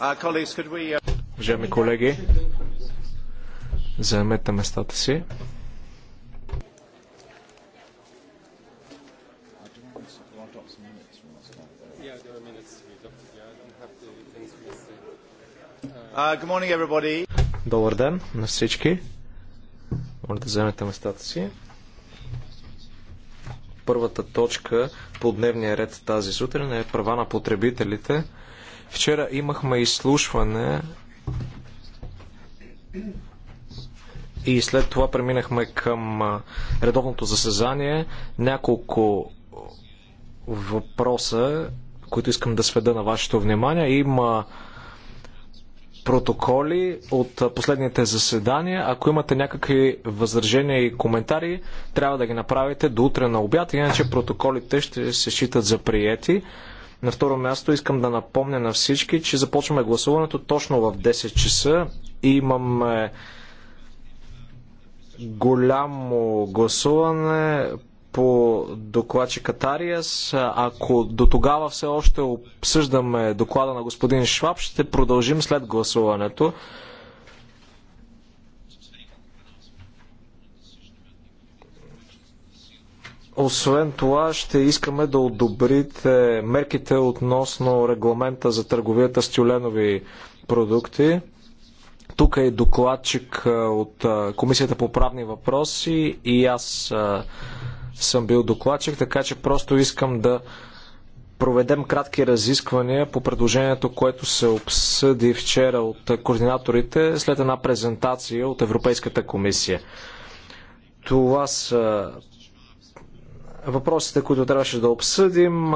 Uh, uh, Уважаеми колеги, заемете местата си. Uh, Добър ден на всички. Може да вземете местата си първата точка по дневния ред тази сутрин е права на потребителите. Вчера имахме изслушване и след това преминахме към редовното заседание. Няколко въпроса, които искам да сведа на вашето внимание. Има протоколи от последните заседания. Ако имате някакви възражения и коментари, трябва да ги направите до утре на обяд, иначе протоколите ще се считат за приети. На второ място искам да напомня на всички, че започваме гласуването точно в 10 часа. Имаме голямо гласуване по докладчик Катариас. Ако до тогава все още обсъждаме доклада на господин Шваб, ще продължим след гласуването. Освен това, ще искаме да одобрите мерките относно регламента за търговията с тюленови продукти. Тук е докладчик от Комисията по правни въпроси и аз съм бил докладчик, така че просто искам да проведем кратки разисквания по предложението, което се обсъди вчера от координаторите след една презентация от Европейската комисия. Това са въпросите, които трябваше да обсъдим.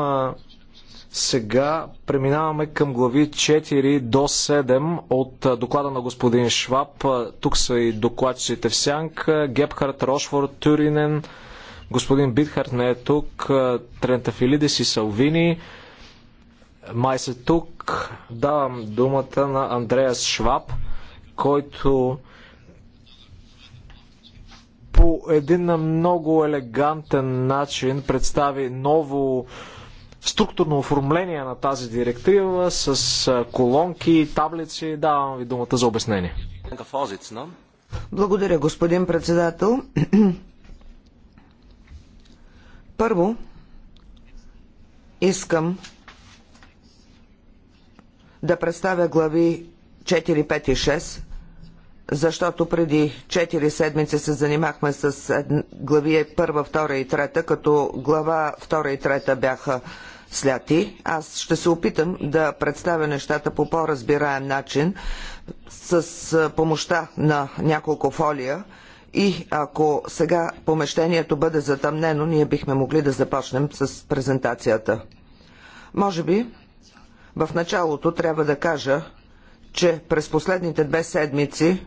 Сега преминаваме към глави 4 до 7 от доклада на господин Шваб. Тук са и докладчиците в сянка. Гепхард, Рошфорд, Тюринен, господин Битхарт не е тук, Трентафилидис и Салвини. Май се тук. Давам думата на Андреас Шваб, който по един много елегантен начин представи ново структурно оформление на тази директива с колонки, и таблици. Давам ви думата за обяснение. Благодаря, господин председател. Първо, искам да представя глави 4, 5 и 6 защото преди 4 седмици се занимахме с глави 1, е 2 и 3, като глава 2 и 3 бяха сляти. Аз ще се опитам да представя нещата по по-разбираем начин с помощта на няколко фолия и ако сега помещението бъде затъмнено, ние бихме могли да започнем с презентацията. Може би в началото трябва да кажа, че през последните две седмици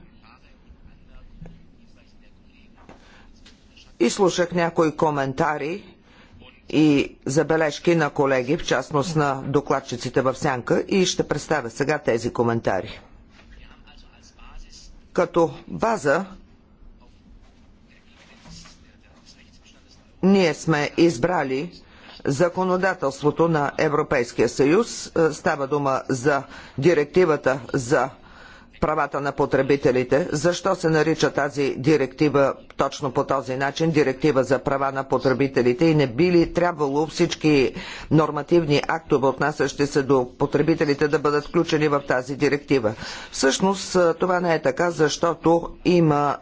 изслушах някои коментари и забележки на колеги, в частност на докладчиците в Сянка и ще представя сега тези коментари. Като база ние сме избрали законодателството на Европейския съюз. Става дума за директивата за правата на потребителите. Защо се нарича тази директива точно по този начин, директива за права на потребителите и не би ли трябвало всички нормативни актове, отнасящи се до потребителите, да бъдат включени в тази директива? Всъщност това не е така, защото има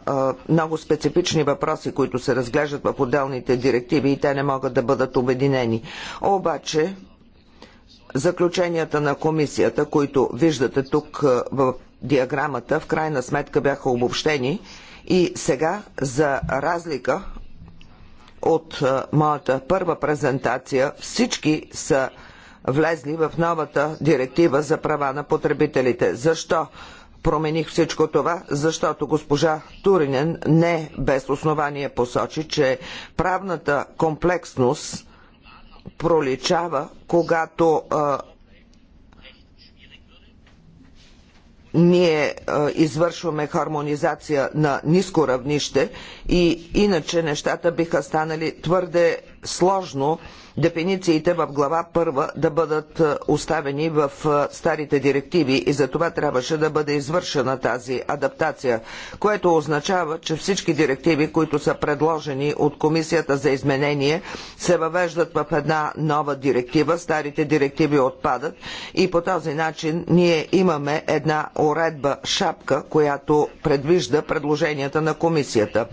много специфични въпроси, които се разглеждат в отделните директиви и те не могат да бъдат обединени. Обаче, заключенията на комисията, които виждате тук в диаграмата в крайна сметка бяха обобщени и сега за разлика от моята първа презентация всички са влезли в новата директива за права на потребителите. Защо? промених всичко това, защото госпожа Туринен не без основание посочи, че правната комплексност проличава, когато а, ние извършваме хармонизация на ниско равнище и иначе нещата биха станали твърде сложно дефинициите в глава първа да бъдат е, оставени в е, старите директиви и за това трябваше да бъде извършена тази адаптация, което означава, че всички директиви, които са предложени от Комисията за изменение, се въвеждат в една нова директива, старите директиви отпадат и по този начин ние имаме една уредба шапка, която предвижда предложенията на Комисията.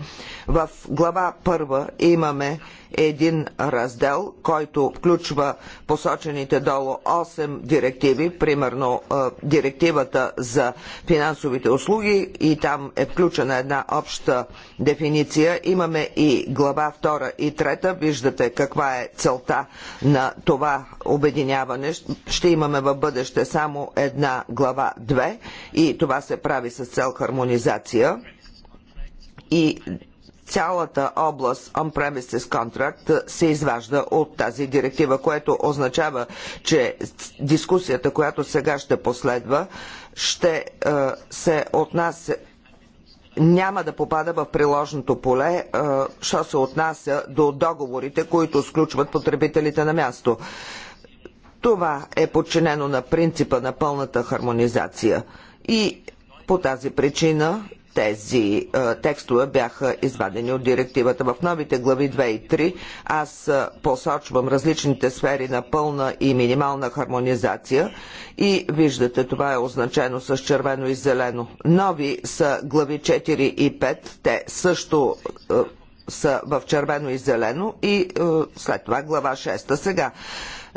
В глава първа имаме един раздел, който включва посочените долу 8 директиви, примерно е, директивата за финансовите услуги и там е включена една обща дефиниция. Имаме и глава 2 и 3. Виждате каква е целта на това обединяване. Ще имаме в бъдеще само една глава 2 и това се прави с цел хармонизация. И цялата област on-premises contract се изважда от тази директива, което означава, че дискусията, която сега ще последва, ще се отнася няма да попада в приложното поле, що се отнася до договорите, които сключват потребителите на място. Това е подчинено на принципа на пълната хармонизация. И по тази причина тези текстове бяха извадени от директивата. В новите глави 2 и 3 аз посочвам различните сфери на пълна и минимална хармонизация и виждате, това е означено с червено и зелено. Нови са глави 4 и 5, те също са в червено и зелено и след това глава 6. Сега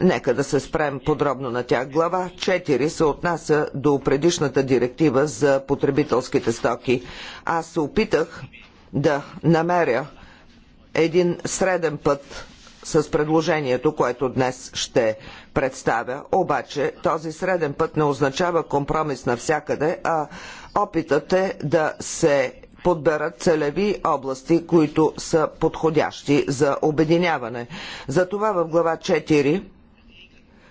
Нека да се спрем подробно на тях. Глава 4 се отнася до предишната директива за потребителските стоки. Аз се опитах да намеря един среден път с предложението, което днес ще представя. Обаче този среден път не означава компромис навсякъде, а опитът е да се подберат целеви области, които са подходящи за обединяване. Затова в глава 4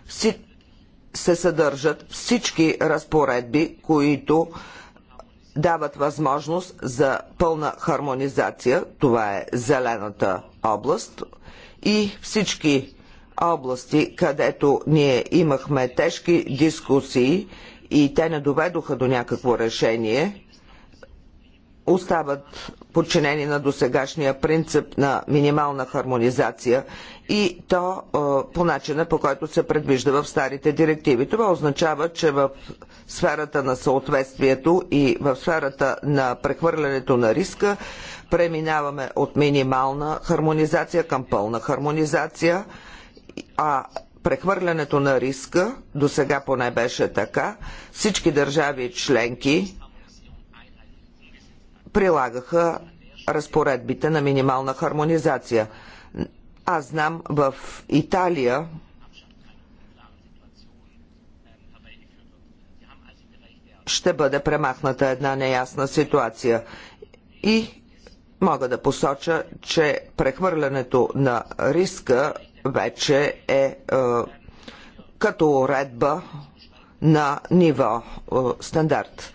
се съдържат всички разпоредби, които дават възможност за пълна хармонизация. Това е зелената област и всички области, където ние имахме тежки дискусии и те не доведоха до някакво решение, остават подчинени на досегашния принцип на минимална хармонизация и то е, по начина по който се предвижда в старите директиви. Това означава, че в сферата на съответствието и в сферата на прехвърлянето на риска преминаваме от минимална хармонизация към пълна хармонизация, а прехвърлянето на риска, до сега поне беше така, всички държави членки прилагаха разпоредбите на минимална хармонизация. Аз знам в Италия ще бъде премахната една неясна ситуация. И мога да посоча, че прехвърлянето на риска вече е, е като уредба на ниво е, стандарт.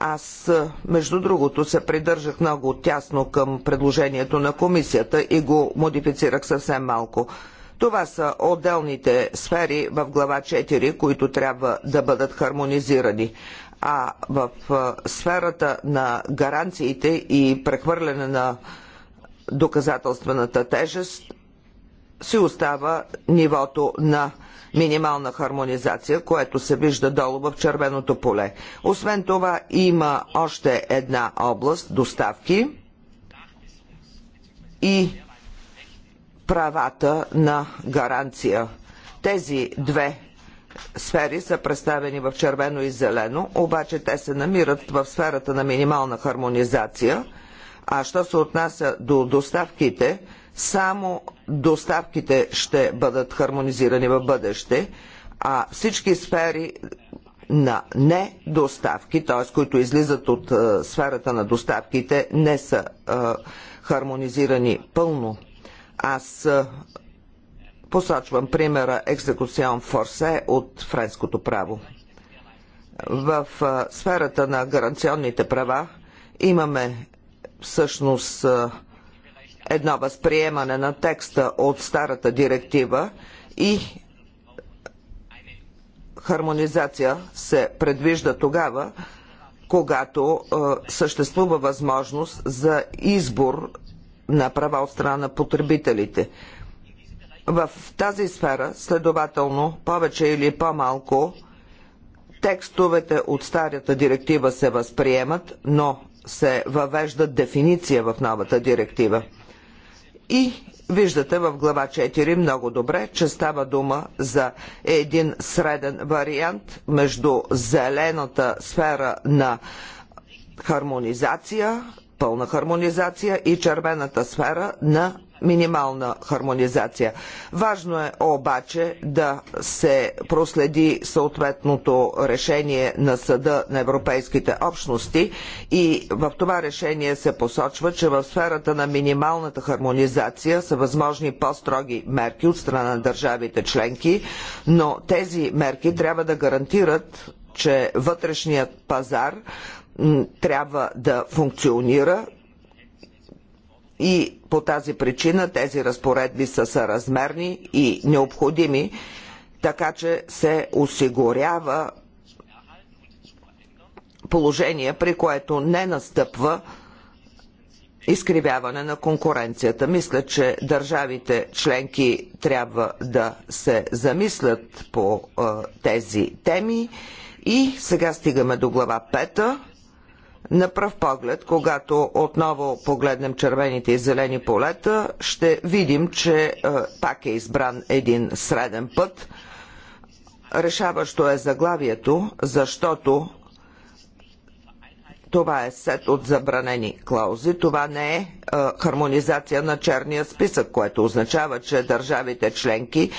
Аз, между другото, се придържах много тясно към предложението на комисията и го модифицирах съвсем малко. Това са отделните сфери в глава 4, които трябва да бъдат хармонизирани. А в сферата на гаранциите и прехвърляне на доказателствената тежест си остава нивото на минимална хармонизация, което се вижда долу в червеното поле. Освен това има още една област доставки и правата на гаранция. Тези две сфери са представени в червено и зелено, обаче те се намират в сферата на минимална хармонизация. А що се отнася до доставките, само доставките ще бъдат хармонизирани в бъдеще, а всички сфери на недоставки, т.е. които излизат от е, сферата на доставките, не са е, хармонизирани пълно. Аз е, посочвам примера екзекуцион форсе от френското право. В е, сферата на гаранционните права имаме всъщност е, едно възприемане на текста от старата директива и хармонизация се предвижда тогава, когато е, съществува възможност за избор на права от страна на потребителите. В тази сфера, следователно, повече или по-малко, текстовете от старата директива се възприемат, но се въвежда дефиниция в новата директива. И виждате в глава 4 много добре, че става дума за един среден вариант между зелената сфера на хармонизация, пълна хармонизация и червената сфера на минимална хармонизация. Важно е обаче да се проследи съответното решение на Съда на Европейските общности и в това решение се посочва, че в сферата на минималната хармонизация са възможни по-строги мерки от страна на държавите членки, но тези мерки трябва да гарантират, че вътрешният пазар трябва да функционира и по тази причина тези разпоредби са съразмерни и необходими, така че се осигурява положение, при което не настъпва изкривяване на конкуренцията. Мисля, че държавите членки трябва да се замислят по е, тези теми. И сега стигаме до глава 5. На пръв поглед, когато отново погледнем червените и зелени полета, ще видим, че е, пак е избран един среден път. Решаващо е заглавието, защото това е сет от забранени клаузи. Това не е, е хармонизация на черния списък, което означава, че държавите членки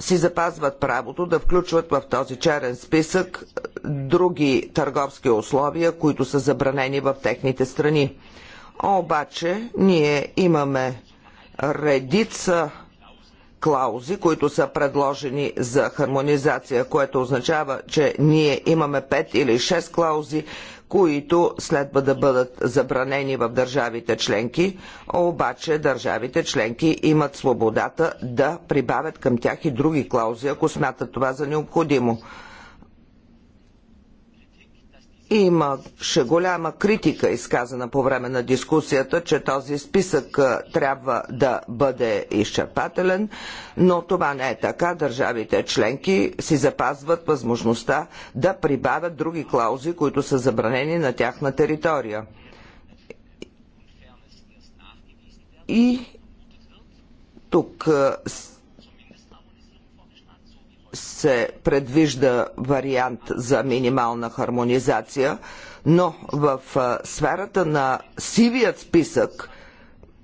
си запазват правото да включват в този черен списък е, други търговски условия, които са забранени в техните страни. Обаче ние имаме редица клаузи, които са предложени за хармонизация, което означава, че ние имаме 5 или 6 клаузи, които следва да бъдат забранени в държавите членки, обаче държавите членки имат свободата да прибавят към тях и други клаузи, ако смятат това за необходимо. Имаше голяма критика, изказана по време на дискусията, че този списък трябва да бъде изчерпателен, но това не е така. Държавите членки си запазват възможността да прибавят други клаузи, които са забранени на тяхна територия. И тук се предвижда вариант за минимална хармонизация, но в сферата на сивият списък,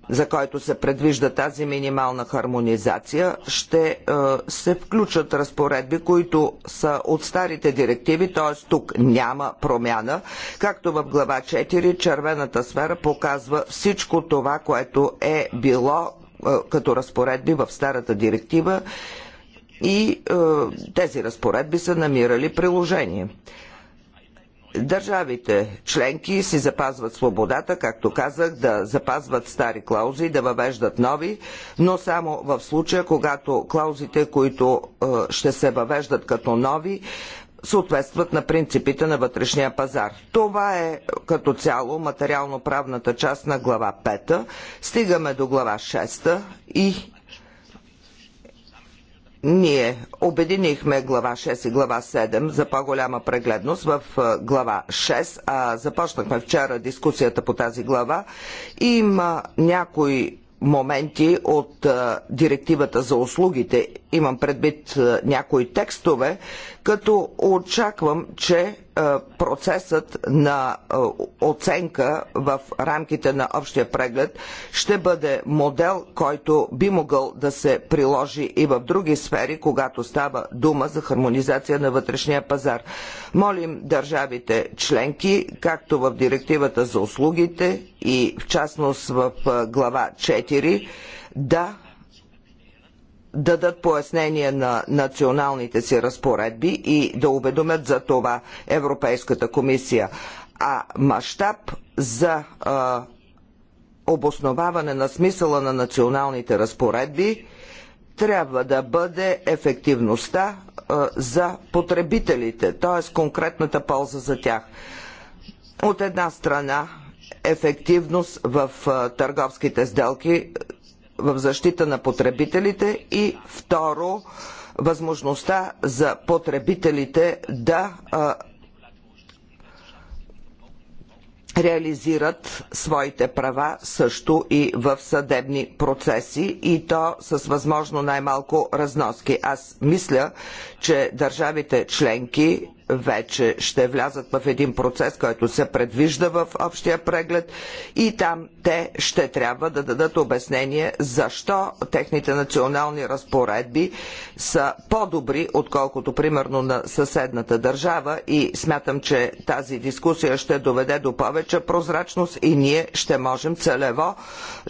за който се предвижда тази минимална хармонизация, ще се включат разпоредби, които са от старите директиви, т.е. тук няма промяна. Както в глава 4, червената сфера показва всичко това, което е било като разпоредби в старата директива и е, тези разпоредби са намирали приложение. Държавите членки си запазват свободата, както казах, да запазват стари клаузи, да въвеждат нови, но само в случая, когато клаузите, които е, ще се въвеждат като нови, съответстват на принципите на вътрешния пазар. Това е като цяло материално-правната част на глава 5. Стигаме до глава 6 и ние обединихме глава 6 и глава 7 за по-голяма прегледност в глава 6. А започнахме вчера дискусията по тази глава. Има някои моменти от директивата за услугите, имам предвид някои текстове, като очаквам, че процесът на оценка в рамките на общия преглед ще бъде модел, който би могъл да се приложи и в други сфери, когато става дума за хармонизация на вътрешния пазар. Молим държавите членки, както в директивата за услугите и в частност в глава 4, да дадат пояснение на националните си разпоредби и да уведомят за това Европейската комисия. А мащаб за а, обосноваване на смисъла на националните разпоредби трябва да бъде ефективността а, за потребителите, т.е. конкретната полза за тях. От една страна, ефективност в а, търговските сделки в защита на потребителите и второ възможността за потребителите да а, реализират своите права също и в съдебни процеси и то с възможно най-малко разноски. Аз мисля, че държавите членки вече ще влязат в един процес, който се предвижда в общия преглед и там те ще трябва да дадат обяснение защо техните национални разпоредби са по-добри, отколкото примерно на съседната държава и смятам, че тази дискусия ще доведе до повече прозрачност и ние ще можем целево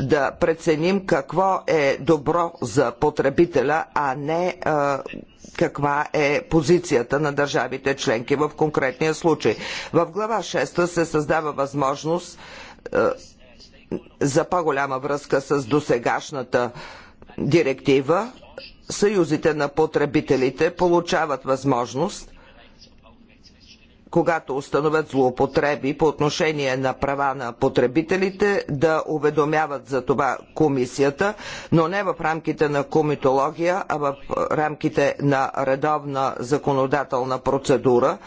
да преценим какво е добро за потребителя, а не каква е позицията на държавите членки в конкретния случай. В глава 6 се създава възможност е, за по-голяма връзка с досегашната директива. Съюзите на потребителите получават възможност когато установят злоупотреби по отношение на права на потребителите, да уведомяват за това комисията, но не в рамките на комитология, а в рамките на редовна законодателна процедура,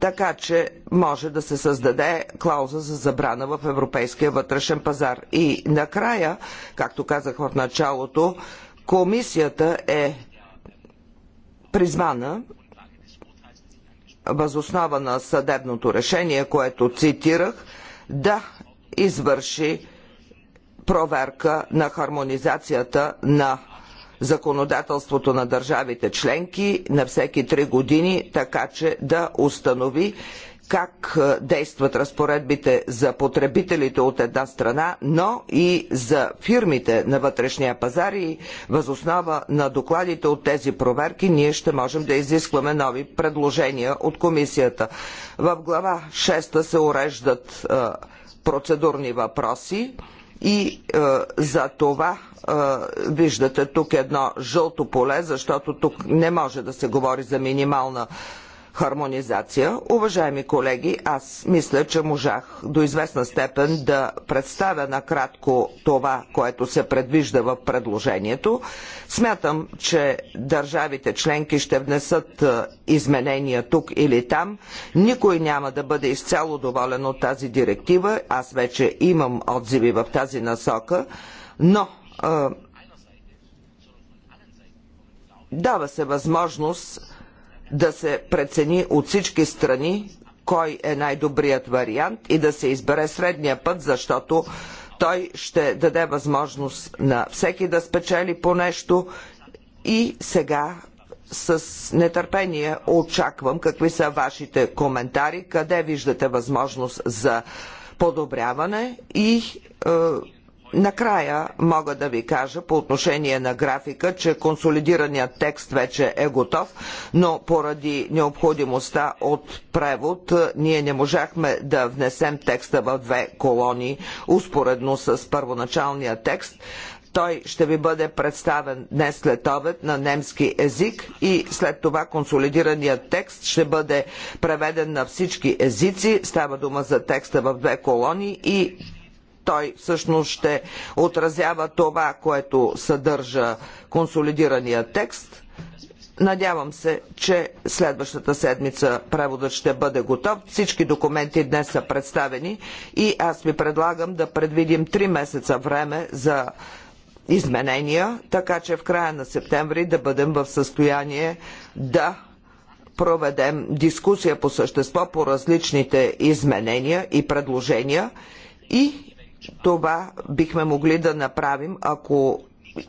така че може да се създаде клауза за забрана в европейския вътрешен пазар. И накрая, както казах в началото, комисията е призвана възоснова на съдебното решение, което цитирах, да извърши проверка на хармонизацията на законодателството на държавите членки на всеки три години, така че да установи как е, действат разпоредбите за потребителите от една страна, но и за фирмите на вътрешния пазар и възоснова на докладите от тези проверки ние ще можем да изискваме нови предложения от комисията. В глава 6 се уреждат е, процедурни въпроси и е, за това е, виждате тук едно жълто поле, защото тук не може да се говори за минимална хармонизация. Уважаеми колеги, аз мисля, че можах до известна степен да представя накратко това, което се предвижда в предложението. Смятам, че държавите членки ще внесат изменения тук или там. Никой няма да бъде изцяло доволен от тази директива. Аз вече имам отзиви в тази насока, но дава се възможност да се прецени от всички страни кой е най-добрият вариант и да се избере средния път, защото той ще даде възможност на всеки да спечели по нещо и сега с нетърпение очаквам какви са вашите коментари, къде виждате възможност за подобряване и е, Накрая мога да ви кажа по отношение на графика, че консолидираният текст вече е готов, но поради необходимостта от превод е, ние не можахме да внесем текста в две колони, успоредно с първоначалния текст. Той ще ви бъде представен днес след обед на немски език и след това консолидираният текст ще бъде преведен на всички езици. Става дума за текста в две колони и той всъщност ще отразява това, което съдържа консолидирания текст. Надявам се, че следващата седмица преводът ще бъде готов. Всички документи днес са представени и аз ви предлагам да предвидим 3 месеца време за изменения, така че в края на септември да бъдем в състояние да проведем дискусия по същество по различните изменения и предложения и това бихме могли да направим, ако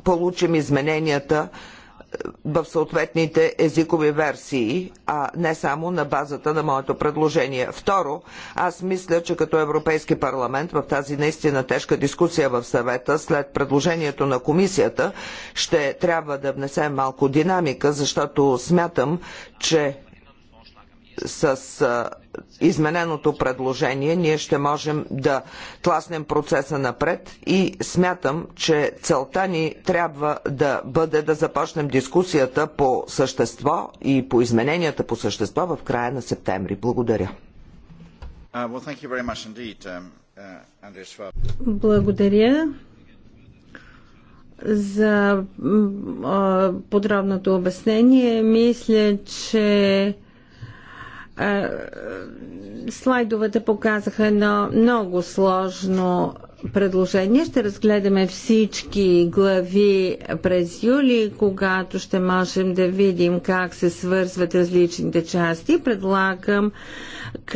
получим измененията е, в съответните езикови версии, а не само на базата на моето предложение. Второ, аз мисля, че като Европейски парламент в тази наистина тежка дискусия в съвета след предложението на комисията ще трябва да внесем малко динамика, защото смятам, че с е, измененото предложение ние ще можем да тласнем процеса напред и смятам, че целта ни трябва да бъде да започнем дискусията по същество и по измененията по същество в края на септември. Благодаря. Uh, um, uh, Благодаря за подробното обяснение. Мисля, че слайдовете показаха едно много сложно предложение. Ще разгледаме всички глави през юли, когато ще можем да видим как се свързват различните части. Предлагам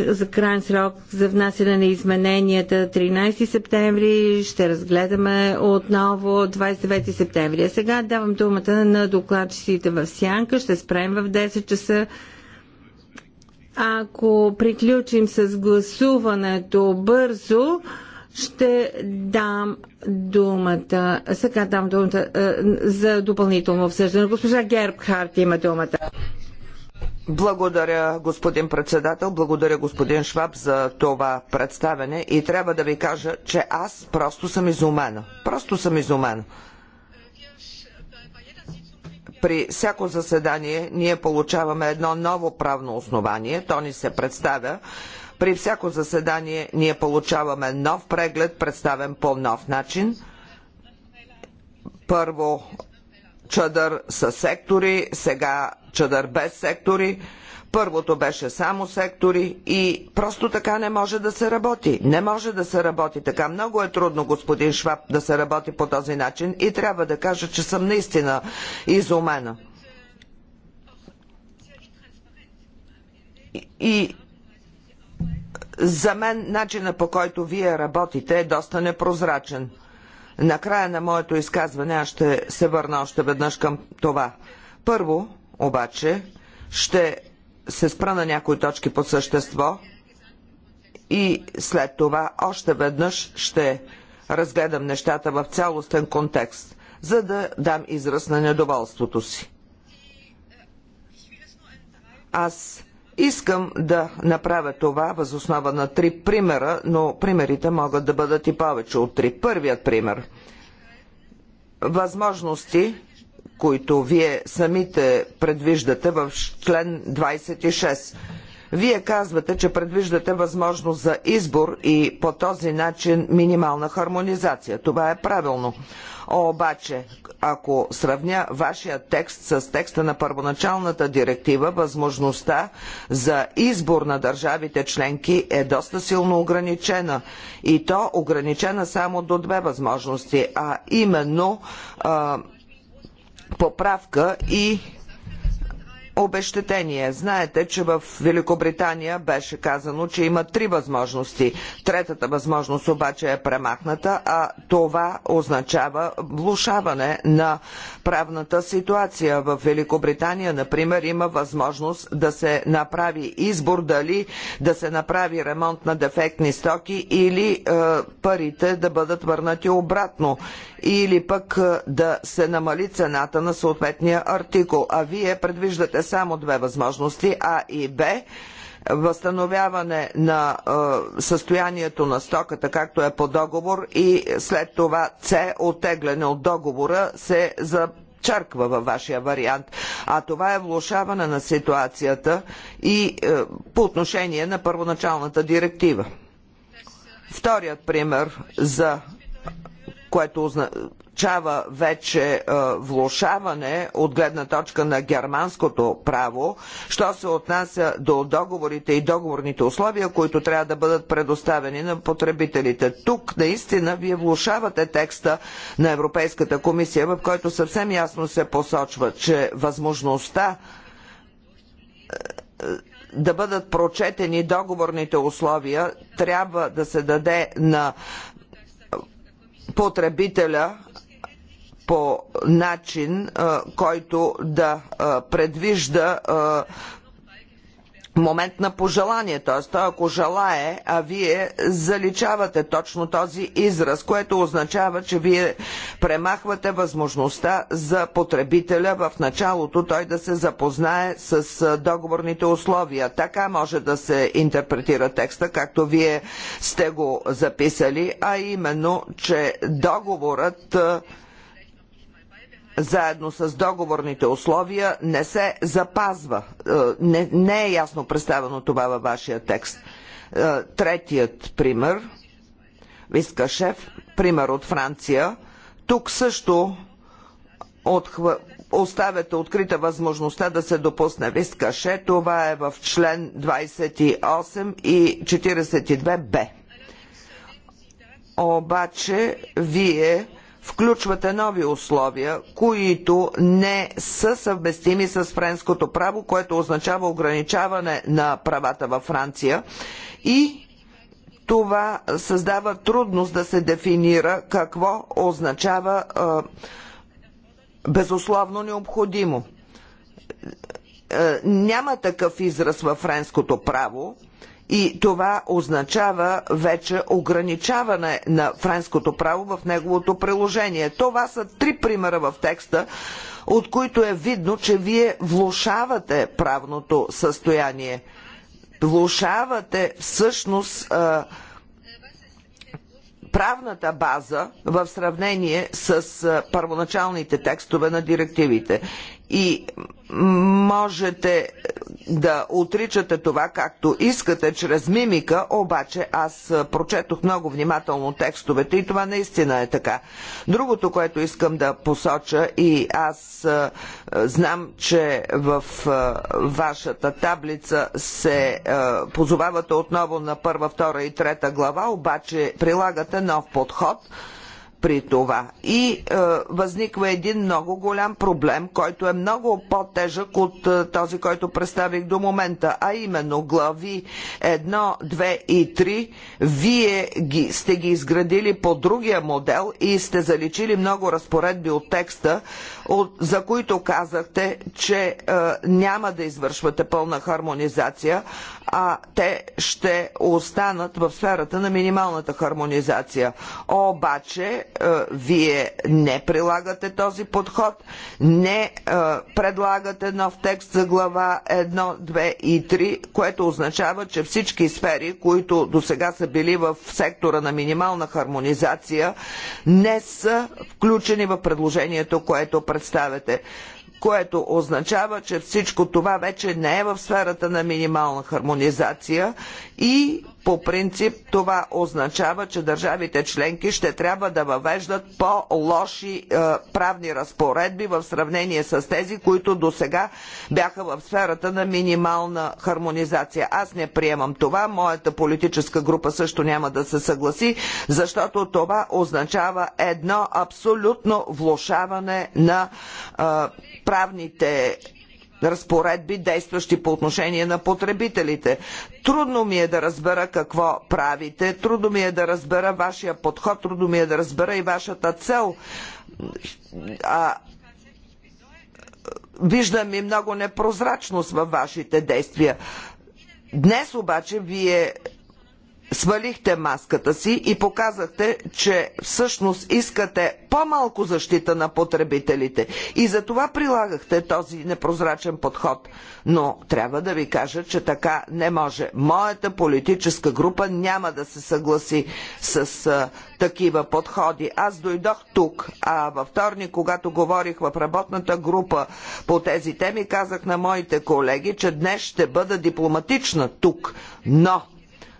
за крайен срок за внасяне на измененията 13 септември. Ще разгледаме отново 29 септември. А сега давам думата на докладчиците в Сянка. Ще спрем в 10 часа. Ако приключим с гласуването бързо, ще дам думата. Сега дам думата е, за допълнително обсъждане. Госпожа Гербхарт има думата. Благодаря, господин председател. Благодаря, господин Шваб, за това представене. И трябва да ви кажа, че аз просто съм изумена. Просто съм изумена. При всяко заседание ние получаваме едно ново правно основание, то ни се представя. При всяко заседание ние получаваме нов преглед, представен по нов начин. Първо чадър с сектори, сега чадър без сектори. Първото беше само сектори и просто така не може да се работи. Не може да се работи така. Много е трудно, господин Шваб, да се работи по този начин и трябва да кажа, че съм наистина изумена. И, за мен начина по който вие работите е доста непрозрачен. Накрая на моето изказване аз ще се върна още веднъж към това. Първо, обаче, ще се спра на някои точки по същество и след това още веднъж ще разгледам нещата в цялостен контекст, за да дам израз на недоволството си. Аз искам да направя това възоснова на три примера, но примерите могат да бъдат и повече от три. Първият пример – възможности които вие самите предвиждате в член 26. Вие казвате, че предвиждате възможност за избор и по този начин минимална хармонизация. Това е правилно. Обаче, ако сравня вашия текст с текста на първоначалната директива, възможността за избор на държавите членки е доста силно ограничена. И то ограничена само до две възможности, а именно а, поправка и обещетение. Знаете, че в Великобритания беше казано, че има три възможности. Третата възможност обаче е премахната, а това означава влушаване на правната ситуация. В Великобритания, например, има възможност да се направи избор дали да се направи ремонт на дефектни стоки или е, парите да бъдат върнати обратно или пък да се намали цената на съответния артикул. А вие предвиждате само две възможности А и Б възстановяване на е, състоянието на стоката, както е по договор, и след това С оттегляне от договора се зачерква във вашия вариант. А това е влушаване на ситуацията и е, по отношение на първоначалната директива. Вторият пример за което означава вече е, влушаване от гледна точка на германското право, що се отнася до договорите и договорните условия, които трябва да бъдат предоставени на потребителите. Тук наистина вие влушавате текста на Европейската комисия, в който съвсем ясно се посочва, че възможността е, да бъдат прочетени договорните условия, трябва да се даде на потребителя по начин, който да предвижда момент на пожелание, т.е. той ако желае, а вие заличавате точно този израз, което означава, че вие премахвате възможността за потребителя в началото той да се запознае с договорните условия. Така може да се интерпретира текста, както вие сте го записали, а именно, че договорът заедно с договорните условия не се запазва. Е, не, не е ясно представено това във вашия текст. Е, третият пример, Шеф, пример от Франция. Тук също отхва... оставяте открита възможността да се допусне вискаше. Това е в член 28 и 42б. Обаче, вие включвате нови условия, които не са съвместими с френското право, което означава ограничаване на правата във Франция и това създава трудност да се дефинира какво означава е, безусловно необходимо. Е, няма такъв израз във френското право и това означава вече ограничаване на френското право в неговото приложение. Това са три примера в текста, от които е видно, че вие влушавате правното състояние. Влушавате всъщност правната база в сравнение с първоначалните текстове на директивите и можете да отричате това както искате, чрез мимика, обаче аз прочетох много внимателно текстовете и това наистина е така. Другото, което искам да посоча и аз знам, че в вашата таблица се позовавате отново на първа, втора и трета глава, обаче прилагате нов подход – при това. И е, възниква един много голям проблем, който е много по-тежък от е, този, който представих до момента, а именно глави 1, 2 и 3. Вие ги, сте ги изградили по другия модел и сте заличили много разпоредби от текста, от, за които казахте, че е, няма да извършвате пълна хармонизация, а те ще останат в сферата на минималната хармонизация. Обаче, е, вие не прилагате този подход, не е, предлагате нов текст за глава 1, 2 и 3, което означава, че всички сфери, които до сега са били в сектора на минимална хармонизация, не са включени в предложението, което представяте което означава, че всичко това вече не е в сферата на минимална хармонизация и по принцип това означава, че държавите членки ще трябва да въвеждат по-лоши е, правни разпоредби в сравнение с тези, които до сега бяха в сферата на минимална хармонизация. Аз не приемам това, моята политическа група също няма да се съгласи, защото това означава едно абсолютно влушаване на е, правните разпоредби, действащи по отношение на потребителите. Трудно ми е да разбера какво правите, трудно ми е да разбера вашия подход, трудно ми е да разбера и вашата цел. А, виждам и много непрозрачност във вашите действия. Днес обаче вие свалихте маската си и показахте, че всъщност искате по-малко защита на потребителите. И за това прилагахте този непрозрачен подход. Но трябва да ви кажа, че така не може. Моята политическа група няма да се съгласи с а, такива подходи. Аз дойдох тук, а във вторник, когато говорих в работната група по тези теми, казах на моите колеги, че днес ще бъда дипломатична тук. Но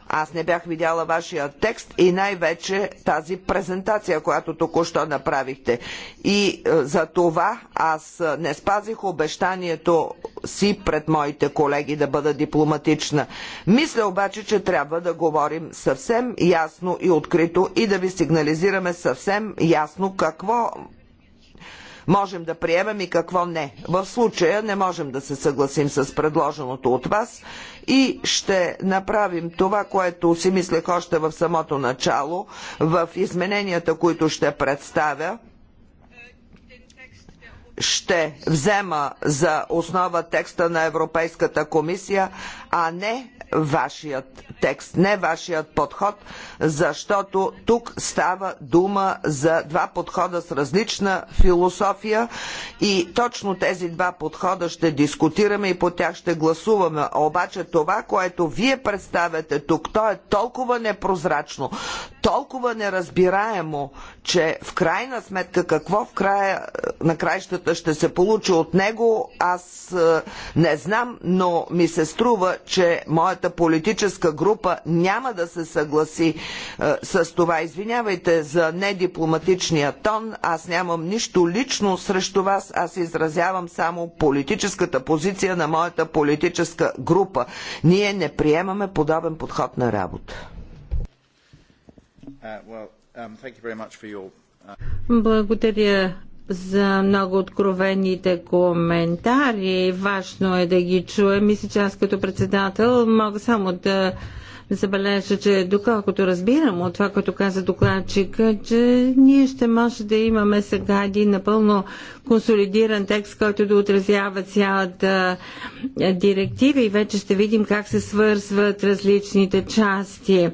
аз не бях видяла вашия текст и най-вече тази презентация, която току-що направихте. И е, за това аз е, не спазих обещанието си пред моите колеги да бъда дипломатична. Мисля обаче, че трябва да говорим съвсем ясно и открито и да ви сигнализираме съвсем ясно какво можем да приемем и какво не. В случая не можем да се съгласим с предложеното от вас и ще направим това, което си мислех още в самото начало, в измененията, които ще представя ще взема за основа текста на Европейската комисия, а не вашият текст, не вашият подход, защото тук става дума за два подхода с различна философия и точно тези два подхода ще дискутираме и по тях ще гласуваме. Обаче това, което вие представяте тук, то е толкова непрозрачно, толкова неразбираемо, че в крайна сметка какво в края на краищата ще се получи от него, аз е, не знам, но ми се струва, че моята политическа група няма да се съгласи е, с това. Извинявайте за недипломатичния тон, аз нямам нищо лично срещу вас, аз изразявам само политическата позиция на моята политическа група. Ние не приемаме подобен подход на работа. Uh, um, uh, Благодаря за много откровените коментари. Важно е да ги чуем. Мисля, че аз като председател мога само да забележа, че доколкото разбирам от това, което каза докладчика, че ние ще може да имаме сега един напълно консолидиран текст, който да отразява цялата е, директива и вече ще видим как се свързват различните части.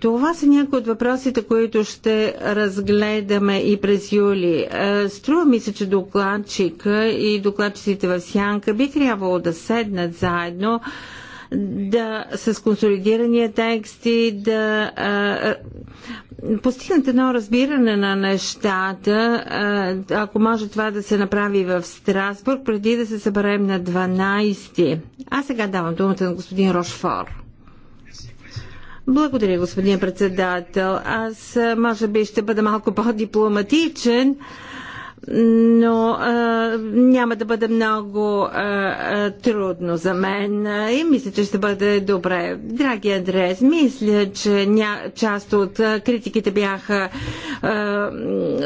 Това са някои от въпросите, които ще разгледаме и през юли. Струва ми се, че докладчика и докладчиците в Сянка би трябвало да седнат заедно да, с консолидирания текст и да а, постигнат едно разбиране на нещата, а, ако може това да се направи в Страсбург, преди да се съберем на 12. А сега давам думата на господин Рошфор. Благодаря, господин председател. Аз може би ще бъда малко по-дипломатичен но а, няма да бъде много а, а, трудно за мен а, и мисля, че ще бъде добре. Драги Андрес, мисля, че ня... част от а, критиките бяха а,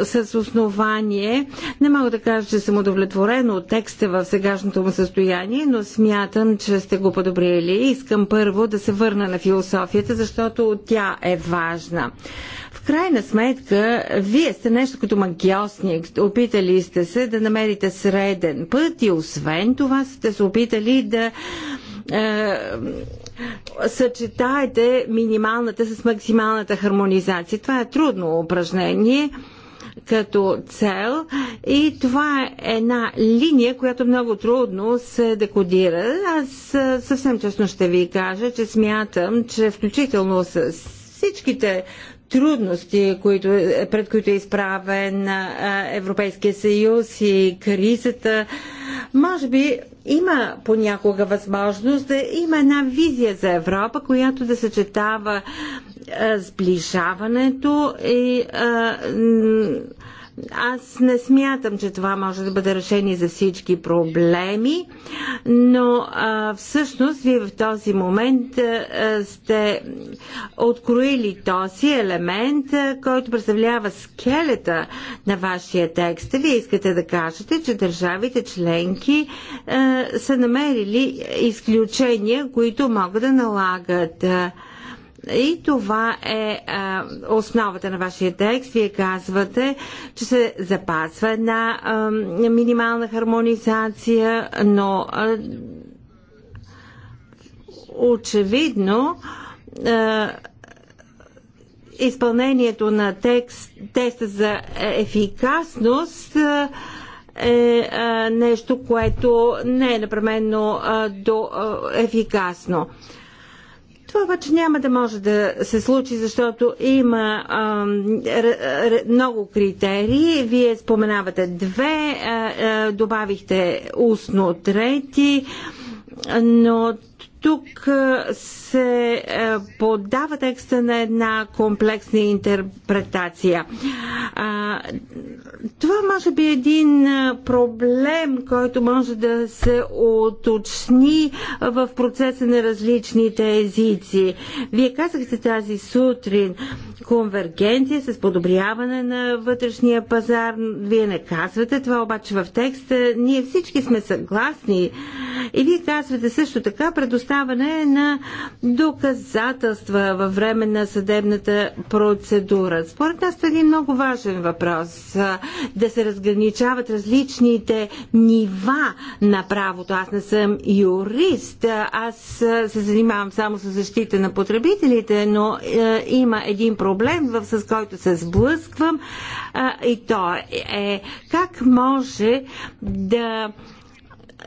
с основание. Не мога да кажа, че съм удовлетворен от текста в сегашното му състояние, но смятам, че сте го подобрили. Искам първо да се върна на философията, защото тя е важна крайна сметка, вие сте нещо като магиосник. Опитали сте се да намерите среден път и освен това сте се опитали да е, съчетаете минималната с максималната хармонизация. Това е трудно упражнение като цел и това е една линия, която много трудно се декодира. Аз е, съвсем честно ще ви кажа, че смятам, че включително с всичките трудности, които, е, пред които е изправен Европейския съюз и кризата. Може би има понякога възможност да има една визия за Европа, която да съчетава сближаването и аз не смятам, че това може да бъде решение за всички проблеми, но а, всъщност вие в този момент а, сте откроили този елемент, а, който представлява скелета на вашия текст. Вие искате да кажете, че държавите членки а, са намерили изключения, които могат да налагат. А, и това е а, основата на вашия текст. Вие казвате, че се запазва една а, минимална хармонизация, но а, очевидно а, изпълнението на текст, теста за ефикасност а, е а, нещо, което не е непременно а, до, а, ефикасно. А, това обаче няма да може да се случи, защото има а, р, р, много критерии. Вие споменавате две, а, а, добавихте устно трети но тук се подава текста на една комплексна интерпретация. Това може би е един проблем, който може да се уточни в процеса на различните езици. Вие казахте тази сутрин конвергенция с подобряване на вътрешния пазар. Вие не казвате това, обаче в текста ние всички сме съгласни. И вие казвате също така предоставяне представяне на доказателства във време на съдебната процедура. Според нас това е един много важен въпрос. Да се разграничават различните нива на правото. Аз не съм юрист, аз се занимавам само с защита на потребителите, но е, има един проблем, в, с който се сблъсквам е, и то е, е как може да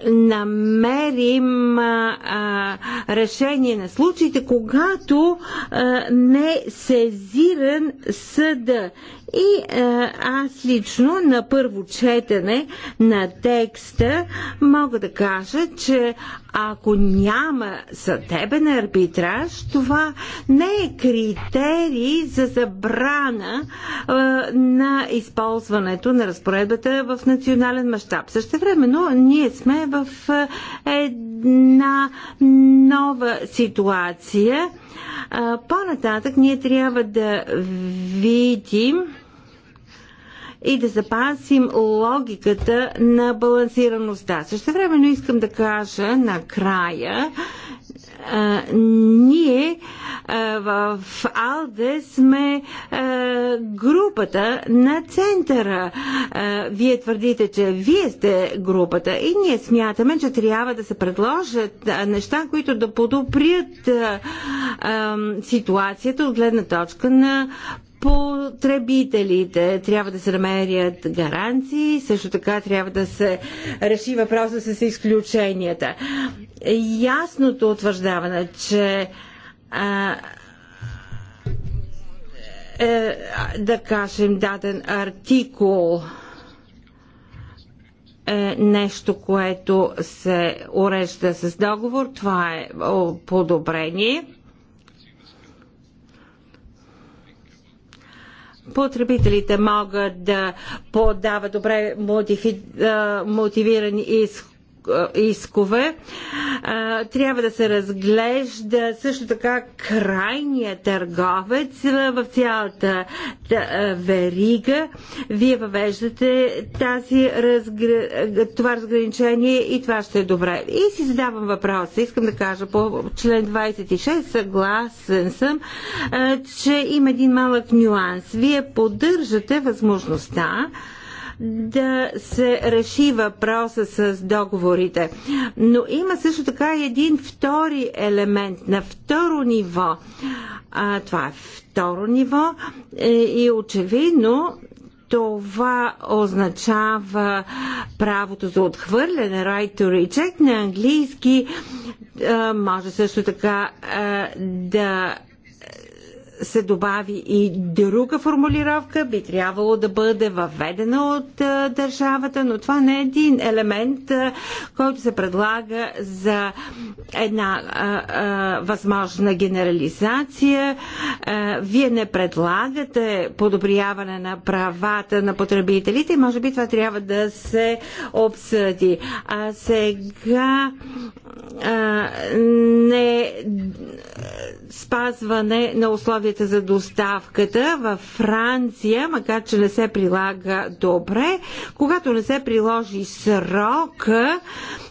намерим а, а, решение на случаите, когато а, не сезиран съда и а, е, аз лично на първо четене на текста мога да кажа, че ако няма съдебен арбитраж, това не е критерий за забрана а, е, на използването на разпоредбата в национален мащаб. Също но ние сме в е, една нова ситуация. По-нататък ние трябва да видим и да запасим логиката на балансираността. Също време, но искам да кажа накрая, ние в Алде сме групата на центъра. вие твърдите, че вие сте групата и ние смятаме, че трябва да се предложат неща, които да подобрят ситуацията от гледна точка на потребителите. Трябва да се намерят гаранции, също така трябва да се реши въпроса с изключенията. Ясното утвърждаване, че а, е, да кажем даден артикул е нещо, което се урежда с договор. Това е подобрение. потребителите могат да подават добре мотивирани иск е, искове. Трябва да се разглежда също така крайния търговец в цялата верига. Вие въвеждате тази разгр... това разграничение и това ще е добре. И си задавам въпроса. Искам да кажа по член 26 съгласен съм, че има един малък нюанс. Вие поддържате възможността да се реши въпроса с договорите. Но има също така и един втори елемент на второ ниво. А, това е второ ниво е, и очевидно това означава правото за отхвърляне, right to reject на английски. Е, може също така е, да се добави и друга формулировка, би трябвало да бъде въведена от държавата, но това не е един елемент, който се предлага за една а, а, възможна генерализация. А, вие не предлагате подобряване на правата на потребителите и може би това трябва да се обсъди. А сега а, не спазване на условия условията за доставката във Франция, макар че не се прилага добре, когато не се приложи срок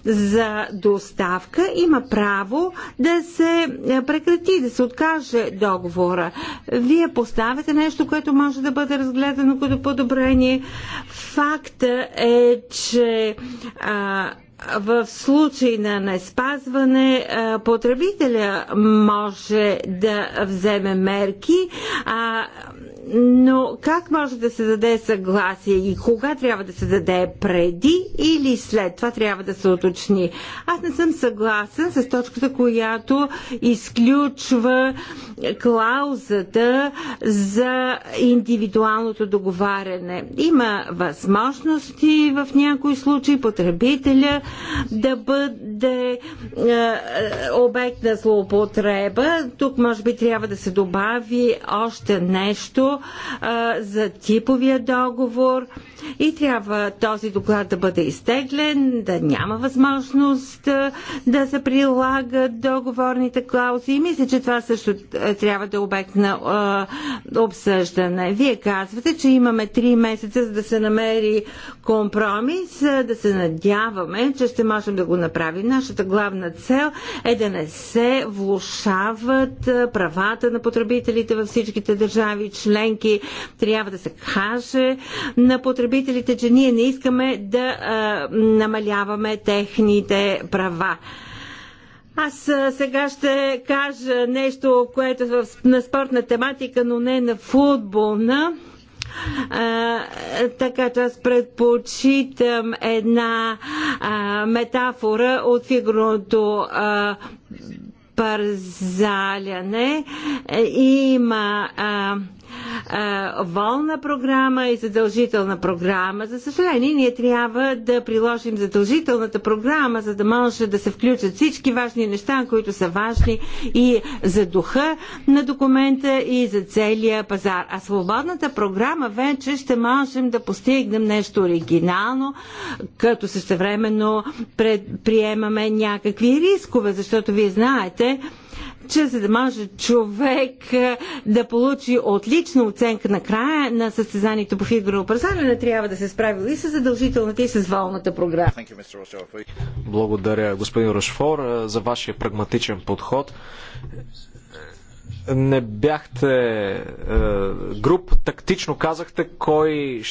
за доставка, има право да се прекрати, да се откаже договора. Вие поставяте нещо, което може да бъде разгледано като подобрение. Факта е, че а, в случай на неспазване потребителя може да вземе мерки, а но как може да се даде съгласие и кога трябва да се даде преди или след? Това трябва да се уточни. Аз не съм съгласен с точката, която изключва клаузата за индивидуалното договаряне. Има възможности в някои случаи потребителя да бъде е, обект на злоупотреба. Тук може би трябва да се добави още нещо, а, за типовия договор и трябва този доклад да бъде изтеглен, да няма възможност а, да се прилагат договорните клаузи и мисля, че това също е, трябва да е обект на а, обсъждане. Вие казвате, че имаме 3 месеца за да се намери компромис, да се надяваме, че ще можем да го направим. Нашата главна цел е да не се влушават правата на потребителите във всичките държави членки оценки, Трябва да се каже на потребителите, че ние не искаме да а, намаляваме техните права. Аз сега ще кажа нещо, което е на спортна тематика, но не на футболна. А, така че аз предпочитам една а, метафора от фигурното а, пързаляне. Е, има а, а, волна програма и задължителна програма. За съжаление, ние трябва да приложим задължителната програма, за да може да се включат всички важни неща, които са важни и за духа на документа и за целия пазар. А свободната програма вече ще можем да постигнем нещо оригинално, като същевременно приемаме някакви рискове, защото вие знаете, казахте, че за да може човек е, да получи отлична оценка на края на състезанието по фигуропърсаляне, трябва да се справи и с задължителната и с волната програма. Благодаря, господин Рошфор, е, за вашия прагматичен подход е, не бяхте е, груп, тактично казахте кой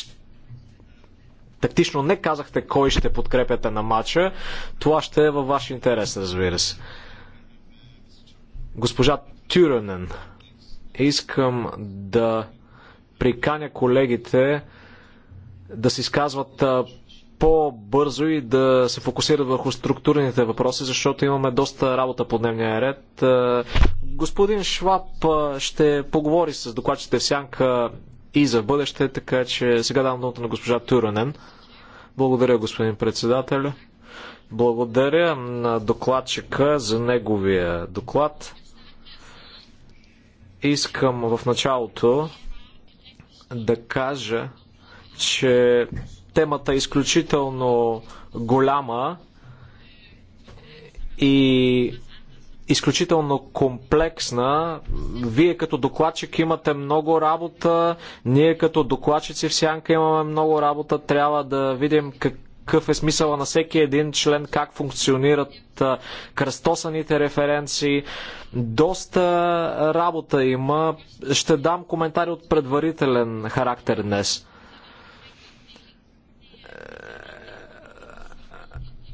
тактично не казахте кой ще подкрепяте на матча. Това ще е във ваш интерес, разбира се. Госпожа Тюренен, искам да приканя колегите да се изказват по-бързо и да се фокусират върху структурните въпроси, защото имаме доста работа по дневния ред. Господин Шваб ще поговори с докладчите в сянка и за бъдеще, така че сега давам думата на госпожа Тюренен. Благодаря, господин председател. Благодаря на докладчика за неговия доклад. Искам в началото да кажа, че темата е изключително голяма и изключително комплексна. Вие като докладчик имате много работа, ние като докладчици в Сянка имаме много работа. Трябва да видим как какъв е смисъла на всеки един член, как функционират кръстосаните референции. Доста работа има. Ще дам коментари от предварителен характер днес.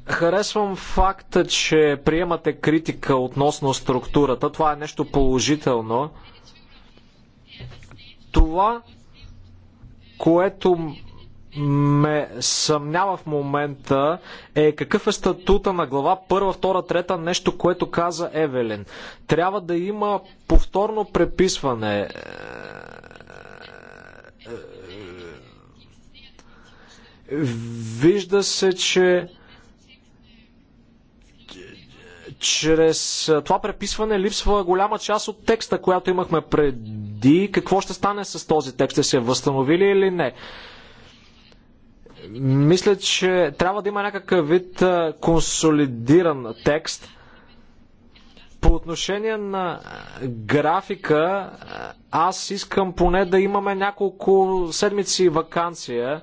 Харесвам факта, че приемате критика относно структурата. Това е нещо положително. Това, което ме съмнява в момента е какъв е статута на глава първа, втора, трета, нещо, което каза Евелин. Трябва да има повторно преписване. Е, е, е, вижда се, че чрез това преписване липсва голяма част от текста, която имахме преди. Какво ще стане с този текст? Ще се възстановили или не? Мисля, че трябва да има някакъв вид консолидиран текст. По отношение на графика, аз искам поне да имаме няколко седмици вакансия,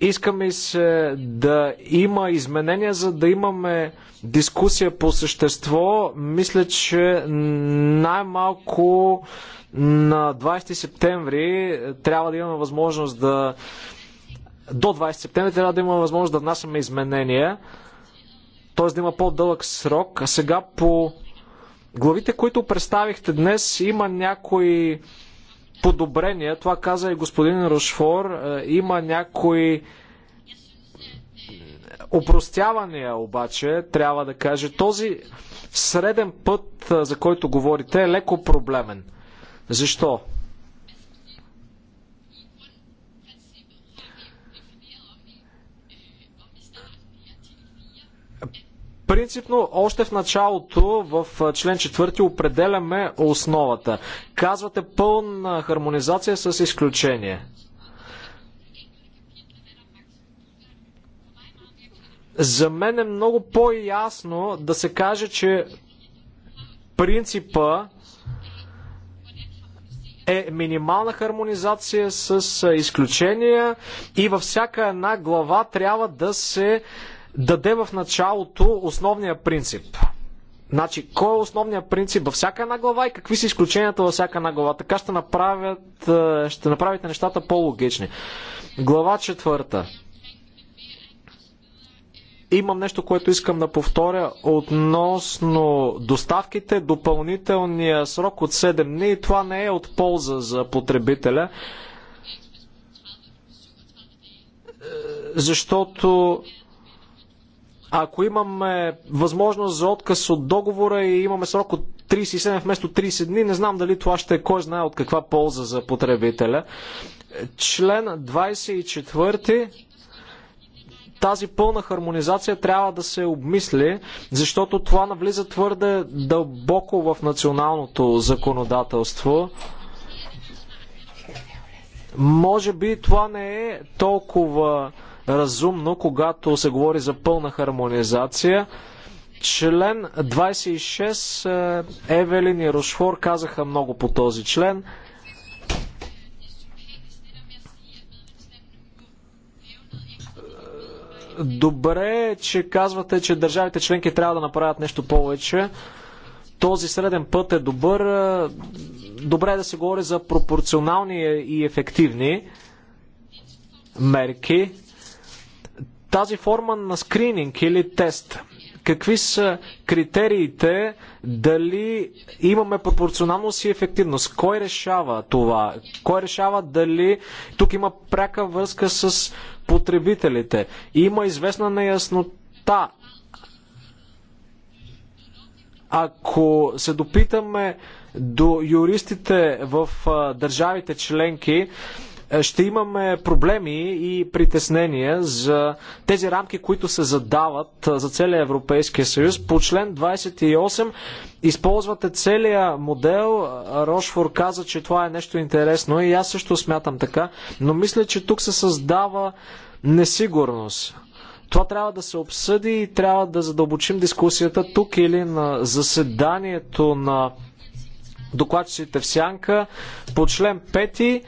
Искаме се да има изменения, за да имаме дискусия по същество. Мисля, че най-малко на 20 септември трябва да имаме възможност да. До 20 септември трябва да имаме възможност да внасяме изменения. Т.е. да има по-дълъг срок. А сега по главите, които представихте днес, има някои подобрения. Това каза и господин Рошфор. Е, има някои опростявания обаче, трябва да кажа. Този среден път, е, за който говорите, е леко проблемен. Защо? Принципно, още в началото, в член 4 определяме основата. Казвате пълна хармонизация с изключение. За мен е много по-ясно да се каже, че принципа е минимална хармонизация с изключения и във всяка една глава трябва да се даде в началото основния принцип. Значи, кой е основният принцип във всяка една глава и какви са изключенията във всяка една глава? Така ще, направят, е, ще направите нещата по-логични. Глава четвърта. Имам нещо, което искам да повторя относно доставките, допълнителния срок от 7 дни и това не е от полза за потребителя, е, защото ако имаме възможност за отказ от договора и имаме срок от 37 вместо 30 дни, не знам дали това ще е кой знае от каква полза за потребителя. Член 24 тази пълна хармонизация трябва да се обмисли, защото това навлиза твърде дълбоко в националното законодателство. Може би това не е толкова разумно, когато се говори за пълна хармонизация. Член 26, е, Евелин и Рошфор казаха много по този член. Добре е, че казвате, че държавите членки трябва да направят нещо повече. Този среден път е добър. Добре е да се говори за пропорционални и ефективни мерки. Тази форма на скрининг или тест, какви са критериите, дали имаме пропорционалност и ефективност? Кой решава това? Кой решава дали тук има пряка връзка с потребителите? Има известна неяснота. Ако се допитаме до юристите в държавите членки, е, ще имаме проблеми и притеснения за тези рамки, които се задават е, за целия Европейския съюз. По член 28 използвате целия модел. Е, Рошфор каза, че това е нещо интересно и аз също смятам така, но мисля, че тук се създава несигурност. Това трябва да се обсъди и трябва да задълбочим дискусията тук или на заседанието на докладчиците в сянка по член 5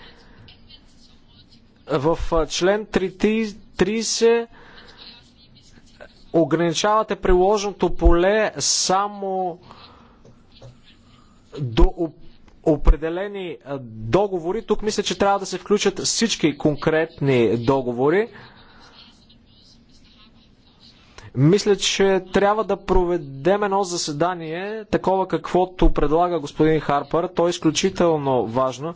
в член 30 ограничавате приложеното поле само до определени договори. Тук мисля, че трябва да се включат всички конкретни договори. Мисля, че трябва да проведем едно заседание, такова каквото предлага господин Харпър. То е изключително важно.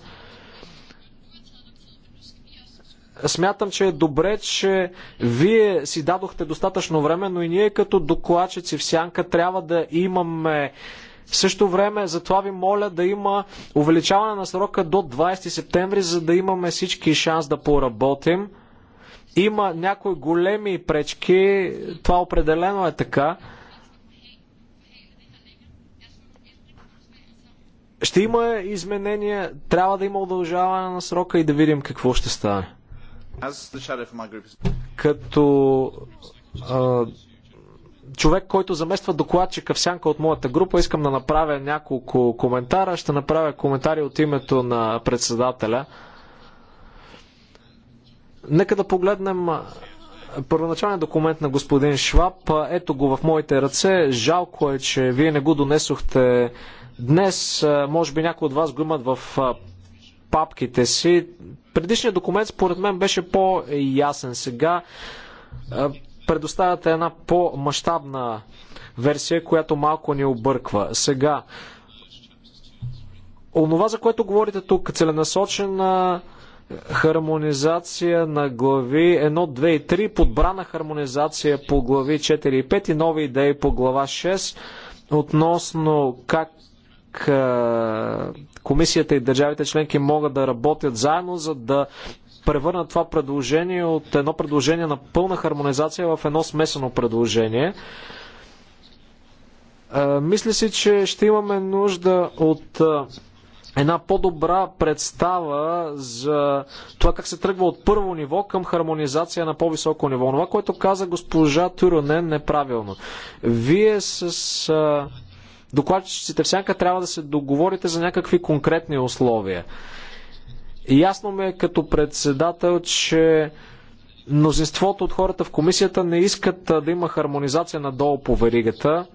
Смятам, че е добре, че вие си дадохте достатъчно време, но и ние като докладчици в сянка трябва да имаме в също време, затова ви моля да има увеличаване на срока до 20 септември, за да имаме всички шанс да поработим. Има някои големи пречки, това определено е така. Ще има изменения, трябва да има удължаване на срока и да видим какво ще стане. Като а, човек, който замества докладчика в сянка от моята група, искам да направя няколко коментара. Ще направя коментари от името на председателя. Нека да погледнем първоначалният документ на господин Шваб. Ето го в моите ръце. Жалко е, че вие не го донесохте днес. Може би някои от вас го имат в папките си. Предишният документ според мен беше по-ясен. Сега предоставяте една по-масштабна версия, която малко ни обърква. Сега, онова, за което говорите тук, целенасочена хармонизация на глави 1, 2 и 3, подбрана хармонизация по глави 4 и 5 и нови идеи по глава 6 относно как как комисията и държавите членки могат да работят заедно, за да превърнат това предложение от едно предложение на пълна хармонизация в едно смесено предложение. Мисля си, че ще имаме нужда от една по-добра представа за това как се тръгва от първо ниво към хармонизация на по-високо ниво. Това, което каза госпожа Тюронен, неправилно. Вие с докладчиците всяка трябва да се договорите за някакви конкретни условия. И ясно ме е като председател, че мнозинството от хората в комисията не искат да има хармонизация надолу по веригата.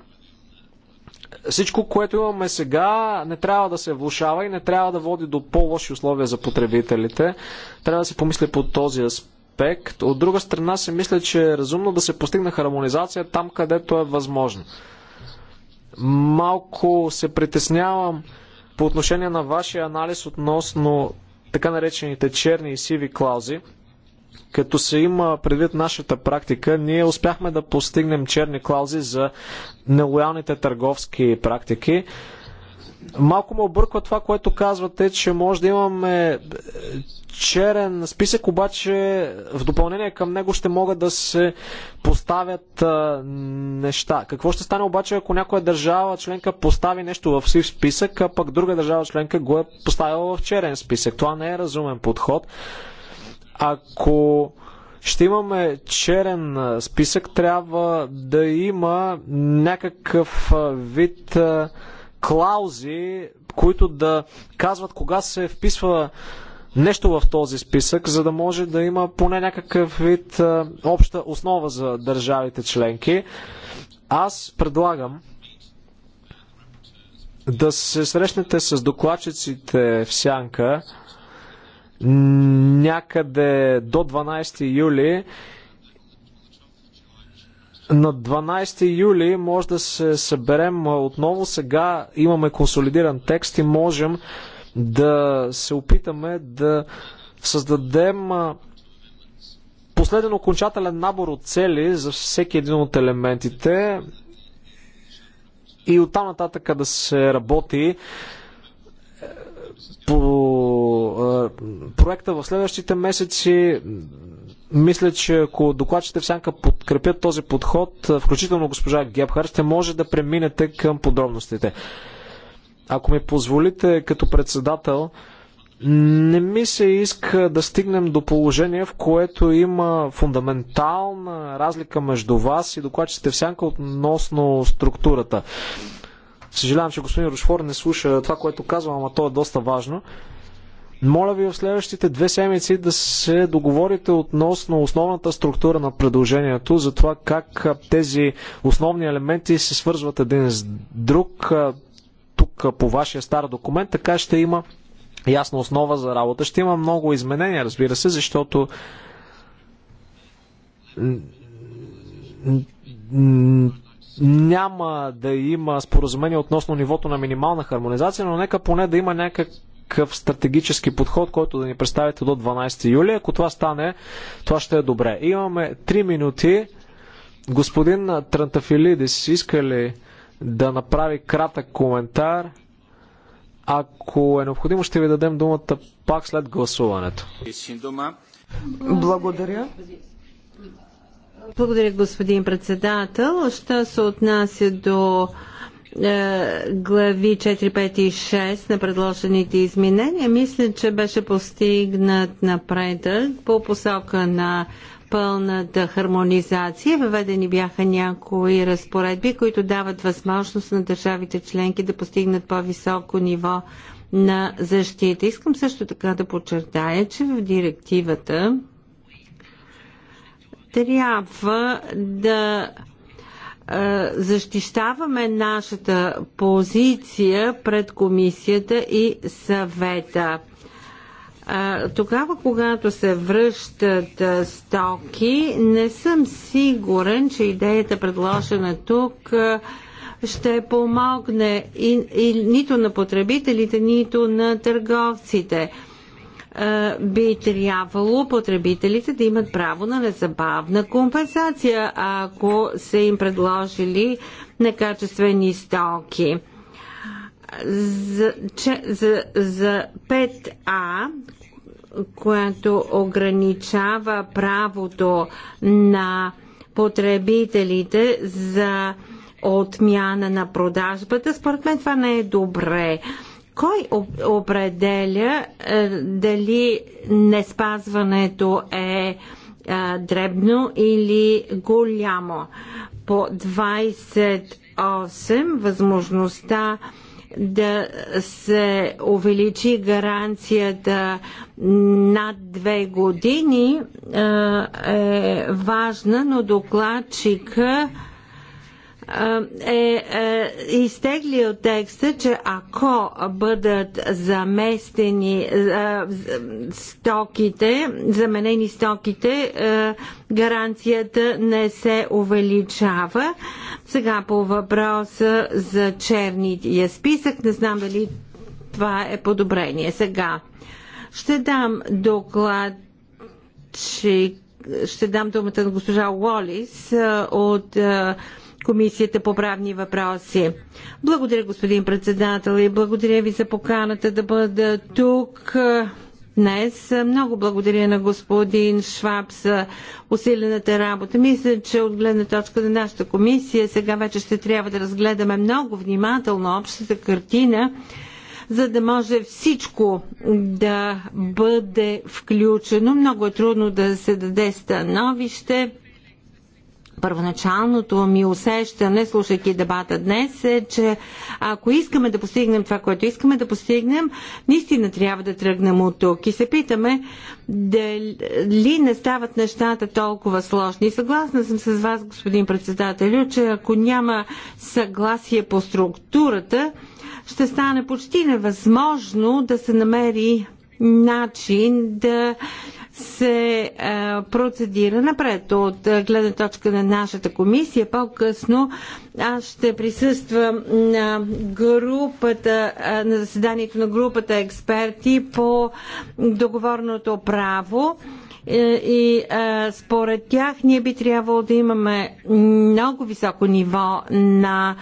Всичко, което имаме сега, не трябва да се влушава и не трябва да води до по-лоши условия за потребителите. Трябва да се помисли по този аспект. От друга страна се мисля, че е разумно да се постигне хармонизация там, където е възможно. Малко се притеснявам по отношение на вашия анализ относно така наречените черни и сиви клаузи. Като се има предвид нашата практика, ние успяхме да постигнем черни клаузи за нелоялните търговски практики. Малко ме обърква това, което казвате, че може да имаме е, черен списък, обаче в допълнение към него ще могат да се поставят а, е, неща. Какво ще стане обаче, ако някоя държава членка постави нещо в сив списък, а пък друга държава членка го е поставила в черен списък? Това не е разумен подход. Ако ще имаме черен е, списък, трябва да има някакъв вид. А, клаузи, които да казват кога се вписва нещо в този списък, за да може да има поне някакъв вид а, обща основа за държавите членки. Аз предлагам да се срещнете с докладчиците в Сянка някъде до 12 юли на 12 юли може да се съберем отново. Сега имаме консолидиран текст и можем да се опитаме да създадем последен окончателен набор от цели за всеки един от елементите и оттам нататък да се работи е, по е, проекта в следващите месеци мисля, че ако докладчите в сянка подкрепят този подход, включително госпожа Гебхар, ще може да преминете към подробностите. Ако ми позволите като председател, не ми се иска да стигнем до положение, в което има фундаментална разлика между вас и докладчите в сянка относно структурата. Съжалявам, че господин Рушфор не слуша това, което казвам, ама то е доста важно. Моля ви в следващите две седмици да се договорите относно основната структура на предложението, за това как тези основни елементи се свързват един с друг. Тук по вашия стар документ, така ще има ясна основа за работа. Ще има много изменения, разбира се, защото няма да има споразумение относно нивото на минимална хармонизация, но нека поне да има някакъв някакъв стратегически подход, който да ни представите до 12 юли. Ако това стане, това ще е добре. Имаме 3 минути. Господин Трантафилидис, иска ли да направи кратък коментар? Ако е необходимо, ще ви дадем думата пак след гласуването. Благодаря. Благодаря, господин председател. Що се отнася до е, глави 4, 5 и 6 на предложените изменения, мисля, че беше постигнат напредък по посока на пълната хармонизация. Въведени бяха някои разпоредби, които дават възможност на държавите членки да постигнат по-високо ниво на защита. Искам също така да подчертая, че в директивата трябва да защищаваме нашата позиция пред комисията и съвета. Тогава, когато се връщат стоки, не съм сигурен, че идеята предложена тук ще помогне и, и нито на потребителите, нито на търговците. Е, би трябвало потребителите да имат право на незабавна компенсация, ако са им предложили некачествени стоки. За, че, за, за 5А, което ограничава правото на потребителите за отмяна на продажбата, според мен това не е добре. Кой определя е, дали неспазването е, е дребно или голямо? По 28 възможността да се увеличи гаранцията над две години е, е важна, но докладчика е, е изтеглил текста, че ако бъдат заместени е, стоките, заменени стоките, е, гаранцията не се увеличава. Сега по въпроса за черния списък, не знам дали това е подобрение. Сега ще дам доклад, че ще дам думата на госпожа Уолис от Комисията по правни въпроси. Благодаря, господин председател, и благодаря ви за поканата да бъда тук днес. Много благодаря на господин Шваб за усилената работа. Мисля, че от гледна точка на нашата комисия сега вече ще трябва да разгледаме много внимателно общата картина, за да може всичко да бъде включено. Много е трудно да се даде становище първоначалното ми усещане, слушайки дебата днес, е, че ако искаме да постигнем това, което искаме да постигнем, наистина трябва да тръгнем от тук. И се питаме дали не стават нещата толкова сложни. И съгласна съм с вас, господин председателю, че ако няма съгласие по структурата, ще стане почти невъзможно да се намери начин да се а, е, процедира напред. От е, гледна точка на нашата комисия, по-късно аз ще присъствам на групата, е, на заседанието на групата експерти по договорното право. Е, и е, според тях ние би трябвало да имаме много високо ниво на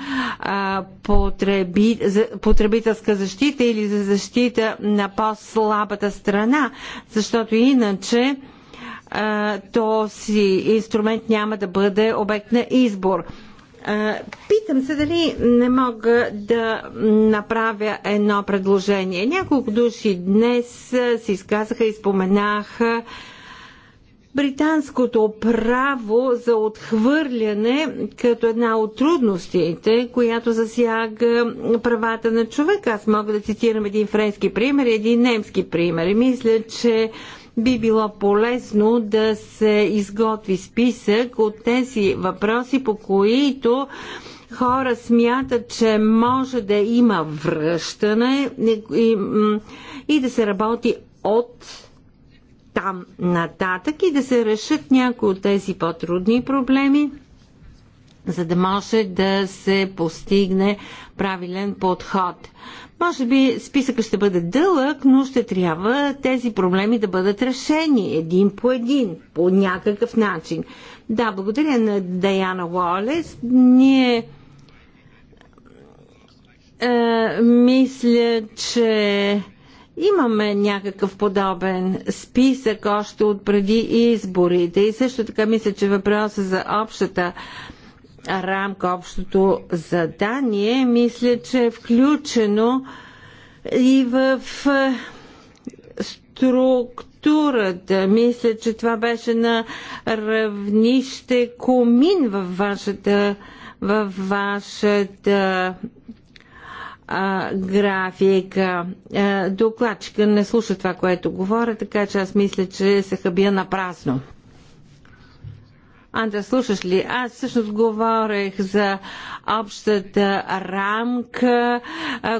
е, потреби, потребителска защита или за защита на по-слабата страна, защото иначе този инструмент няма да бъде обект на избор. Питам се дали не мога да направя едно предложение. Няколко души днес се изказаха и споменаха британското право за отхвърляне като една от трудностите, която засяга правата на човека. Аз мога да цитирам един френски пример и един немски пример. И мисля, че би било полезно да се изготви списък от тези въпроси, по които хора смятат, че може да има връщане и, и, и да се работи от там нататък и да се решат някои от тези по-трудни проблеми, за да може да се постигне правилен подход. Може би списъкът ще бъде дълъг, но ще трябва тези проблеми да бъдат решени един по един, по някакъв начин. Да, благодаря на Даяна Уолес. Ние е, мисля, че Имаме някакъв подобен списък още от преди изборите и също така мисля, че въпроса за общата рамка, общото задание, мисля, че е включено и в е, структурата. Мисля, че това беше на равнище комин във вашата, във вашата а, графика. А, докладчика не слуша това, което говоря, така че аз мисля, че се хабия напрасно. Анда, слушаш ли? Аз всъщност говорех за общата рамка,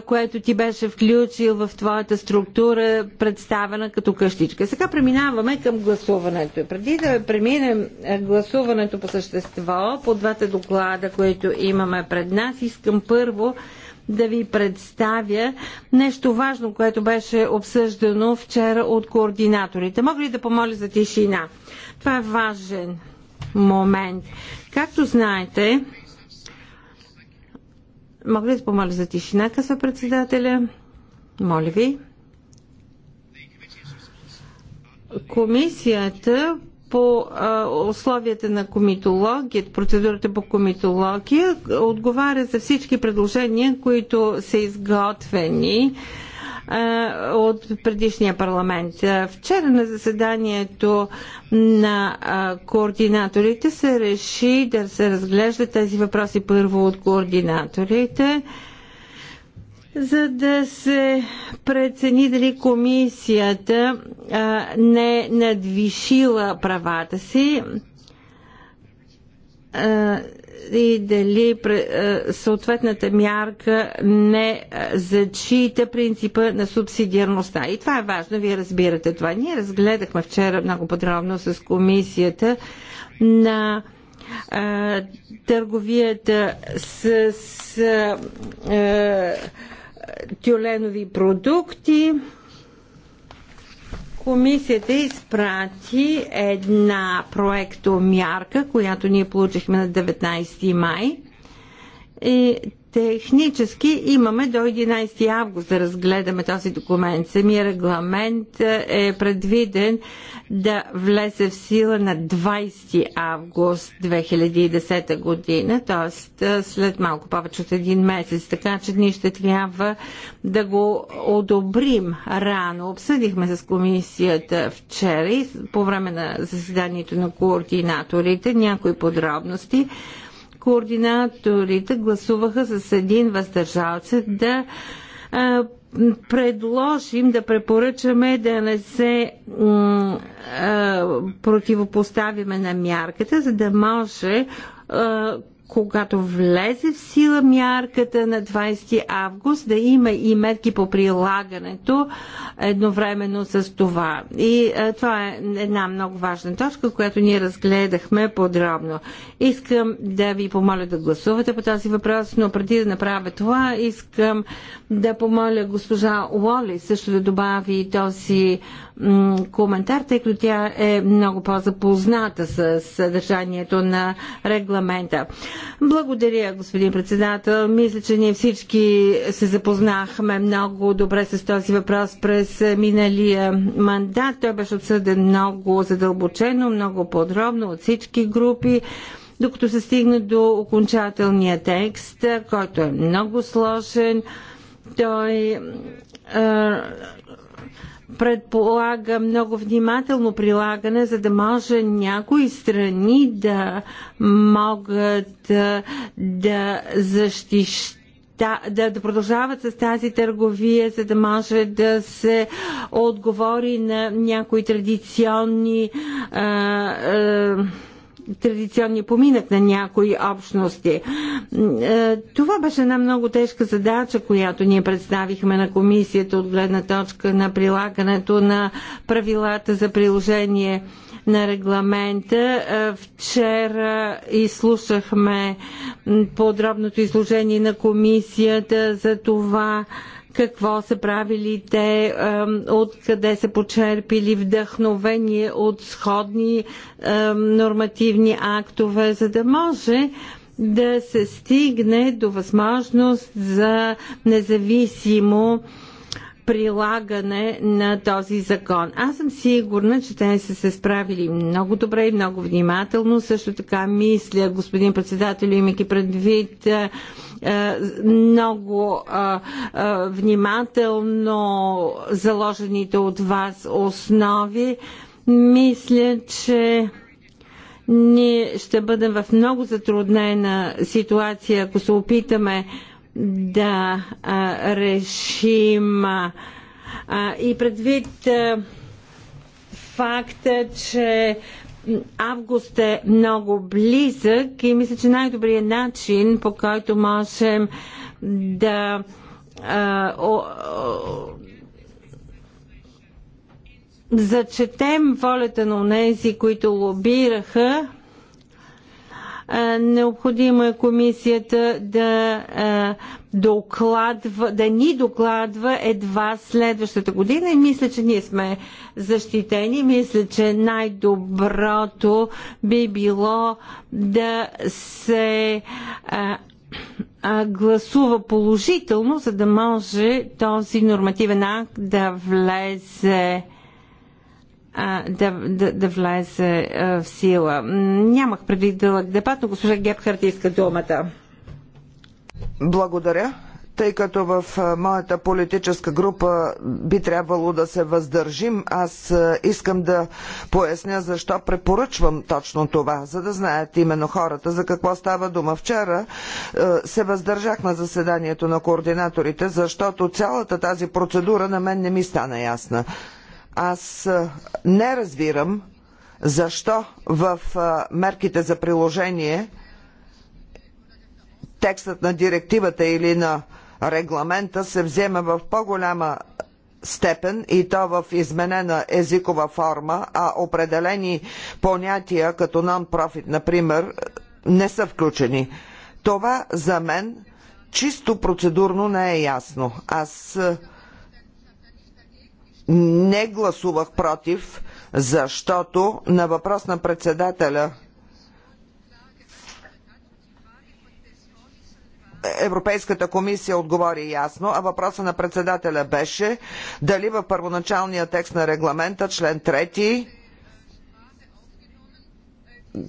която ти беше включил в твоята структура, представена като къщичка. Сега преминаваме към гласуването. преди да преминем гласуването по същество, по двата доклада, които имаме пред нас, искам първо да ви представя нещо важно, което беше обсъждано вчера от координаторите. Мога ли да помоля за тишина? Това е важен момент. Както знаете, мога ли да помоля за тишина, казва председателя? Моля ви. Комисията по условията на комитология, процедурата по комитология, отговаря за всички предложения, които са изготвени от предишния парламент. Вчера на заседанието на координаторите се реши да се разглеждат тези въпроси първо от координаторите за да се прецени дали комисията а, не надвишила правата си а, и дали а, съответната мярка не зачита принципа на субсидиарността. И това е важно, вие разбирате това. Ние разгледахме вчера много подробно с комисията на а, търговията с. с а, тюленови продукти. Комисията изпрати една проекто мярка, която ние получихме на 19 май. И Технически имаме до 11 август да разгледаме този документ. Самия регламент е, е предвиден да влезе в сила на 20 август 2010 година, т.е. след малко повече от един месец, така че ние ще трябва да го одобрим рано. Обсъдихме с комисията вчера и по време на заседанието на координаторите някои подробности координаторите гласуваха с един въздържал се да предложим да препоръчаме да не се противопоставяме на мярката, за да може когато влезе в сила мярката на 20 август, да има и мерки по прилагането едновременно с това. И а, това е една много важна точка, която ние разгледахме подробно. Искам да ви помоля да гласувате по този въпрос, но преди да направя това, искам да помоля госпожа Лоли също да добави този коментар, тъй като тя е много по-запозната с съдържанието на регламента. Благодаря, господин председател. Мисля, че ние всички се запознахме много добре с този въпрос през миналия мандат. Той беше обсъден много задълбочено, много подробно от всички групи докато се стигне до окончателния текст, който е много сложен. Той е, предполага много внимателно прилагане, за да може някои страни да могат да защищат да, да, да продължават с тази търговия, за да може да се отговори на някои традиционни а, а, традиционния поминък на някои общности. Е, това беше една много тежка задача, която ние представихме на комисията от гледна точка на прилагането на правилата за приложение на регламента. Е, вчера изслушахме подробното изложение на комисията за това какво са правили те, откъде са почерпили вдъхновение от сходни нормативни актове, за да може да се стигне до възможност за независимо прилагане на този закон. Аз съм сигурна, че те са се справили много добре и много внимателно. Също така мисля, господин председател, имайки предвид е, е, много е, внимателно заложените от вас основи, мисля, че ние ще бъдем в много затруднена ситуация, ако се опитаме да а, решим а, и предвид а, факта, че август е много близък и мисля, че най-добрият начин, по който можем да а, о, о, зачетем волята на тези, които лобираха Необходимо е комисията да докладва, да ни докладва едва следващата година и мисля, че ние сме защитени. Мисля, че най-доброто би било да се гласува положително, за да може този нормативен акт да влезе а, да, да, да влезе а, в сила. Нямах предвид дълъг дебат, но госпожа Гепхарт иска думата. Благодаря тъй като в моята политическа група би трябвало да се въздържим, аз искам да поясня защо препоръчвам точно това, за да знаят именно хората за какво става дума. Вчера се въздържах на заседанието на координаторите, защото цялата тази процедура на мен не ми стана ясна. Аз не разбирам защо в мерките за приложение текстът на директивата или на регламента се взема в по-голяма степен и то в изменена езикова форма, а определени понятия като нон-профит, например, не са включени. Това за мен чисто процедурно не е ясно. Аз не гласувах против, защото на въпрос на председателя Европейската комисия отговори ясно, а въпроса на председателя беше дали в първоначалния текст на регламента, член 3,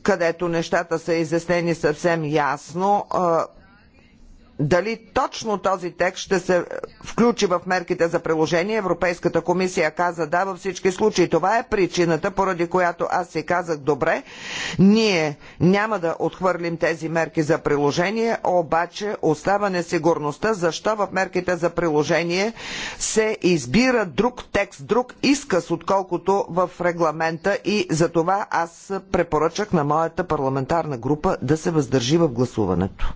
където нещата са изяснени съвсем ясно, дали точно този текст ще се включи в мерките за приложение. Европейската комисия каза да във всички случаи. Това е причината, поради която аз си казах добре, ние няма да отхвърлим тези мерки за приложение, обаче остава несигурността защо в мерките за приложение се избира друг текст, друг изказ, отколкото в регламента и за това аз препоръчах на моята парламентарна група да се въздържи в гласуването.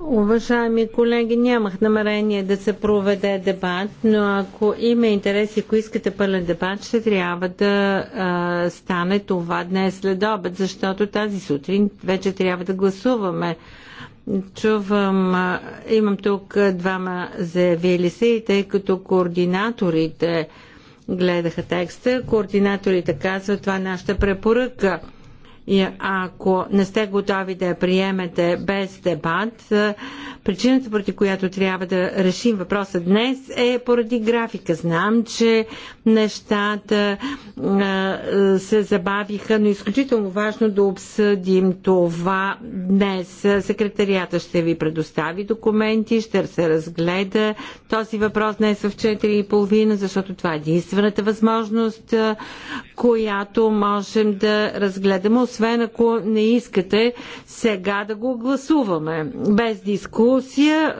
Уважаеми колеги, нямах намерение да се проведе дебат, но ако има интерес и ако искате пълен дебат, ще трябва да а, стане това днес след обед, защото тази сутрин вече трябва да гласуваме. Чувам, а, имам тук двама заявили се и тъй като координаторите гледаха текста, координаторите казват това е нашата препоръка – и ако не сте готови да я приемете без дебат, е, причината, поради която трябва да решим въпроса днес, е поради графика. Знам, че нещата е, се забавиха, но е изключително важно да обсъдим това днес. Секретарията ще ви предостави документи, ще се разгледа този въпрос днес в 4.30, защото това е единствената възможност, която можем да разгледаме освен ако не искате сега да го гласуваме. Без дискусия.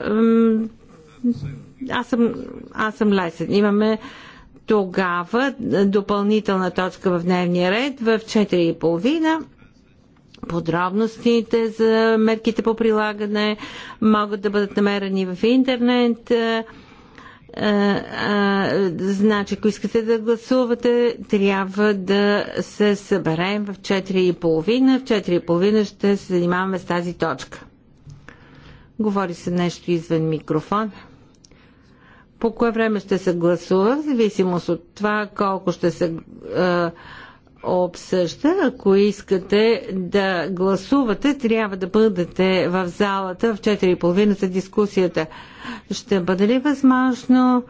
Аз съм, аз съм лесен. Имаме тогава допълнителна точка в дневния ред в 4.30. Подробностите за мерките по прилагане могат да бъдат намерени в интернет а, значи, ако искате да гласувате, трябва да се съберем в 4.30. В 4.30 ще се занимаваме с тази точка. Говори се нещо извън микрофон. По кое време ще се гласува, в зависимост от това колко ще се. А, обсъжда. Ако искате да гласувате, трябва да бъдете в залата в 4.30 за дискусията. Ще бъде ли възможно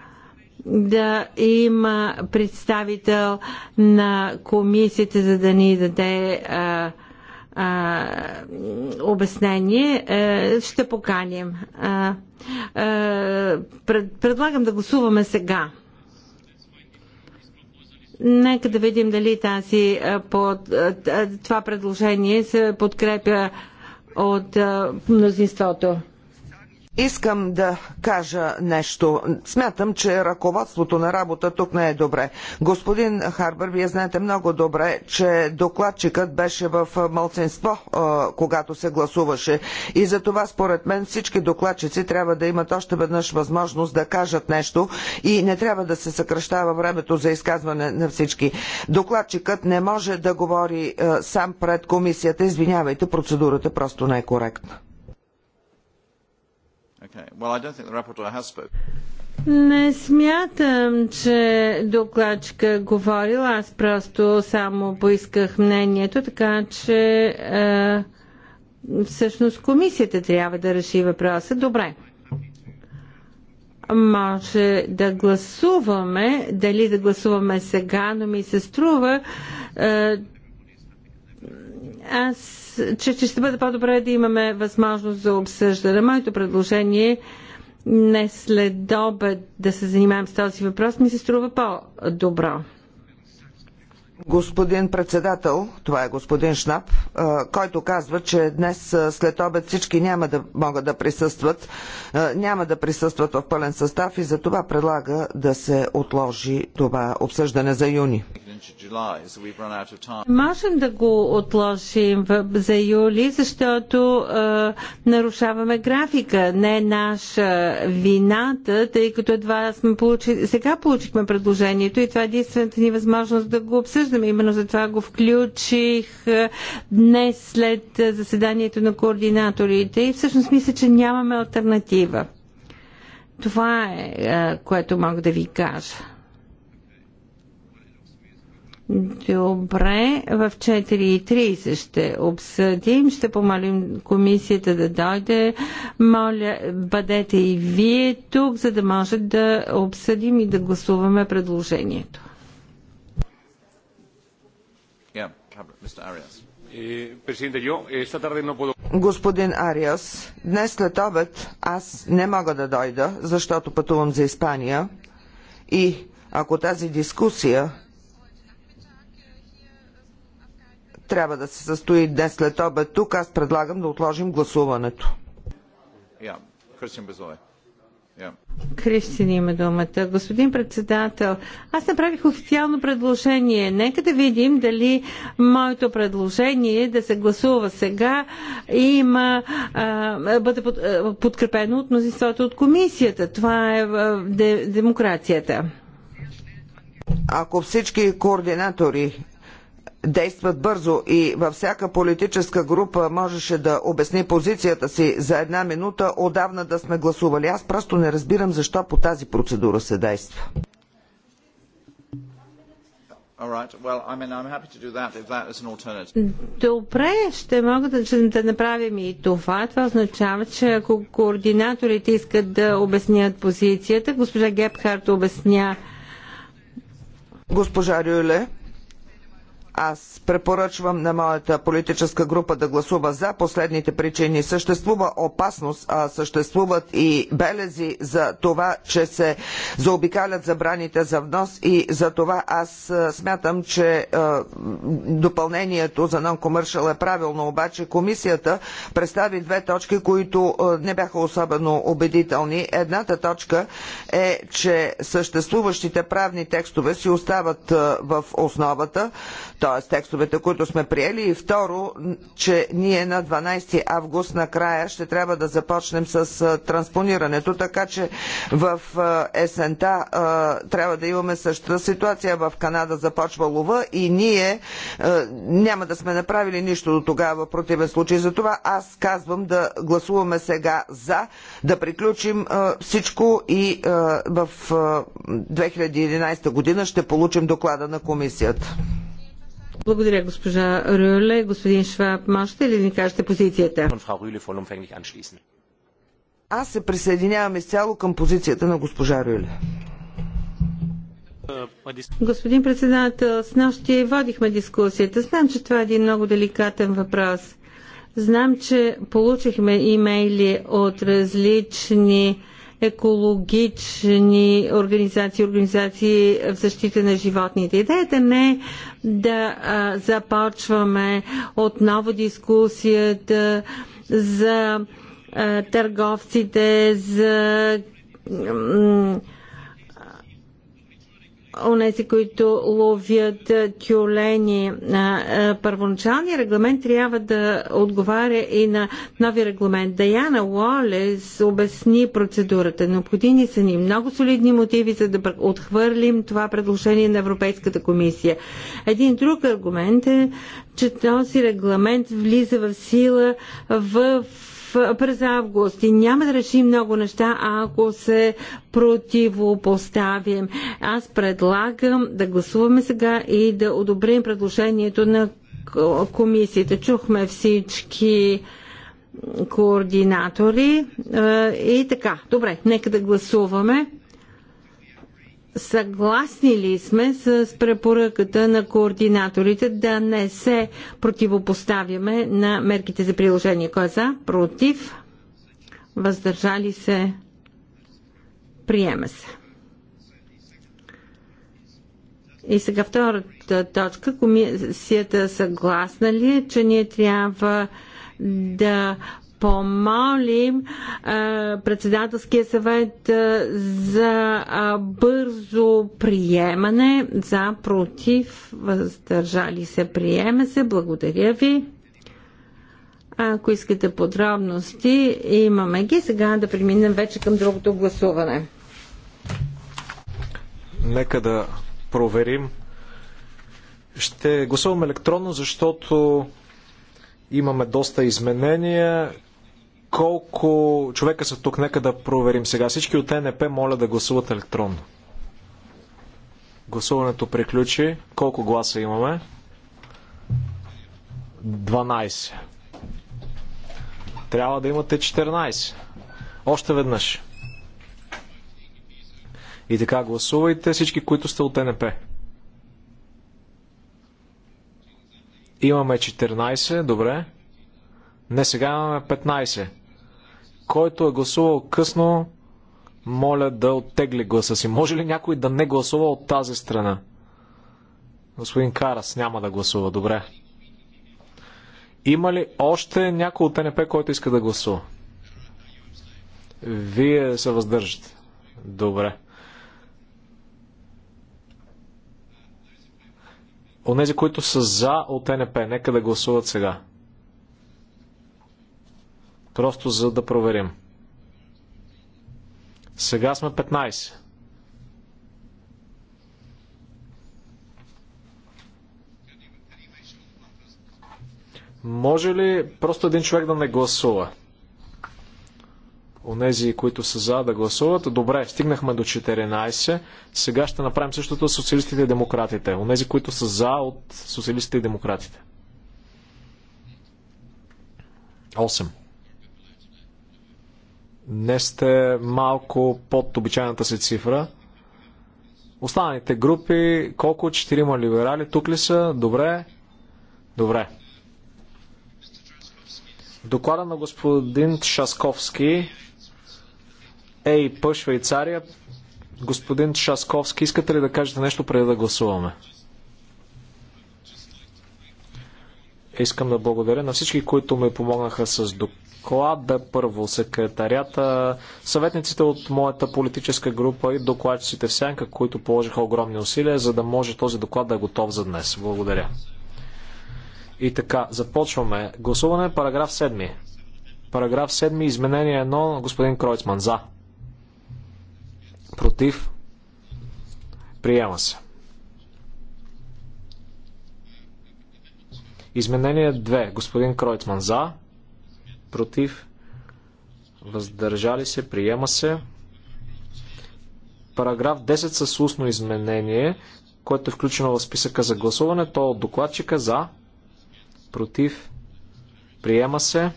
да има представител на комисията, за да ни даде а, а, обяснение, а, е, ще поканим. А, а, пред, предлагам да гласуваме сега. Нека да видим дали тази, под, това предложение се подкрепя от мнозинството. Искам да кажа нещо. Смятам, че ръководството на работа тук не е добре. Господин Харбър, вие знаете много добре, че докладчикът беше в мълцинство, когато се гласуваше. И за това, според мен, всички докладчици трябва да имат още веднъж възможност да кажат нещо и не трябва да се съкръщава времето за изказване на всички. Докладчикът не може да говори сам пред комисията. Извинявайте, процедурата просто не е коректна. Okay. Well, I don't think the rapporteur has spoken. Не смятам, че докладчика говорила, аз просто само поисках мнението, така че е, всъщност комисията трябва да реши въпроса. Добре. Може да гласуваме, дали да гласуваме сега, но ми се струва. Е, аз че, че ще бъде по-добре да имаме възможност за обсъждане. Моето предложение е не след обед да се занимаем с този въпрос, ми се струва по-добро. Господин председател, това е господин Шнап, който казва, че днес след обед всички няма да могат да присъстват, няма да присъстват в пълен състав и за това предлага да се отложи това обсъждане за юни. Можем да го отложим за юли, защото е, нарушаваме графика. Не е наша вината, тъй като едва сме получили, сега получихме предложението и това е единствената ни възможност да го обсъждаме. Именно за това го включих днес след заседанието на координаторите и всъщност мисля, че нямаме альтернатива. Това е, е което мога да ви кажа. Добре, в 4.30 ще обсъдим. Ще помолим комисията да дойде. Моля, бъдете и вие тук, за да може да обсъдим и да гласуваме предложението. Господин Ариас, днес след обед аз не мога да дойда, защото пътувам за Испания и ако тази дискусия трябва да се състои днес след обед тук. Аз предлагам да отложим гласуването. Кристин има думата. Господин председател, аз направих официално предложение. Нека да видим дали моето предложение да се гласува сега има, а, бъде под, а, подкрепено от мнозинството от комисията. Това е а, де, демокрацията. Ако всички координатори действат бързо и във всяка политическа група можеше да обясни позицията си за една минута, отдавна да сме гласували. Аз просто не разбирам защо по тази процедура се действа. Добре, ще мога да, да направим и това. Това означава, че ако координаторите искат да обяснят позицията, госпожа Гепхарт обясня. Госпожа Рюле. Аз препоръчвам на моята политическа група да гласува за последните причини. Съществува опасност, а съществуват и белези за това, че се заобикалят забраните за внос и за това аз смятам, че допълнението за non-commercial е правилно, обаче комисията представи две точки, които не бяха особено убедителни. Едната точка е, че съществуващите правни текстове си остават в основата, т.е. текстовете, които сме приели и второ, че ние на 12 август накрая ще трябва да започнем с транспонирането, така че в есента трябва да имаме същата ситуация. В Канада започва лова и ние няма да сме направили нищо до тогава в противен случай. Затова аз казвам да гласуваме сега за, да приключим всичко и в 2011 година ще получим доклада на комисията. Благодаря, госпожа Рюле. Господин Шваб, можете ли да ни кажете позицията? Аз се присъединявам изцяло към позицията на госпожа Рюле. Господин председател, с нощи водихме дискусията. Знам, че това е един много деликатен въпрос. Знам, че получихме имейли от различни екологични организации, организации в защита на животните. Идеята не е да а, започваме отново дискусията за а, търговците, за онези, които ловят тюлени. Първоначалният регламент трябва да отговаря и на нови регламент. Даяна Уолес обясни процедурата. Необходими са ни много солидни мотиви, за да отхвърлим това предложение на Европейската комисия. Един друг аргумент е, че този регламент влиза в сила в през август и няма да решим много неща, ако се противопоставим. Аз предлагам да гласуваме сега и да одобрим предложението на комисията. Чухме всички координатори е, и така. Добре, нека да гласуваме. Съгласни ли сме с препоръката на координаторите да не се противопоставяме на мерките за приложение? Кой е за? Против? Въздържали се? Приема се. И сега втората точка. Комисията съгласна ли е, че ние трябва да помолим е, председателския съвет е, за е, бързо приемане, за против, въздържали се, приеме се. Благодаря ви. Ако искате подробности, имаме ги. Сега да преминем вече към другото гласуване. Нека да проверим. Ще гласувам електронно, защото имаме доста изменения. Колко човека са тук? Нека да проверим сега. Всички от НП моля да гласуват електронно. Гласуването приключи. Колко гласа имаме? 12. Трябва да имате 14. Още веднъж. И така гласувайте всички, които сте от НП. Имаме 14, добре. Не, сега имаме 15. Който е гласувал късно, моля да оттегли гласа си. Може ли някой да не гласува от тази страна? Господин Карас няма да гласува. Добре. Има ли още някой от НП, който иска да гласува? Вие се въздържате. Добре. Онези, които са за от НП, нека да гласуват сега. Просто за да проверим. Сега сме 15. Може ли просто един човек да не гласува? Онези, които са за да гласуват. Добре, стигнахме до 14. Сега ще направим същото с социалистите и демократите. Онези, които са за от социалистите и демократите. 8. Днес сте малко под обичайната си цифра. Останалите групи, колко? Четирима либерали тук ли са? Добре. Добре. Доклада на господин Шасковски ЕИП Швейцария. Господин Шасковски, искате ли да кажете нещо преди да гласуваме? Искам да благодаря на всички, които ме помогнаха с доклада доклада, първо секретарята, съветниците от моята политическа група и докладчиците в Сянка, които положиха огромни усилия, за да може този доклад да е готов за днес. Благодаря. И така, започваме. Гласуване параграф 7. Параграф 7, изменение 1, господин Кройцман. За. Против. Приема се. Изменение 2, господин Кройцман. За против, въздържали се, приема се. Параграф 10 с устно изменение, което е включено в списъка за гласуване, то е от докладчика за, против, приема се.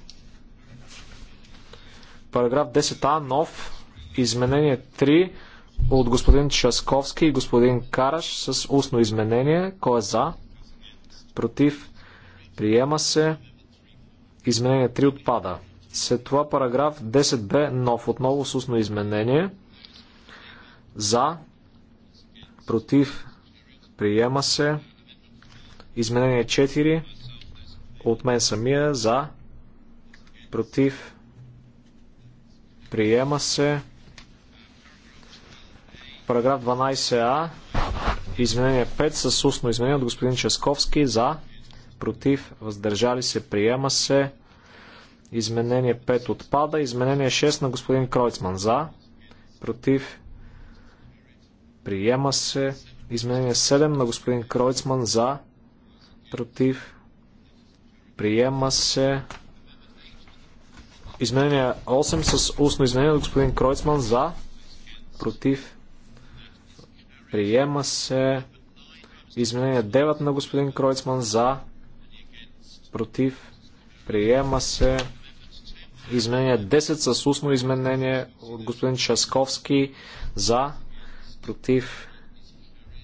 Параграф 10а, нов, изменение 3 от господин Часковски и господин Караш с устно изменение. Кой е за? Против? Приема се. Изменение 3 отпада. След това параграф 10б нов. Отново с устно изменение. За. Против. Приема се. Изменение 4. От мен самия. За. Против. Приема се. Параграф 12а. Изменение 5 с устно изменение от господин Ческовски. За против, въздържали се, приема се. Изменение 5 отпада. Изменение 6 на господин Кройцман за, против, приема се. Изменение 7 на господин Кройцман за, против, приема се. Изменение 8 с устно изменение на господин Кройцман за, против, приема се. Изменение 9 на господин Кройцман за, против, приема се. Изменение 10 с устно изменение от господин Часковски за, против,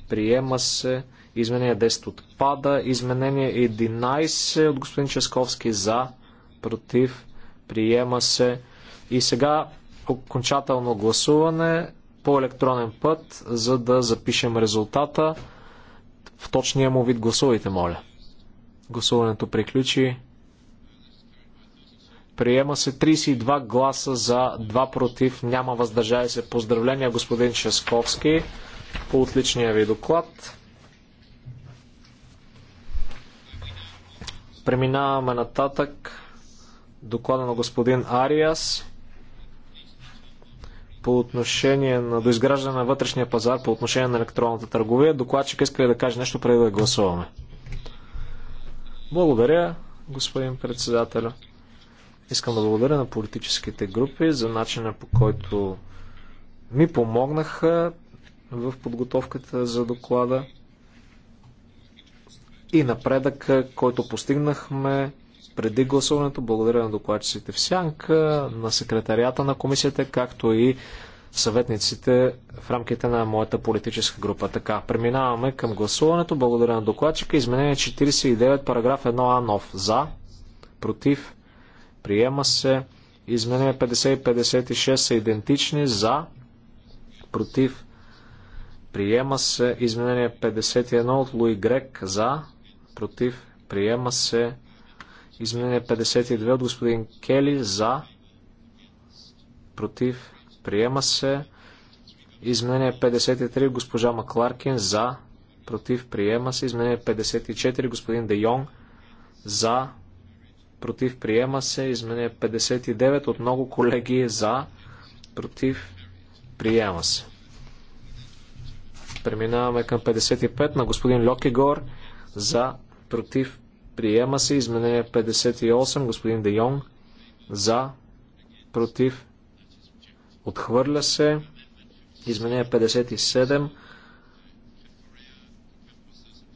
приема се. Изменение 10 отпада. Изменение 11 от господин Часковски, за, против, приема се. И сега окончателно гласуване по електронен път, за да запишем резултата. В точния му вид гласувайте, моля. Гласуването приключи. Приема се 32 гласа за 2 против. Няма въздържали се. Поздравления, господин Ческовски, по отличния ви доклад. Преминаваме нататък. Доклада на господин Ариас по отношение на доизграждане на вътрешния пазар, по отношение на електронната търговия. Докладчик иска да каже нещо преди да гласуваме. Благодаря, господин председател. Искам да благодаря на политическите групи за начина по който ми помогнаха в подготовката за доклада и напредък, който постигнахме преди гласуването. Благодаря на докладчиците в Сянка, на секретарията на комисията, както и съветниците в рамките на моята политическа група. Така, преминаваме към гласуването. Благодаря на докладчика. Изменение 49, параграф 1а нов. За, против, приема се. Изменение 50 и 56 са идентични. За, против, приема се. Изменение 51 от Луи Грек. За, против, приема се. Изменение 52 от господин Кели. За, против, Приема се. Изменение 53. Госпожа Макларкин. За. Против. Приема се. Изменение 54. Господин Де Йонг. За. Против. Приема се. Изменение 59. От много колеги. За. Против. Приема се. Преминаваме към 55 на господин Льокигор, За. Против. Приема се. Изменение 58. Господин Де Йонг. За. Против. Отхвърля се. Изменение 57.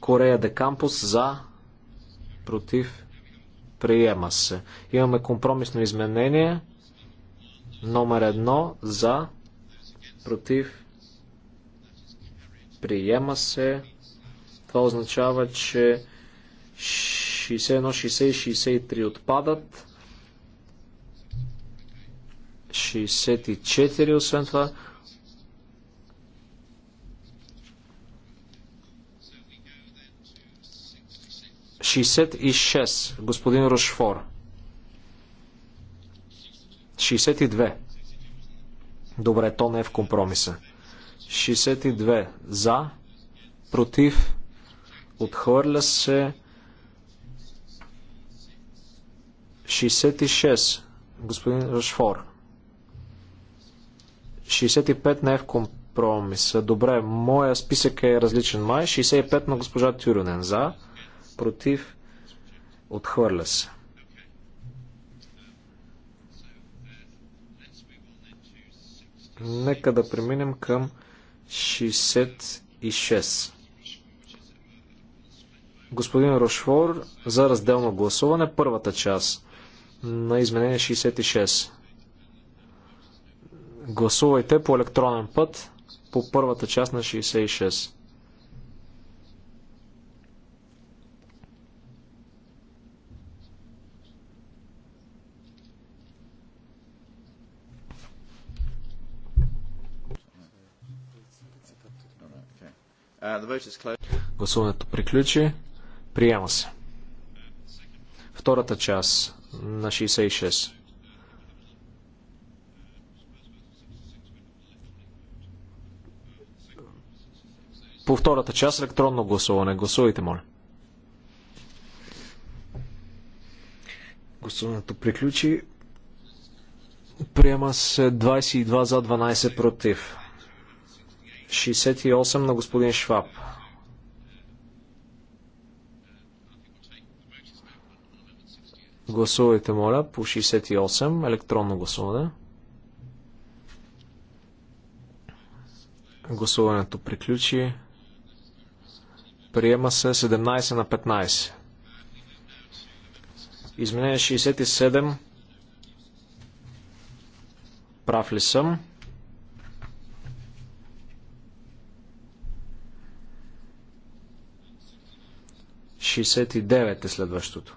Корея де Кампус за. Против. Приема се. Имаме компромисно изменение. Номер едно за. Против. Приема се. Това означава, че 61, 60 и 63 отпадат. 64, освен това. Шестдесет и шест, господин Рошфор. 62. Добре, то не е в компромиса. 62. За, против, отхвърля се. 66. Господин Рашфор. 65 не е в компромис. Добре, моя списък е различен май. 65 на госпожа Тюрюнен. За, против, отхвърля се. Нека да преминем към 66. Господин Рошфор за разделно гласуване, първата част на изменение 66. Гласувайте по електронен път по първата част на 66. Гласуването приключи. Приема се. Втората част на 66. По втората част електронно гласуване. Гласувайте, моля. Гласуването приключи. Приема се 22 за 12 против. 68 на господин Шваб. Гласувайте, моля, по 68, електронно гласуване. Гласуването приключи. Приема се 17 на 15. Изменение 67. Прав ли съм? Шестдесет и девет е следващото.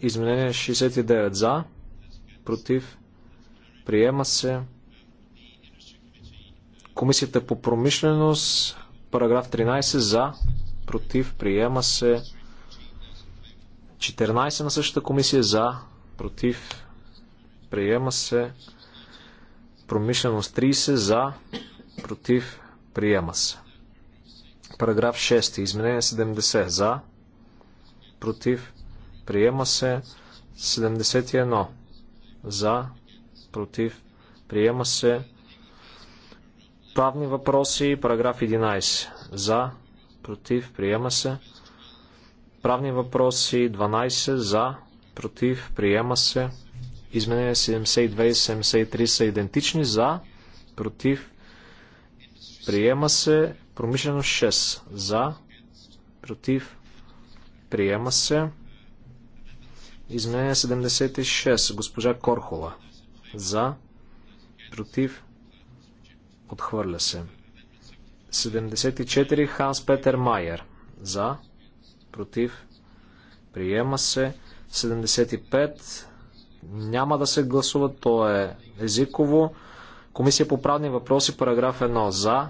Изменение 69 за, против, приема се Комисията по промишленост, параграф 13 за, против, приема се. 14 на същата комисия за, против, приема се. Промишленост 30 за, против, приема се. Параграф 6. Изменение 70 за, против, приема се. 71 за, против, приема се правни въпроси, параграф 11. За, против, приема се. Правни въпроси, 12. За, против, приема се. Изменения 72 и 73 са идентични. За, против, приема се. Промишлено 6. За, против, приема се. Изменение 76. Госпожа Корхова, За, против, Отхвърля се. 74 Ханс Петер Майер. За. Против. Приема се. 75 няма да се гласува, то е езиково. Комисия по правни въпроси, параграф 1 за,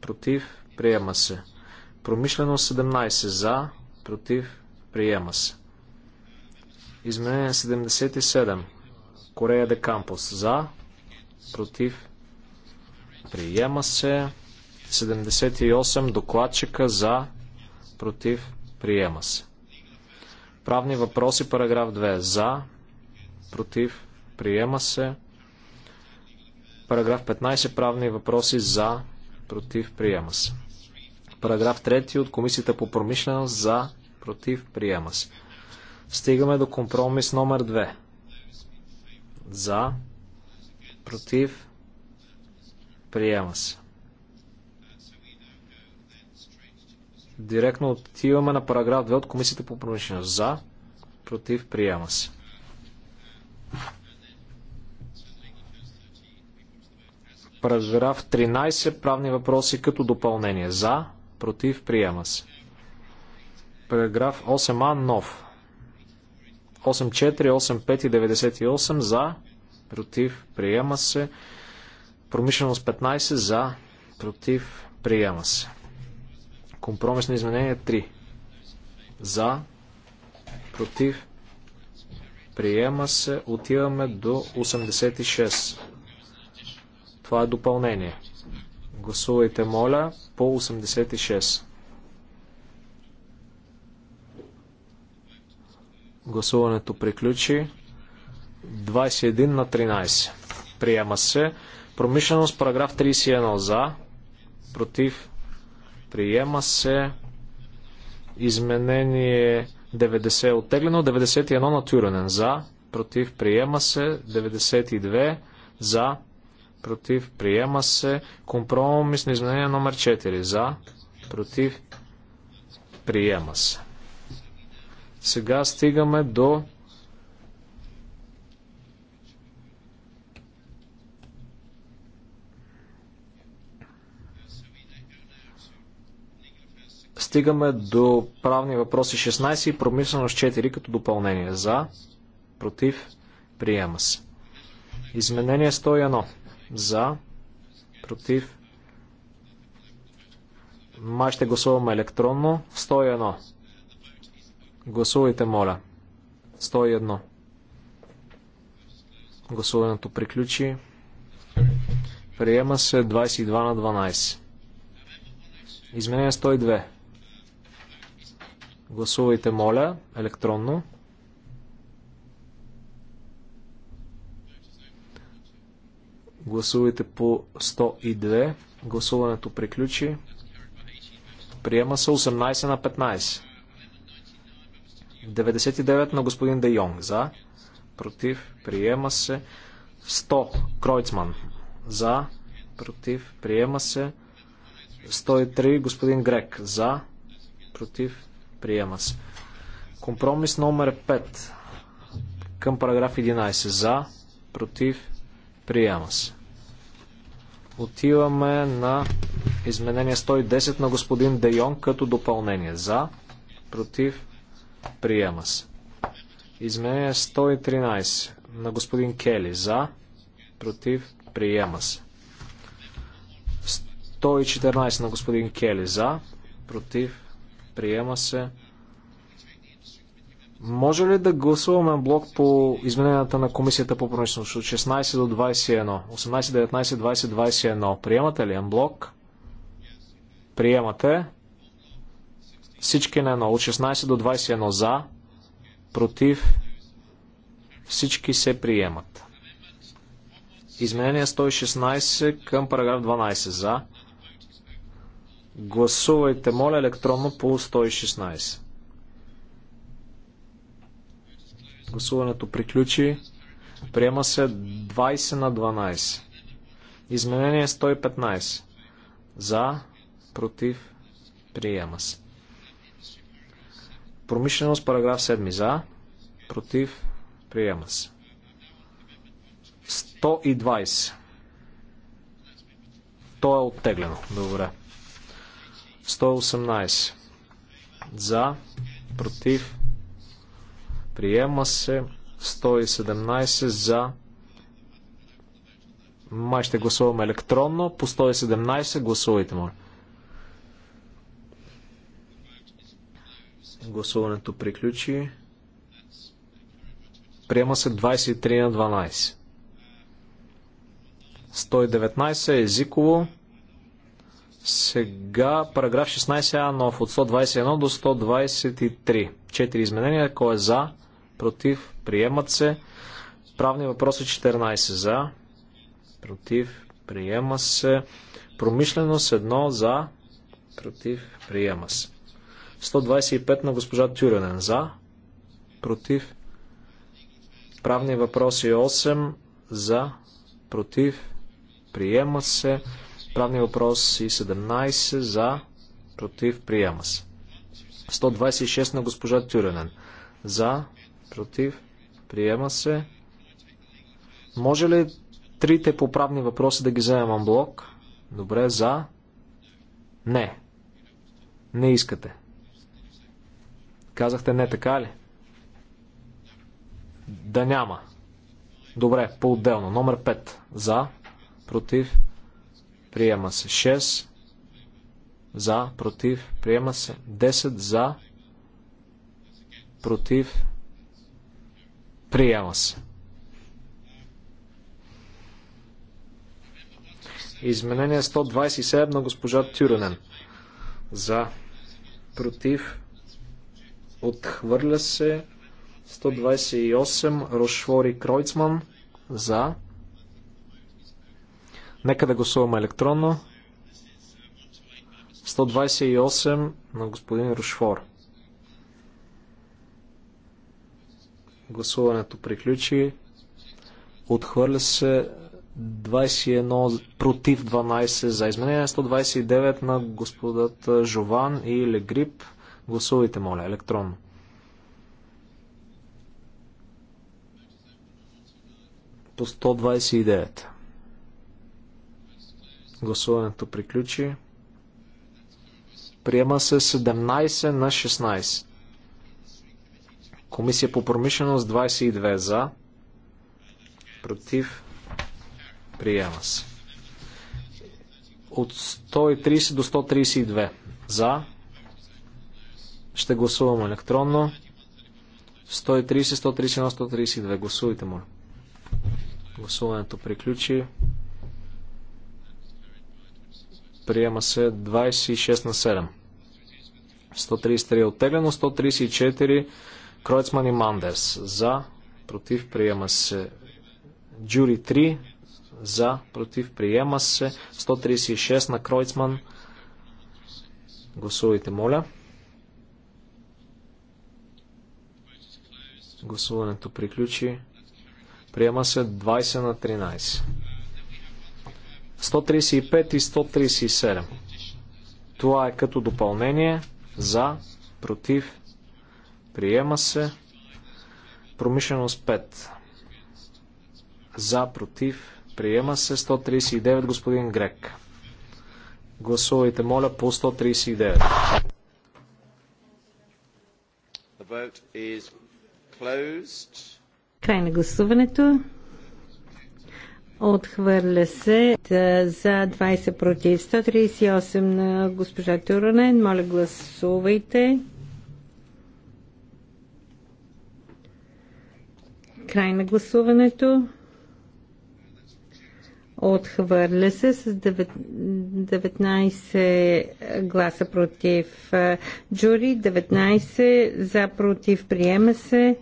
против, приема се. Промишлено 17 за, против, приема се. Изменение 77. Корея де Кампус за, против, Приема се. 78 докладчика за, против, приема се. Правни въпроси, параграф 2. За, против, приема се. Параграф 15. Правни въпроси за, против, приема се. Параграф 3 от Комисията по промишленост за, против, приема се. Стигаме до компромис номер 2. За, против, Приема се. Директно отиваме на параграф 2 от Комисията по промишленост. За, против, приема се. Параграф 13. Правни въпроси като допълнение. За, против, приема се. Параграф 8а. Нов. 84, 85 и 98. За, против, приема се. Промишленост 15 за, против, приема се. Компромисно изменение 3. За, против, приема се. Отиваме до 86. Това е допълнение. Гласувайте, моля, по 86. Гласуването приключи 21 на 13. Приема се. Промишленост, параграф 31 за, против, приема се. Изменение 90 оттеглено, 91 на за, против, приема се. 92 за, против, приема се. на изменение номер 4 за, против, приема се. Сега стигаме до Стигаме до правни въпроси 16 и промисленост 4 като допълнение. За, против, приема се. Изменение 101. За, против, май ще гласуваме електронно. 101. Гласувайте, моля. 101. Гласуването приключи. Приема се 22 на 12. Изменение 102. Гласувайте, моля, електронно. Гласувайте по 102. Гласуването приключи. Приема се 18 на 15. 99 на господин Де Йонг. За. Против. Приема се. 100. Кройцман. За. Против. Приема се. 103. Господин Грек. За. Против. Приема се. Компромис номер 5 към параграф 11. За, против, приема се. Отиваме на изменение 110 на господин Дейон като допълнение. За, против, приема се. Изменение 113 на господин Кели. За, против, приема се. 114 на господин Кели. За, против, Приема се. Може ли да гласуваме блок по измененията на Комисията по промишленост от 16 до 21? 18, 19, 20, 21. Приемате ли блок? Приемате. Всички на едно. От 16 до 21 за. Против. Всички се приемат. Изменение 116 към параграф 12 за. Гласувайте, моля, електронно по 116. Гласуването приключи. Приема се 20 на 12. Изменение 115. За, против, приема се. Промишленост, параграф 7. За, против, приема се. 120. То е оттеглено. Добре. 118. За, против, приема се. 117 за. Май ще гласуваме електронно. По 117 гласувайте, моля. Гласуването приключи. Приема се 23 на 12. 119 е езиково. Сега параграф 16а нов от 121 до 123. Четири изменения. Кой е за? Против? Приемат се. Правни въпроси 14 за. Против? Приема се. Промишленост 1 за. Против? Приема се. 125 на госпожа Тюренен за. Против? Правни въпроси 8 за. Против? Приема се. Правни въпроси 17 за, против, приема се. 126 на госпожа Тюренен. За, против, приема се. Може ли трите поправни въпроси да ги вземем блок? Добре, за. Не. Не искате. Казахте не, така ли? Да няма. Добре, по-отделно. Номер 5. За, против, Приема се 6. За. Против. Приема се 10. За. Против. Приема се. Изменение 127 на госпожа Тюренен. За. Против. Отхвърля се. 128 Рошвори Кройцман. За. Нека да гласуваме електронно. 128 на господин Рушфор. Гласуването приключи. Отхвърля се 21 против 12 за изменение. 129 на господата Жован и Легрип. Гласувайте, моля, електронно. По 129. Гласуването приключи. Приема се 17 на 16. Комисия по промишленост 22 за. Против. Приема се. От 130 до 132 за. Ще гласувам електронно. 130, 131, 132. Гласувайте, моля. Гласуването приключи. Приема се 26 на 7. 133 е оттеглено. 134 Кройцман и Мандерс. За. Против. Приема се. Джури 3. За. Против. Приема се. 136 на Кройцман. Гласувайте, моля. Гласуването приключи. Приема се 20 на 13. 135 и 137. Това е като допълнение за, против, приема се. Промишленост 5. За, против, приема се. 139 господин Грек. Гласувайте, моля, по 139. Край на гласуването. Отхвърля се за 20 против 138 на госпожа Тюранен. Моля гласувайте. Край на гласуването. Отхвърля се с 19 гласа против джури, 19 за против приема се,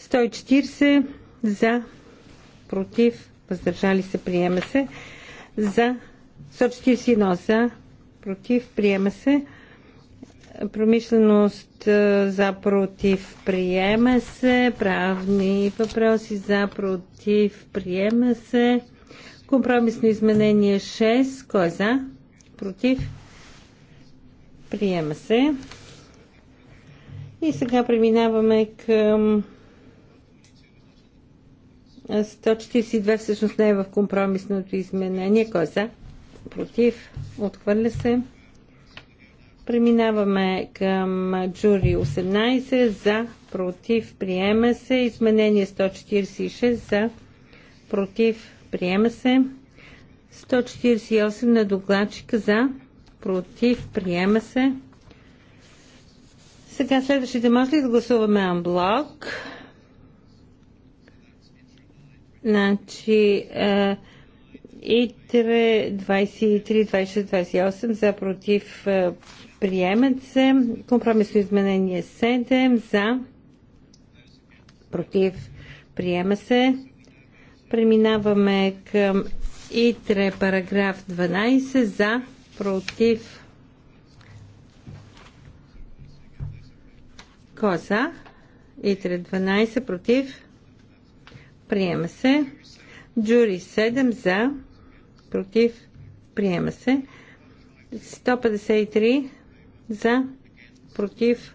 140 за против въздържали се, приема се. За 141 за, против, приема се. Промишленост е, за, против, приема се. Правни въпроси за, против, приема се. Компромисно изменение 6. Кой е за? Против? Приема се. И сега преминаваме към 142 всъщност не е в компромисното изменение. Кой е за? Против. Отхвърля се. Преминаваме към джури 18 за, против, приема се. Изменение 146 за, против, приема се. 148 на докладчика за, против, приема се. Сега следващите може ли да гласуваме анблок? Значи, е, ИТРЕ 23, 26, 28 за против е, приемат се. Компромисно изменение 7 за против приема се. Преминаваме към ИТРЕ параграф 12 за против коза. Е ИТРЕ 12 против Приема се. Джури 7 за. Против. Приема се. 153 за. Против.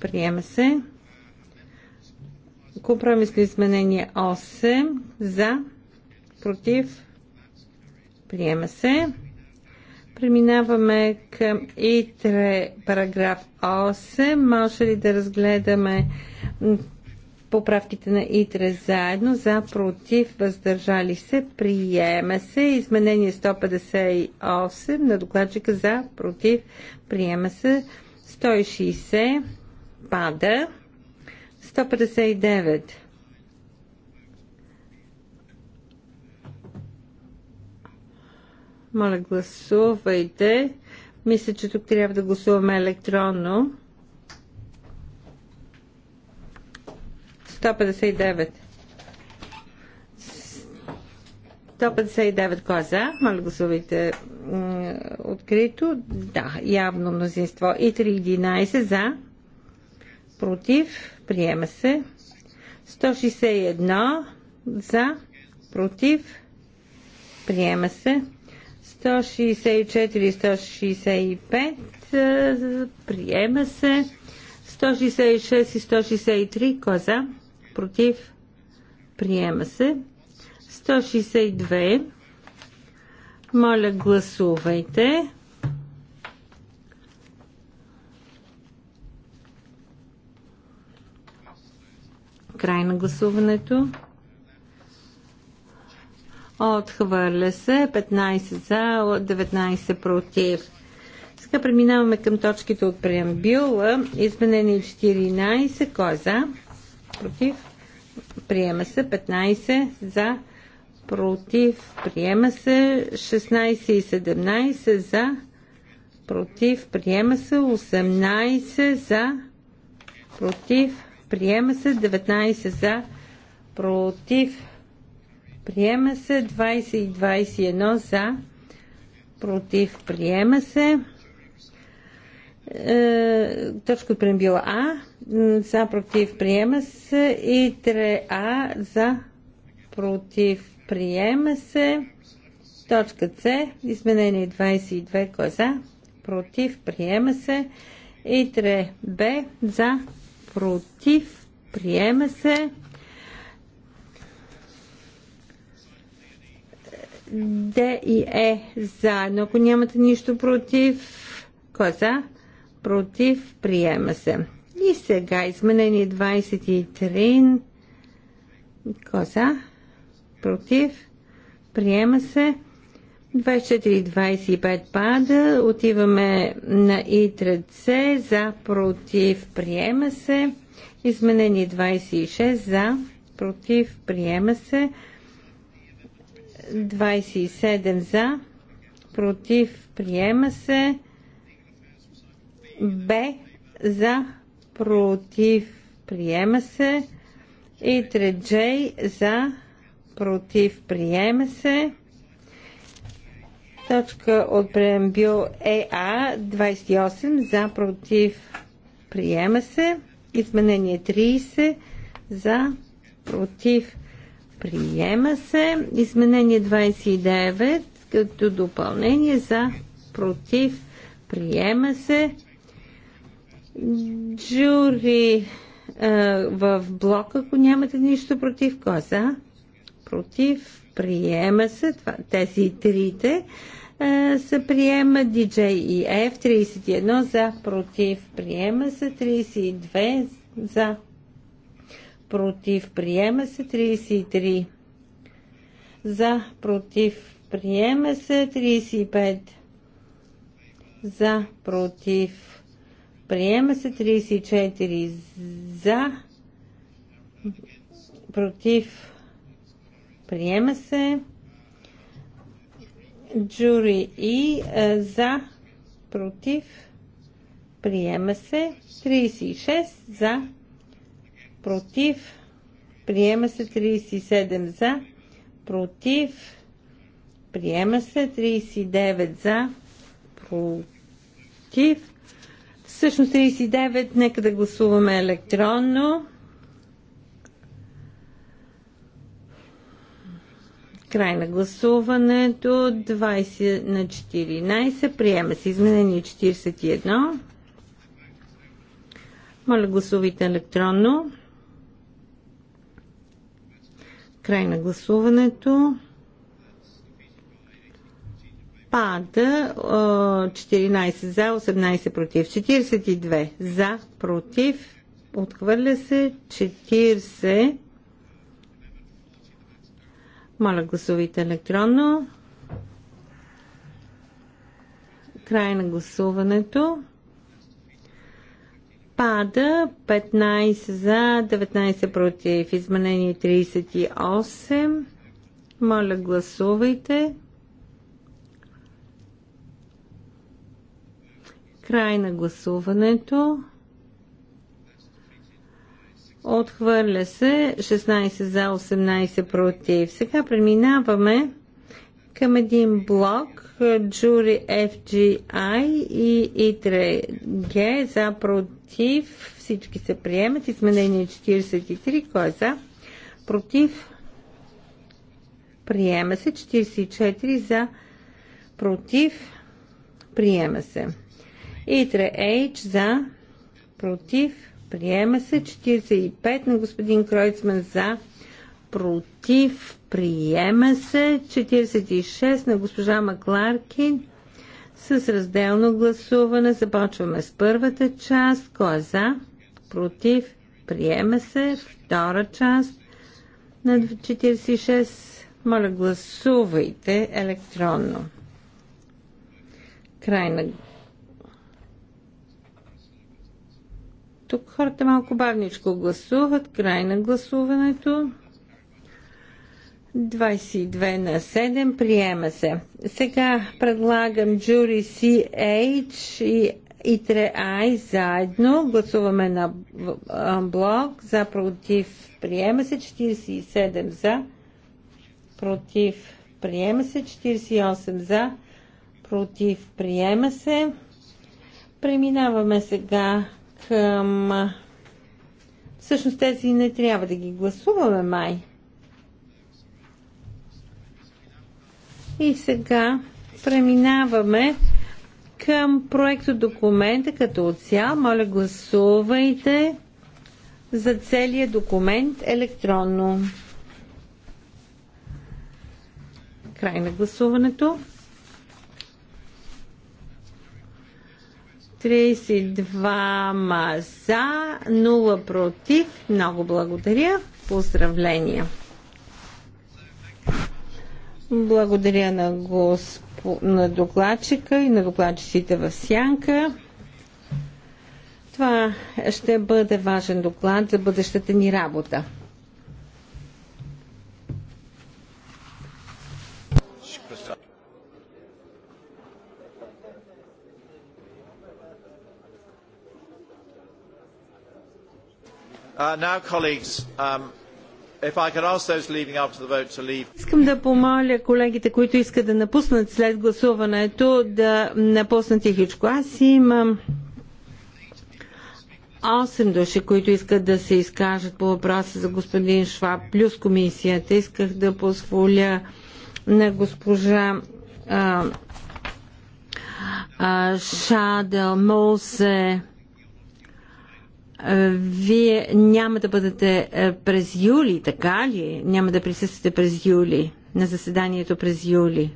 Приема се. Компромисно изменение 8 за. Против. Приема се. Преминаваме към ИТРЕ параграф 8. Може ли да разгледаме поправките на ИТРЕ заедно за против въздържали се приема се изменение 158 на докладчика за против приема се 160 пада 159 моля гласувайте мисля, че тук трябва да гласуваме електронно 159. 159 е Моля гласувайте открито. Да, явно мнозинство. И 311 за. Против. Приема се. 161 за. Против. Приема се. 164 и 165. Е, приема се. 166 и 163 коза. Е против, приема се. 162. Моля, гласувайте. Край на гласуването. Отхвърля се 15 за, 19 против. Сега преминаваме към точките от преамбюла. Изменение 14. Кой е за? против, приема се 15 за, против, приема се 16 и 17 за, против, приема се 18 за, против, приема се 19 за, против, приема се 20 и 21 за, против, приема се е, точка от преамбила А, за против приема се и 3А за против приема се. Точка С, изменение 22, кой е за? Против приема се. И 3Б за против приема се. Д и Е за, но ако нямате нищо против, кой е за? против, приема се. И сега изменени 23, коза, против, приема се. 24-25 пада, отиваме на и 3 е за, против, приема се. Изменени 26, за, против, приема се. 27 за, против, приема се. Б за против приема се. И 3J за против приема се. Точка от преамбил ЕА 28 за против приема се. Изменение 30 за против приема се. Изменение 29 като допълнение за против приема се. Джури в блок, ако нямате нищо против коза. Е против, приема се, това, тези трите се приема DJ и F, 31 за, против, приема се, 32 за, против, приема се, 33 за, против, приема се, 35 за, против, Приема се 34 за, против, приема се. Джури и за, против, приема се. 36 за, против, приема се. 37 за, против, приема се. 39 за, против, Всъщност 39, нека да гласуваме електронно. Край на гласуването 20 на 14. Приема се изменение 41. Моля гласувайте електронно. Край на гласуването пада 14 за, 18 против, 42 за, против, отхвърля се 40. Моля, гласувайте електронно. Край на гласуването. Пада 15 за, 19 против. Изменение 38. Моля, гласувайте. Край на гласуването. Отхвърля се 16 за 18 против. Сега преминаваме към един блок Jury FGI и I3G за против. Всички се приемат. Изменение 43. Кой е за? Против. Приема се. 44 за против. Приема се. Итре H за, против, приема се. 45 на господин Кройцман за, против, приема се. 46 на госпожа Макларкин с разделно гласуване. Започваме с първата част. Кой е за? Против? Приема се. Втора част на 46. Моля, гласувайте електронно. Край на Тук хората малко бавничко гласуват. Край на гласуването. 22 на 7 приема се. Сега предлагам Джури CH и ИТРЕ Ай заедно. Гласуваме на блок. За против приема се 47 за. Против приема се 48 за. Против приема се. Преминаваме сега към... Всъщност тези не трябва да ги гласуваме май. И сега преминаваме към проекто документа като цял. Моля гласувайте за целият документ електронно. Край на гласуването. 32 ма за, 0 против. Много благодаря. Поздравления. Благодаря на, госпо... на докладчика и на докладчиците в Сянка. Това ще бъде важен доклад за бъдещата ни работа. Uh, now, um, vote, Искам да помоля колегите, които искат да напуснат след гласуването, да напуснат тихичко. Аз имам 8 души, които искат да се изкажат по въпроса за господин Шваб, плюс комисията. Исках да позволя на госпожа а, а, Шадел Молсе вие няма да бъдете през юли, така ли? Няма да присъствате през юли, на заседанието през юли.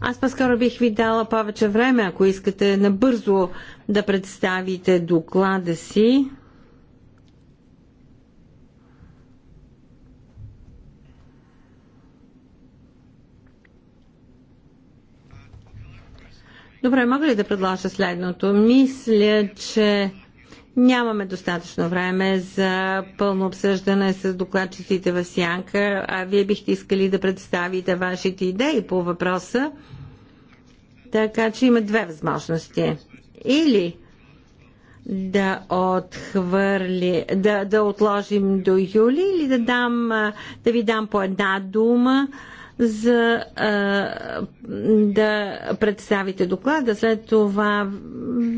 Аз по-скоро бих ви дала повече време, ако искате набързо да представите доклада си. Добре, мога ли да предложа следното? Мисля, че Нямаме достатъчно време за пълно обсъждане с докладчиците в Сянка, а вие бихте искали да представите вашите идеи по въпроса. Така че има две възможности. Или да отхвърли, да, да отложим до юли или да, дам, да ви дам по една дума за а, да представите доклада. След това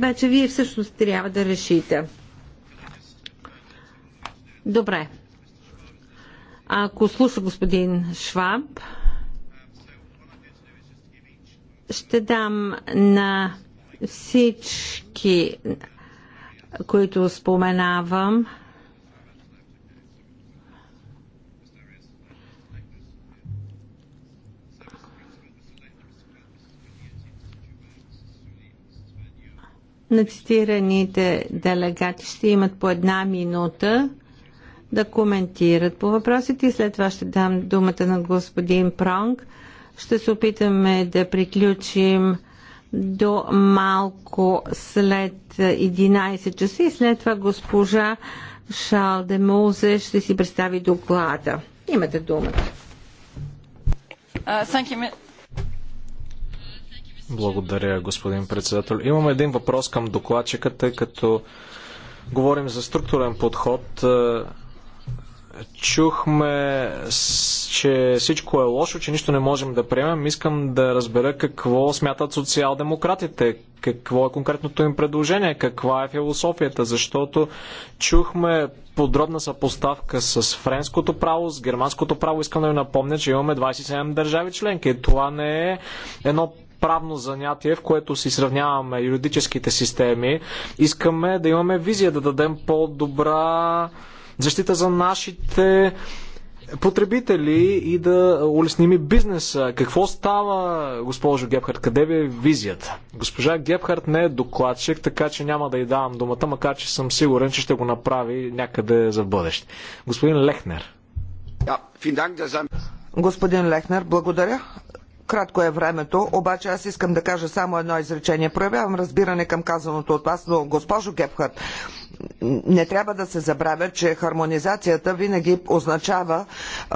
вече вие всъщност трябва да решите. Добре. Ако слуша господин Шваб, ще дам на всички, които споменавам, на цитираните делегати ще имат по една минута да коментират по въпросите и след това ще дам думата на господин Пронг. Ще се опитаме да приключим до малко след 11 часа и след това госпожа де Музе ще си представи доклада. Имате думата. Uh, благодаря, господин председател. Имам един въпрос към докладчика, тъй като говорим за структурен подход. Е, чухме, че всичко е лошо, че нищо не можем да приемем. Искам да разбера какво смятат социал-демократите, какво е конкретното им предложение, каква е философията, защото чухме подробна съпоставка с френското право, с германското право. Искам да ви напомня, че имаме 27 държави членки. Това не е едно правно занятие, в което си сравняваме юридическите системи. Искаме да имаме визия, да дадем по-добра защита за нашите потребители и да улесним и бизнеса. Какво става, госпожо Гепхарт? Къде ви е визията? Госпожа Гепхарт не е докладчик, така че няма да й давам думата, макар че съм сигурен, че ще го направи някъде за бъдеще. Господин Лехнер. Er- Господин Лехнер, благодаря. Кратко е времето, обаче аз искам да кажа само едно изречение. Проявявам разбиране към казаното от вас, но госпожо Гепхарт, не трябва да се забравя, че хармонизацията винаги означава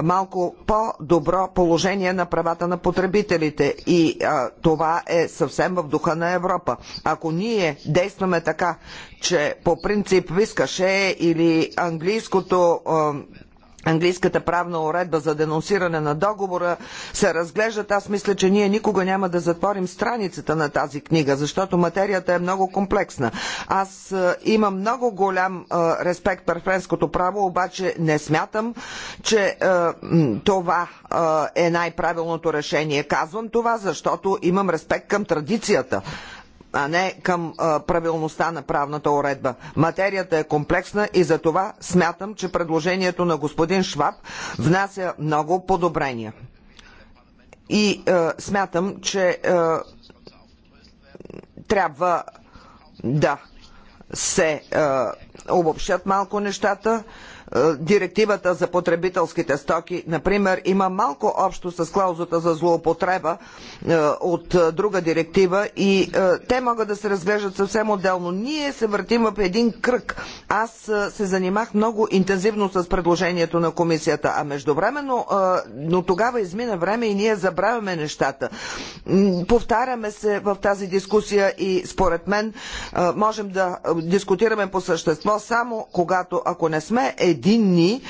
малко по-добро положение на правата на потребителите и а, това е съвсем в духа на Европа. Ако ние действаме така, че по принцип вискаше или английското а, английската правна уредба за денонсиране на договора се разглеждат, аз мисля, че ние никога няма да затворим страницата на тази книга, защото материята е много комплексна. Аз е, имам много голям е, респект пред френското право, обаче не смятам, че е, това е най-правилното решение. Казвам това, защото имам респект към традицията а не към правилността на правната уредба. Материята е комплексна и за това смятам, че предложението на господин Шваб внася много подобрения. И е, смятам, че е, трябва да се е, обобщат малко нещата. Е, директивата за потребителските стоки, например, има малко общо с клаузата за злоупотреба е, от е, друга директива и те могат да се разглеждат съвсем отделно. Ние се въртим в един кръг. Аз се занимах много интензивно с предложението на комисията, а междувременно, но тогава измина време и ние забравяме нещата. Повтаряме се в тази дискусия и според мен можем да дискутираме по същество само когато ако не сме един единни,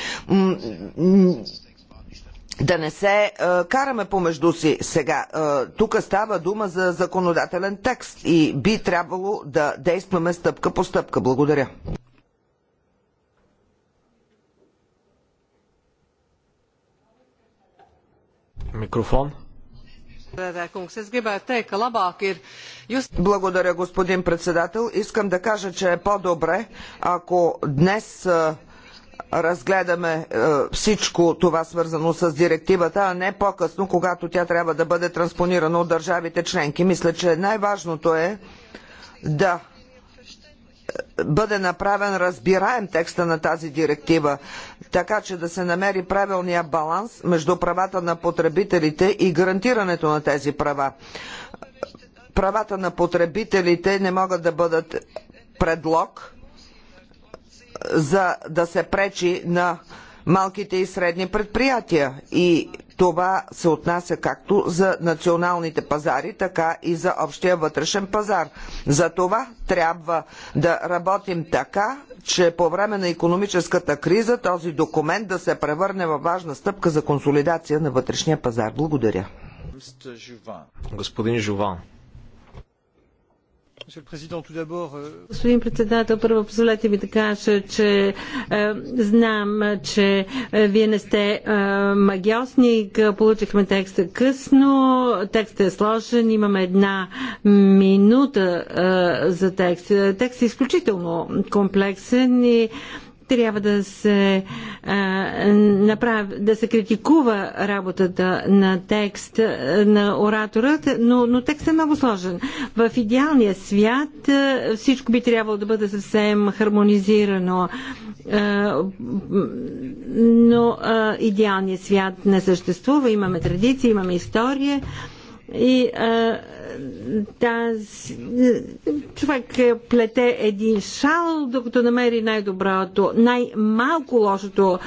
да не се е, караме помежду си сега. Е, тук става дума за законодателен текст и би трябвало да действаме стъпка по стъпка. Благодаря. Микрофон. Благодаря, господин председател. Искам да кажа, че е по-добре, ако днес е, разгледаме е, всичко това свързано с директивата, а не по-късно, когато тя трябва да бъде транспонирана от държавите членки. Мисля, че най-важното е да е, бъде направен разбираем текста на тази директива, така че да се намери правилния баланс между правата на потребителите и гарантирането на тези права. Правата на потребителите не могат да бъдат предлог за да се пречи на малките и средни предприятия. И това се отнася както за националните пазари, така и за общия вътрешен пазар. За това трябва да работим така, че по време на економическата криза този документ да се превърне във важна стъпка за консолидация на вътрешния пазар. Благодаря. Господин Жуван. Euh, Господин председател, първо позволете ми да кажа, че е, знам, че е, вие не сте е, магиосник, получихме текста късно, текстът е сложен, имаме една минута е, за текст. Текстът е изключително комплексен и е, трябва да се, а, направи, да се критикува работата на текст на оратора, но, но текстът е много сложен. В идеалния свят всичко би трябвало да бъде съвсем хармонизирано но а, идеалният свят не съществува. Имаме традиции, имаме история, и а, тази, човек е, плете един шал, докато намери най-доброто, най-малко лошото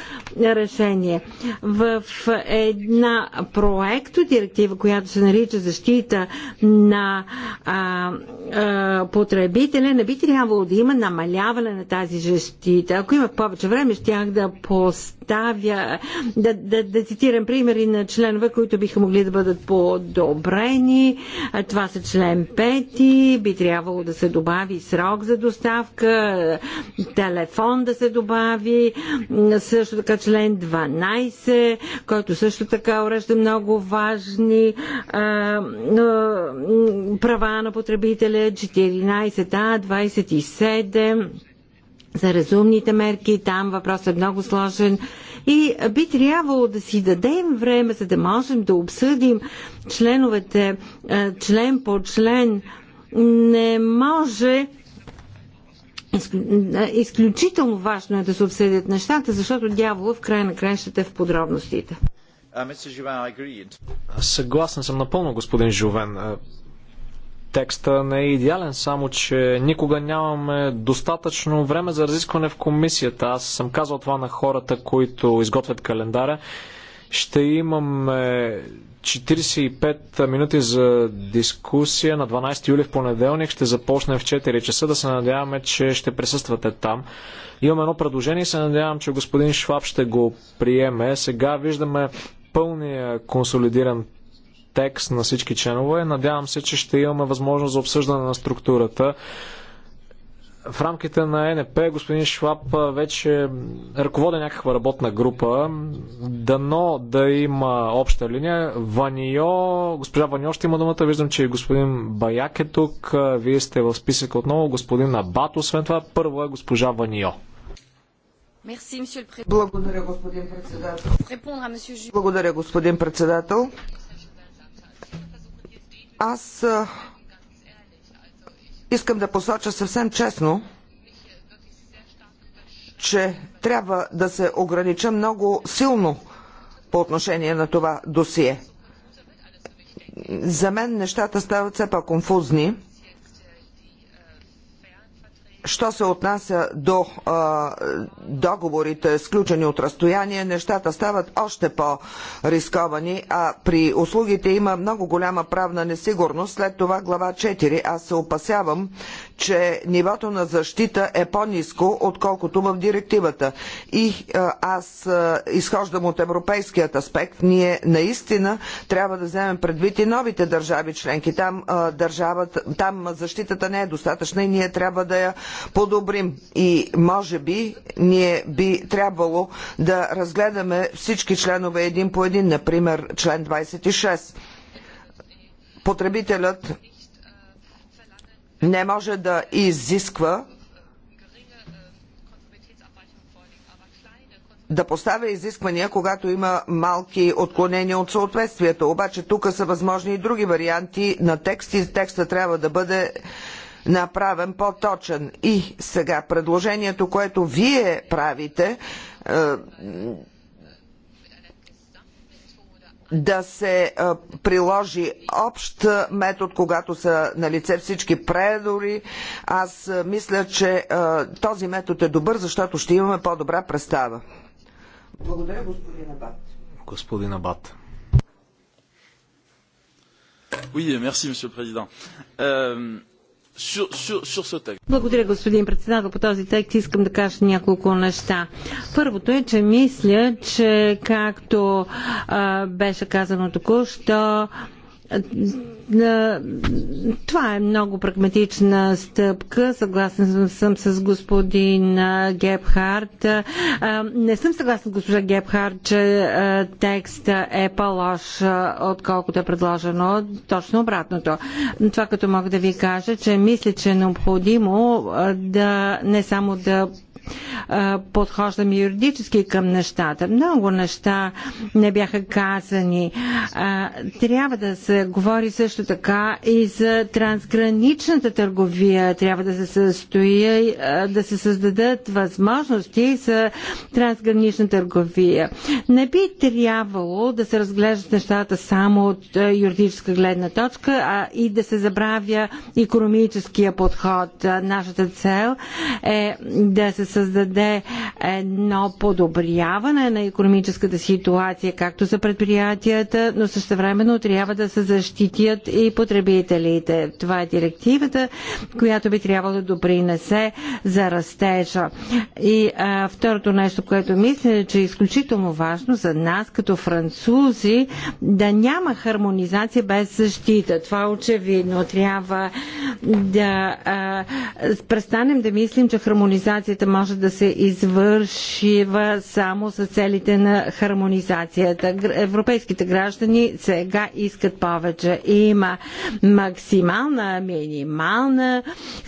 решение. В една проекто директива, която се нарича защита на а, а, потребителя, не би трябвало да има намаляване на тази защита. Ако има повече време, щях да поставя, да, да, да цитирам примери на членове, които биха могли да бъдат по добри одобрени. Това са член 5. Би трябвало да се добави срок за доставка, телефон да се добави, също така член 12, който също така урежда много важни а, а, права на потребителя, 14А, 27 за разумните мерки. Там въпросът е много сложен и би трябвало да си дадем време, за да можем да обсъдим членовете е, член по член. Не може е, изключително важно е да се обсъдят нещата, защото дявола в край на краищата е в подробностите. Uh, Съгласен съм напълно, господин Жовен. Текста не е идеален, само че никога нямаме достатъчно време за разискване в комисията. Аз съм казал това на хората, които изготвят календара. Ще имаме 45 минути за дискусия на 12 юли в понеделник. Ще започнем в 4 часа. Да се надяваме, че ще присъствате там. Имам едно предложение и се надявам, че господин Шваб ще го приеме. Сега виждаме пълния консолидиран текст на всички членове. Надявам се, че ще имаме възможност за обсъждане на структурата. В рамките на НП господин Шваб вече ръководи някаква работна група. Дано да има обща линия. Ванио, госпожа Ванио ще има думата. Виждам, че господин Баяк е тук. Вие сте в списък отново. Господин Абат, освен това, първо е госпожа Ванио. Благодаря, господин председател. Благодаря, господин председател. Аз искам да посоча съвсем честно, че трябва да се огранича много силно по отношение на това досие. За мен нещата стават все по-конфузни що се отнася до а, договорите, сключени от разстояние, нещата стават още по-рисковани, а при услугите има много голяма правна несигурност. След това глава 4. Аз се опасявам, че нивото на защита е по-низко, отколкото в директивата. И аз изхождам от европейският аспект. Ние наистина трябва да вземем предвид и новите държави членки. Там, държават, там защитата не е достатъчна и ние трябва да я подобрим. И може би ние би трябвало да разгледаме всички членове един по един, например член 26. Потребителят не може да изисква да поставя изисквания, когато има малки отклонения от съответствието. Обаче тук са възможни и други варианти на текст и текста трябва да бъде направен по-точен. И сега предложението, което вие правите, е, да се приложи общ метод, когато са на лице всички предори. Аз мисля, че този метод е добър, защото ще имаме по-добра представа. Благодаря, господин Абат. Господин Абат. Oui, merci, monsieur le président. Euh... Благодаря, господин председател. По този текст искам да кажа няколко неща. Първото е, че мисля, че както а, беше казано току-що, това е много прагматична стъпка. Съгласен съм с господин Гепхард. Не съм съгласен с госпожа Гепхард, че текста е по-лош, отколкото е предложено. Точно обратното. Това като мога да ви кажа, че мисля, че е необходимо да не само да подхождам юридически към нещата. Много неща не бяха казани. Трябва да се говори също така и за трансграничната търговия. Трябва да се състои, да се създадат възможности за трансгранична търговия. Не би трябвало да се разглеждат нещата само от юридическа гледна точка, а и да се забравя економическия подход. Нашата цел е да се създаде едно подобряване на економическата ситуация, както за предприятията, но също времено трябва да се защитят и потребителите. Това е директивата, която би трябвало да допринесе за растежа. И а, второто нещо, което мисля, че е изключително важно за нас като французи, да няма хармонизация без защита. Това е очевидно. Трябва да а, престанем да мислим, че хармонизацията може може да се извършива само с целите на хармонизацията. Европейските граждани сега искат повече. Има максимална, минимална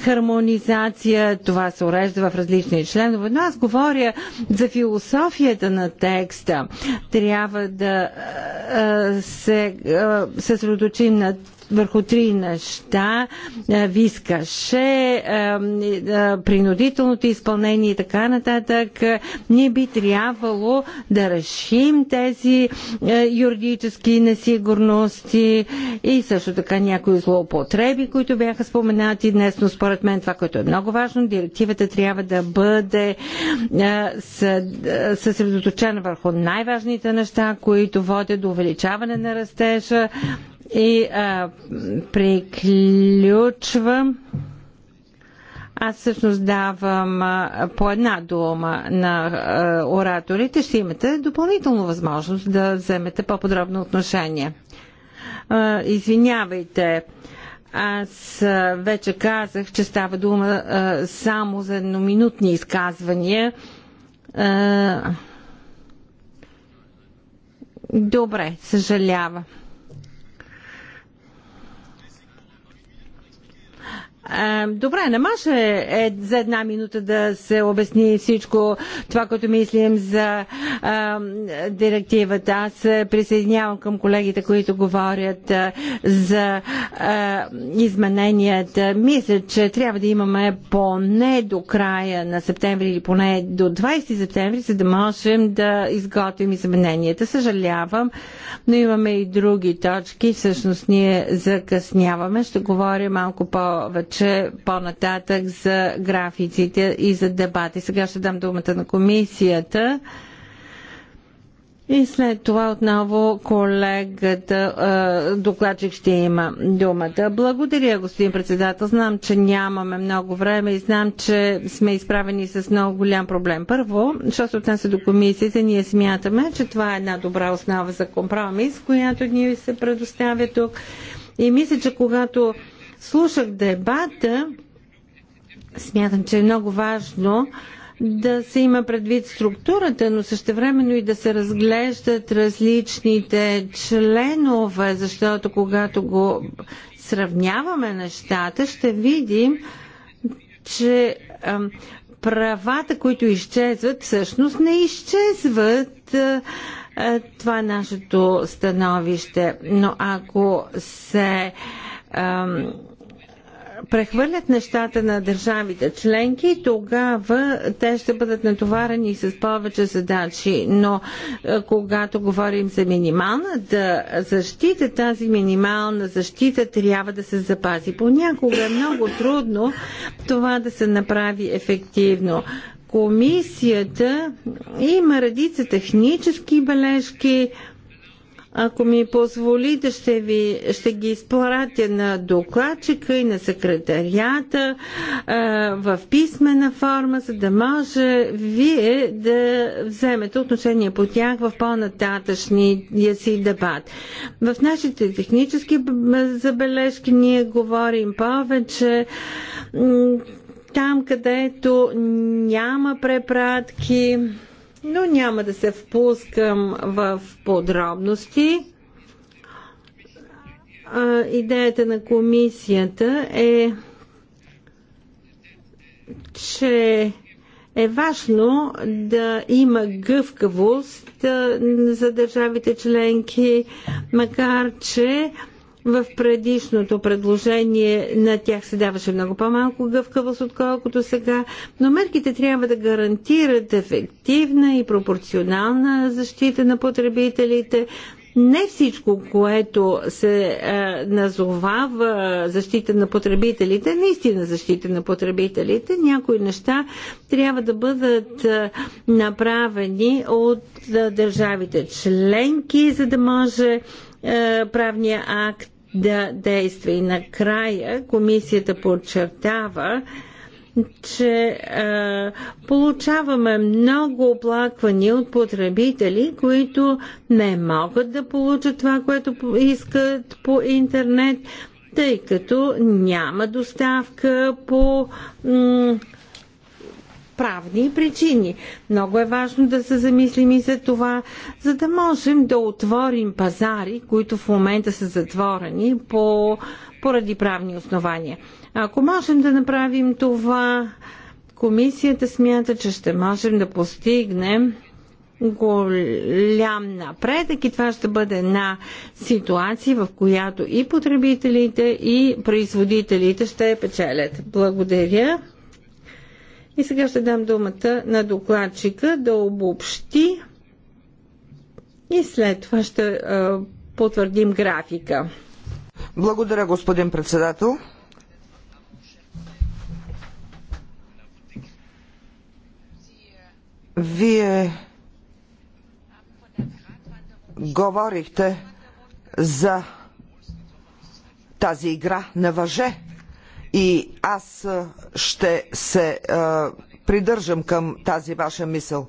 хармонизация. Това се урежда в различни членове. Но аз говоря за философията на текста. Трябва да се съсредоточим на върху три неща е, вискаше, е, е, принудителното изпълнение и така нататък. Ние би трябвало да решим тези юридически несигурности и също така някои злоупотреби, които бяха споменати днес, но според мен това, което е много важно, директивата трябва да бъде съсредоточена върху най-важните неща, които водят до увеличаване на растежа, и а, приключвам. Аз всъщност давам а, по една дума на а, ораторите. Ще имате допълнително възможност да вземете по-подробно отношение. А, извинявайте. Аз вече казах, че става дума а, само за едноминутни изказвания. А, добре, съжалявам. Добре, не може е, за една минута да се обясни всичко това, което мислим за а, директивата. Аз присъединявам към колегите, които говорят а, за а, измененията. Мисля, че трябва да имаме поне до края на септември или поне до 20 септември, за да можем да изготвим измененията. Съжалявам, но имаме и други точки. Всъщност ние закъсняваме. Ще говоря малко повече повече по-нататък за графиците и за дебати. Сега ще дам думата на комисията. И след това отново колегата, докладчик ще има думата. Благодаря, господин председател. Знам, че нямаме много време и знам, че сме изправени с много голям проблем. Първо, що се отнася до комисията, ние смятаме, че това е една добра основа за компромис, която ни се предоставя тук. И мисля, че когато слушах дебата, смятам, че е много важно да се има предвид структурата, но същевременно и да се разглеждат различните членове, защото когато го сравняваме нещата, ще видим, че правата, които изчезват, всъщност не изчезват. Е, това е нашето становище. Но ако се прехвърлят нещата на държавите членки, тогава те ще бъдат натоварени с повече задачи. Но е, когато говорим за минималната защита, тази минимална защита трябва да се запази. Понякога е много трудно това да се направи ефективно. Комисията има редица технически бележки, ако ми позволите, ще, ви, ще ги изпратя на докладчика и на секретарията в писмена форма, за да може вие да вземете отношение по тях в по-нататъчния си дебат. В нашите технически забележки ние говорим повече там, където няма препратки, но няма да се впускам в подробности. Идеята на комисията е, че е важно да има гъвкавост за държавите членки, макар че в предишното предложение на тях се даваше много по-малко гъвкавост, отколкото сега, но мерките трябва да гарантират ефективна и пропорционална защита на потребителите, не всичко, което се е, назовава защита на потребителите, наистина защита на потребителите, някои неща трябва да бъдат е, направени от е, държавите членки, за да може е, правния акт да действа. И накрая комисията подчертава, че е, получаваме много оплаквания от потребители, които не могат да получат това, което искат по интернет, тъй като няма доставка по правни причини. Много е важно да се замислим и за това, за да можем да отворим пазари, които в момента са затворени по, поради правни основания. Ако можем да направим това, комисията смята, че ще можем да постигнем голям напредък и това ще бъде една ситуация, в която и потребителите, и производителите ще печелят. Благодаря. И сега ще дам думата на докладчика да обобщи и след това ще а, потвърдим графика. Благодаря, господин председател. Вие говорихте за тази игра на въже и аз ще се придържам към тази ваша мисъл.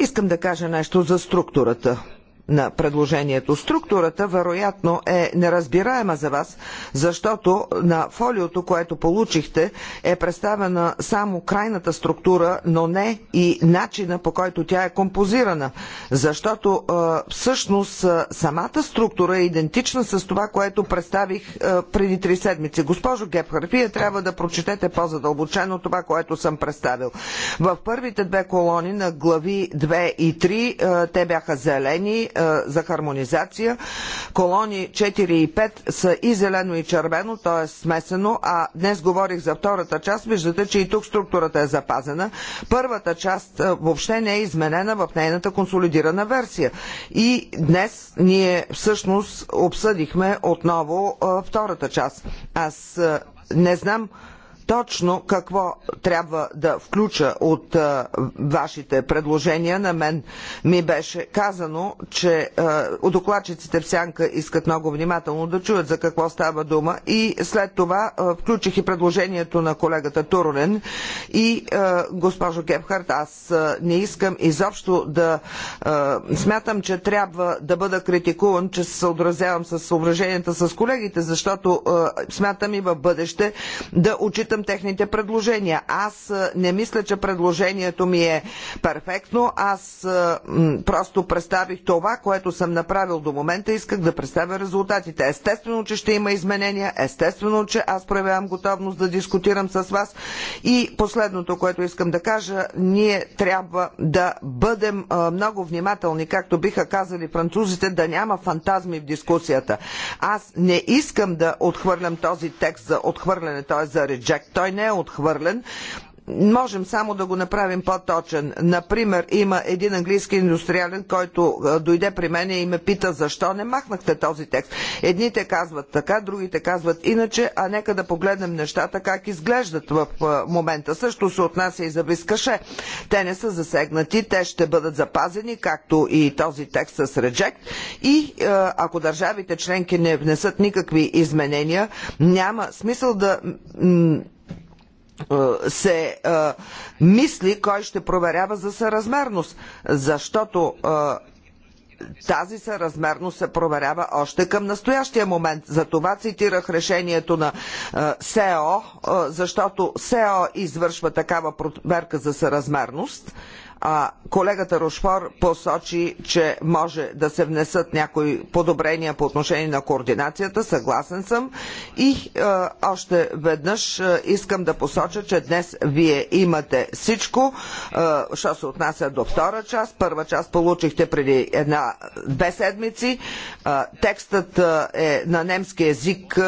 Искам да кажа нещо за структурата на предложението. Структурата, вероятно, е неразбираема за вас, защото на фолиото, което получихте, е представена само крайната структура, но не и начина по който тя е композирана. Защото всъщност самата структура е идентична с това, което представих преди три седмици. Госпожо Гепхар, вие трябва да прочетете по-задълбочено това, което съм представил. В първите две колони на глави 2 и 3 те бяха зелени, е, за хармонизация. Колони 4 и 5 са и зелено и червено, т.е. смесено, а днес говорих за втората част. Виждате, че и тук структурата е запазена. Първата част е, въобще не е изменена в нейната консолидирана версия. И днес ние всъщност обсъдихме отново е, втората част. Аз не знам точно какво трябва да включа от а, вашите предложения. На мен ми беше казано, че а, докладчиците в Сянка искат много внимателно да чуят за какво става дума и след това а, включих и предложението на колегата Турунен и а, госпожо Гепхарт, аз а, не искам изобщо да а, смятам, че трябва да бъда критикуван, че се съобразявам с съображенията с колегите, защото а, смятам и в бъдеще да отчитам отчитам техните предложения. Аз не мисля, че предложението ми е перфектно. Аз просто представих това, което съм направил до момента. Исках да представя резултатите. Естествено, че ще има изменения. Естествено, че аз проявявам готовност да дискутирам с вас. И последното, което искам да кажа, ние трябва да бъдем много внимателни, както биха казали французите, да няма фантазми в дискусията. Аз не искам да отхвърлям този текст за отхвърляне, т.е. за реджект той не е отхвърлен можем само да го направим по-точен. Например, има един английски индустриален, който дойде при мен и ме пита защо не махнахте този текст. Едните казват така, другите казват иначе, а нека да погледнем нещата как изглеждат в момента. Също се отнася и за Вискаше. Те не са засегнати, те ще бъдат запазени, както и този текст с реджект. И ако държавите членки не внесат никакви изменения, няма смисъл да се а, мисли кой ще проверява за съразмерност, защото а, тази съразмерност се проверява още към настоящия момент. За това цитирах решението на СЕО, защото СЕО извършва такава проверка за съразмерност а колегата Рошфор посочи, че може да се внесат някои подобрения по отношение на координацията. Съгласен съм. И още веднъж искам да посоча, че днес вие имате всичко, е, що се отнася до втора част. Първа част получихте преди една, две седмици. текстът е на немски език,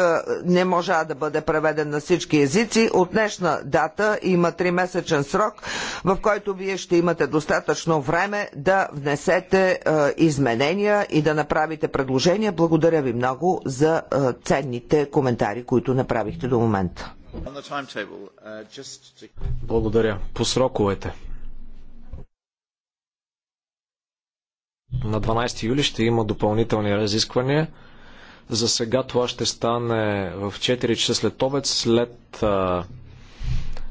не можа да бъде преведен на всички езици. От днешна дата има тримесечен срок, в който вие ще имате имате достатъчно време да внесете е, изменения и да направите предложения. Благодаря ви много за е, ценните коментари, които направихте до момента. Uh, Благодаря. По сроковете. На 12 юли ще има допълнителни разисквания. За сега това ще стане в 4 часа след обед, след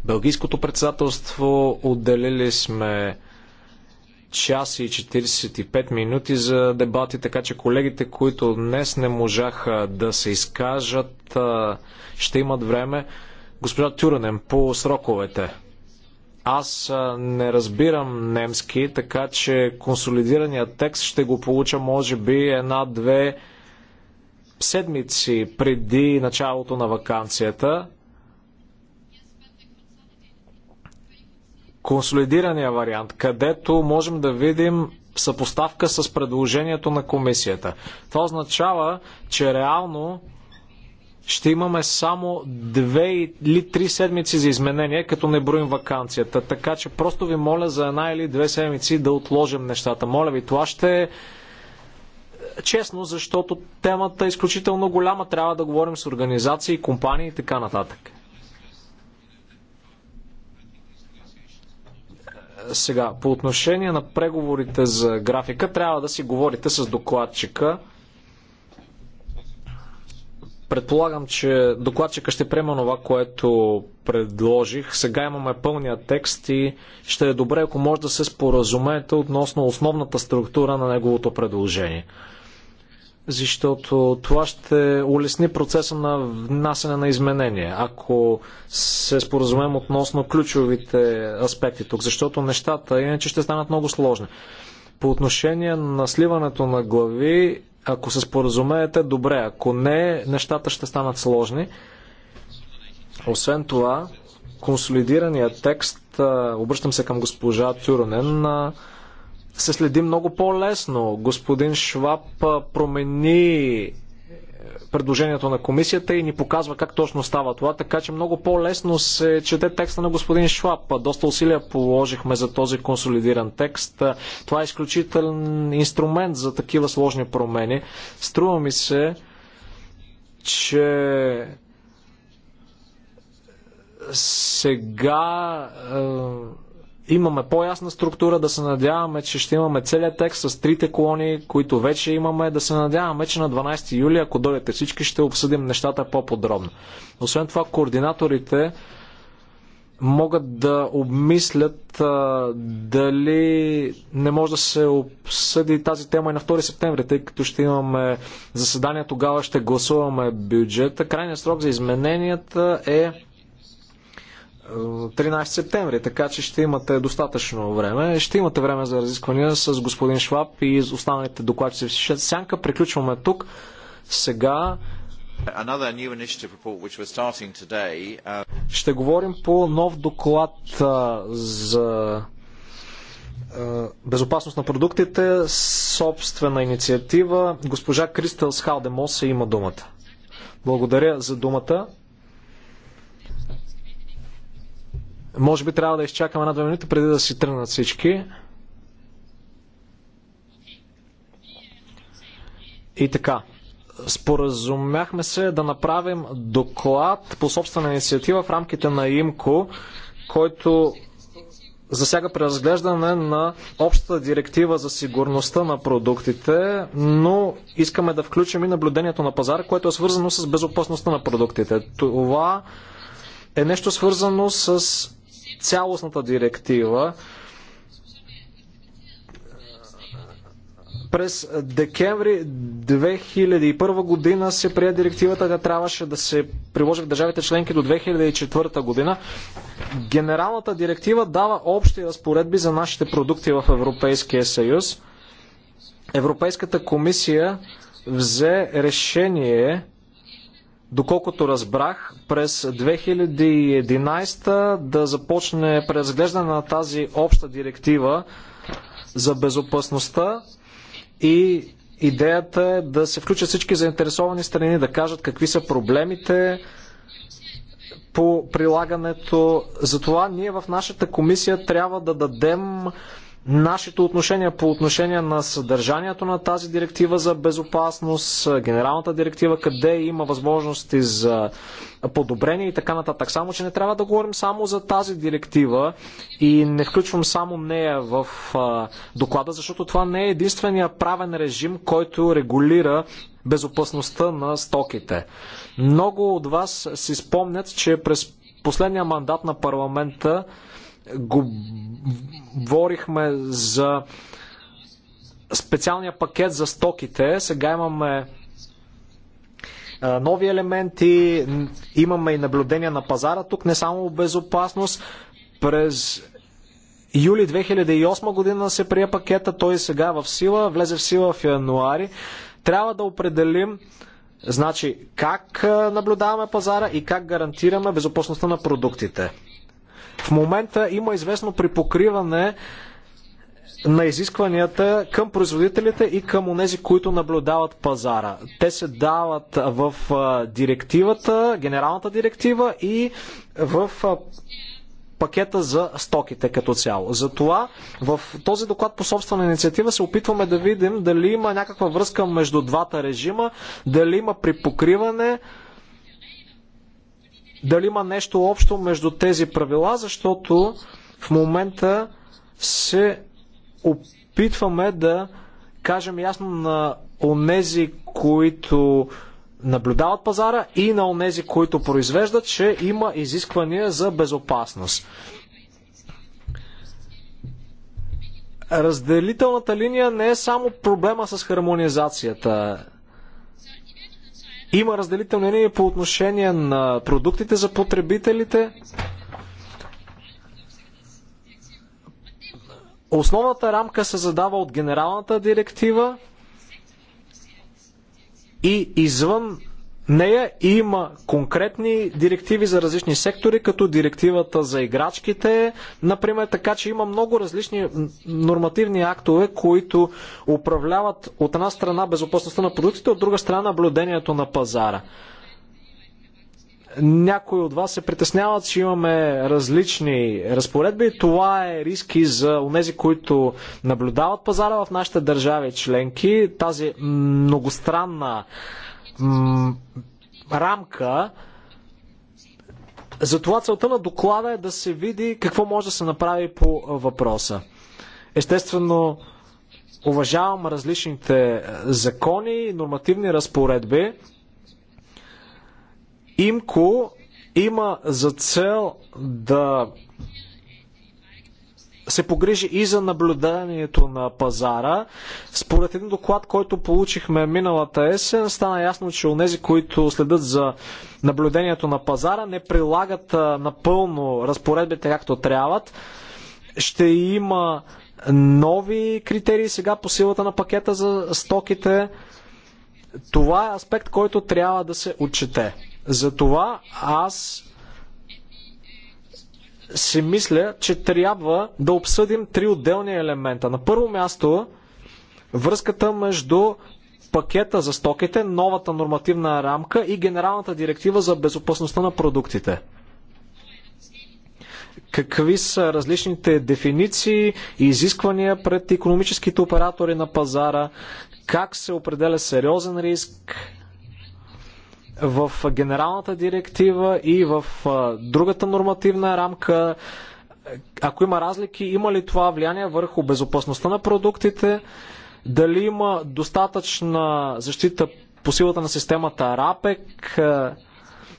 Белгийското председателство. Отделили сме час и 45 минути за дебати, така че колегите, които днес не можаха да се изкажат, ще имат време. Госпожа Тюранен, по сроковете. Аз не разбирам немски, така че консолидирания текст ще го получа може би една-две седмици преди началото на вакансията. консолидирания вариант, където можем да видим съпоставка с предложението на комисията. Това означава, че реално ще имаме само две или три седмици за изменение, като не броим вакансията. Така че просто ви моля за една или две седмици да отложим нещата. Моля ви, това ще е честно, защото темата е изключително голяма. Трябва да говорим с организации, компании и така нататък. Сега, по отношение на преговорите за графика, трябва да си говорите с докладчика. Предполагам, че докладчика ще приема това, което предложих. Сега имаме пълния текст и ще е добре, ако може да се споразумеете относно основната структура на неговото предложение защото това ще улесни процеса на внасяне на изменения, ако се споразумем относно ключовите аспекти тук, защото нещата иначе ще станат много сложни. По отношение на сливането на глави, ако се споразумеете, добре, ако не, нещата ще станат сложни. Освен това, консолидираният текст, обръщам се към госпожа Тюронен, се следи много по-лесно. Господин Шваб промени е, предложението на комисията и ни показва как точно става това, така че много по-лесно се чете текста на господин Шваб. Доста усилия положихме за този консолидиран текст. Това е изключителен инструмент за такива сложни промени. Струва ми се, че сега е, имаме по-ясна структура, да се надяваме, че ще имаме целият текст с трите колони, които вече имаме, да се надяваме, че на 12 юли, ако дойдете всички, ще обсъдим нещата по-подробно. Освен това, координаторите могат да обмислят а, дали не може да се обсъди тази тема и на 2 септември, тъй като ще имаме заседание, тогава ще гласуваме бюджета. Крайният срок за измененията е 13 септември, така че ще имате достатъчно време. Ще имате време за разисквания с господин Шваб и останалите докладчици в сянка. Приключваме тук. Сега uh, ще говорим по нов доклад за безопасност на продуктите, собствена инициатива. Госпожа Кристел Схалдемоса има думата. Благодаря за думата. Може би трябва да изчакаме една-две минути преди да си тръгнат всички. И така. Споразумяхме се да направим доклад по собствена инициатива в рамките на ИМКО, който засяга преразглеждане на общата директива за сигурността на продуктите, но искаме да включим и наблюдението на пазара, което е свързано с безопасността на продуктите. Това е нещо свързано с цялостната директива. През декември 2001 година се прие директивата, тя трябваше да се приложи в държавите членки до 2004 година. Генералната директива дава общи разпоредби за нашите продукти в Европейския съюз. Европейската комисия взе решение доколкото разбрах, през 2011 да започне преразглеждане на тази обща директива за безопасността и идеята е да се включат всички заинтересовани страни, да кажат какви са проблемите по прилагането. Затова ние в нашата комисия трябва да дадем нашето отношение по отношение на съдържанието на тази директива за безопасност, генералната директива, къде има възможности за подобрение и така нататък. Само, че не трябва да говорим само за тази директива и не включвам само нея в доклада, защото това не е единствения правен режим, който регулира безопасността на стоките. Много от вас си спомнят, че през последния мандат на парламента говорихме за специалния пакет за стоките. Сега имаме нови елементи, имаме и наблюдения на пазара тук, не само безопасност. През юли 2008 година се прие пакета, той е сега в сила, влезе в сила в януари. Трябва да определим значи, как наблюдаваме пазара и как гарантираме безопасността на продуктите. В момента има известно припокриване на изискванията към производителите и към онези, които наблюдават пазара. Те се дават в директивата, генералната директива и в пакета за стоките като цяло. Затова в този доклад по собствена инициатива се опитваме да видим дали има някаква връзка между двата режима, дали има припокриване, дали има нещо общо между тези правила, защото в момента се опитваме да кажем ясно на онези, които наблюдават пазара и на онези, които произвеждат, че има изисквания за безопасност. Разделителната линия не е само проблема с хармонизацията. Има разделителни линии по отношение на продуктите за потребителите. Основната рамка се задава от генералната директива и извън нея има конкретни директиви за различни сектори, като директивата за играчките, например, така че има много различни нормативни актове, които управляват от една страна безопасността на продуктите, от друга страна наблюдението на пазара. Някои от вас се притесняват, че имаме различни разпоредби. Това е риски за онези, които наблюдават пазара в нашите държави членки. Тази многостранна рамка. Затова целта на доклада е да се види какво може да се направи по въпроса. Естествено, уважавам различните е, закони и нормативни разпоредби. ИМКО има за цел да се погрижи и за наблюдението на пазара. Според един доклад, който получихме миналата есен, стана ясно, че онези, които следят за наблюдението на пазара, не прилагат напълно разпоредбите както трябват. Ще има нови критерии сега по силата на пакета за стоките. Това е аспект, който трябва да се отчете. Затова аз си мисля, че трябва да обсъдим три отделни елемента. На първо място, връзката между пакета за стоките, новата нормативна рамка и Генералната директива за безопасността на продуктите. Какви са различните дефиниции и изисквания пред економическите оператори на пазара? Как се определя сериозен риск? в генералната директива и в другата нормативна рамка. Ако има разлики, има ли това влияние върху безопасността на продуктите? Дали има достатъчна защита по силата на системата РАПЕК?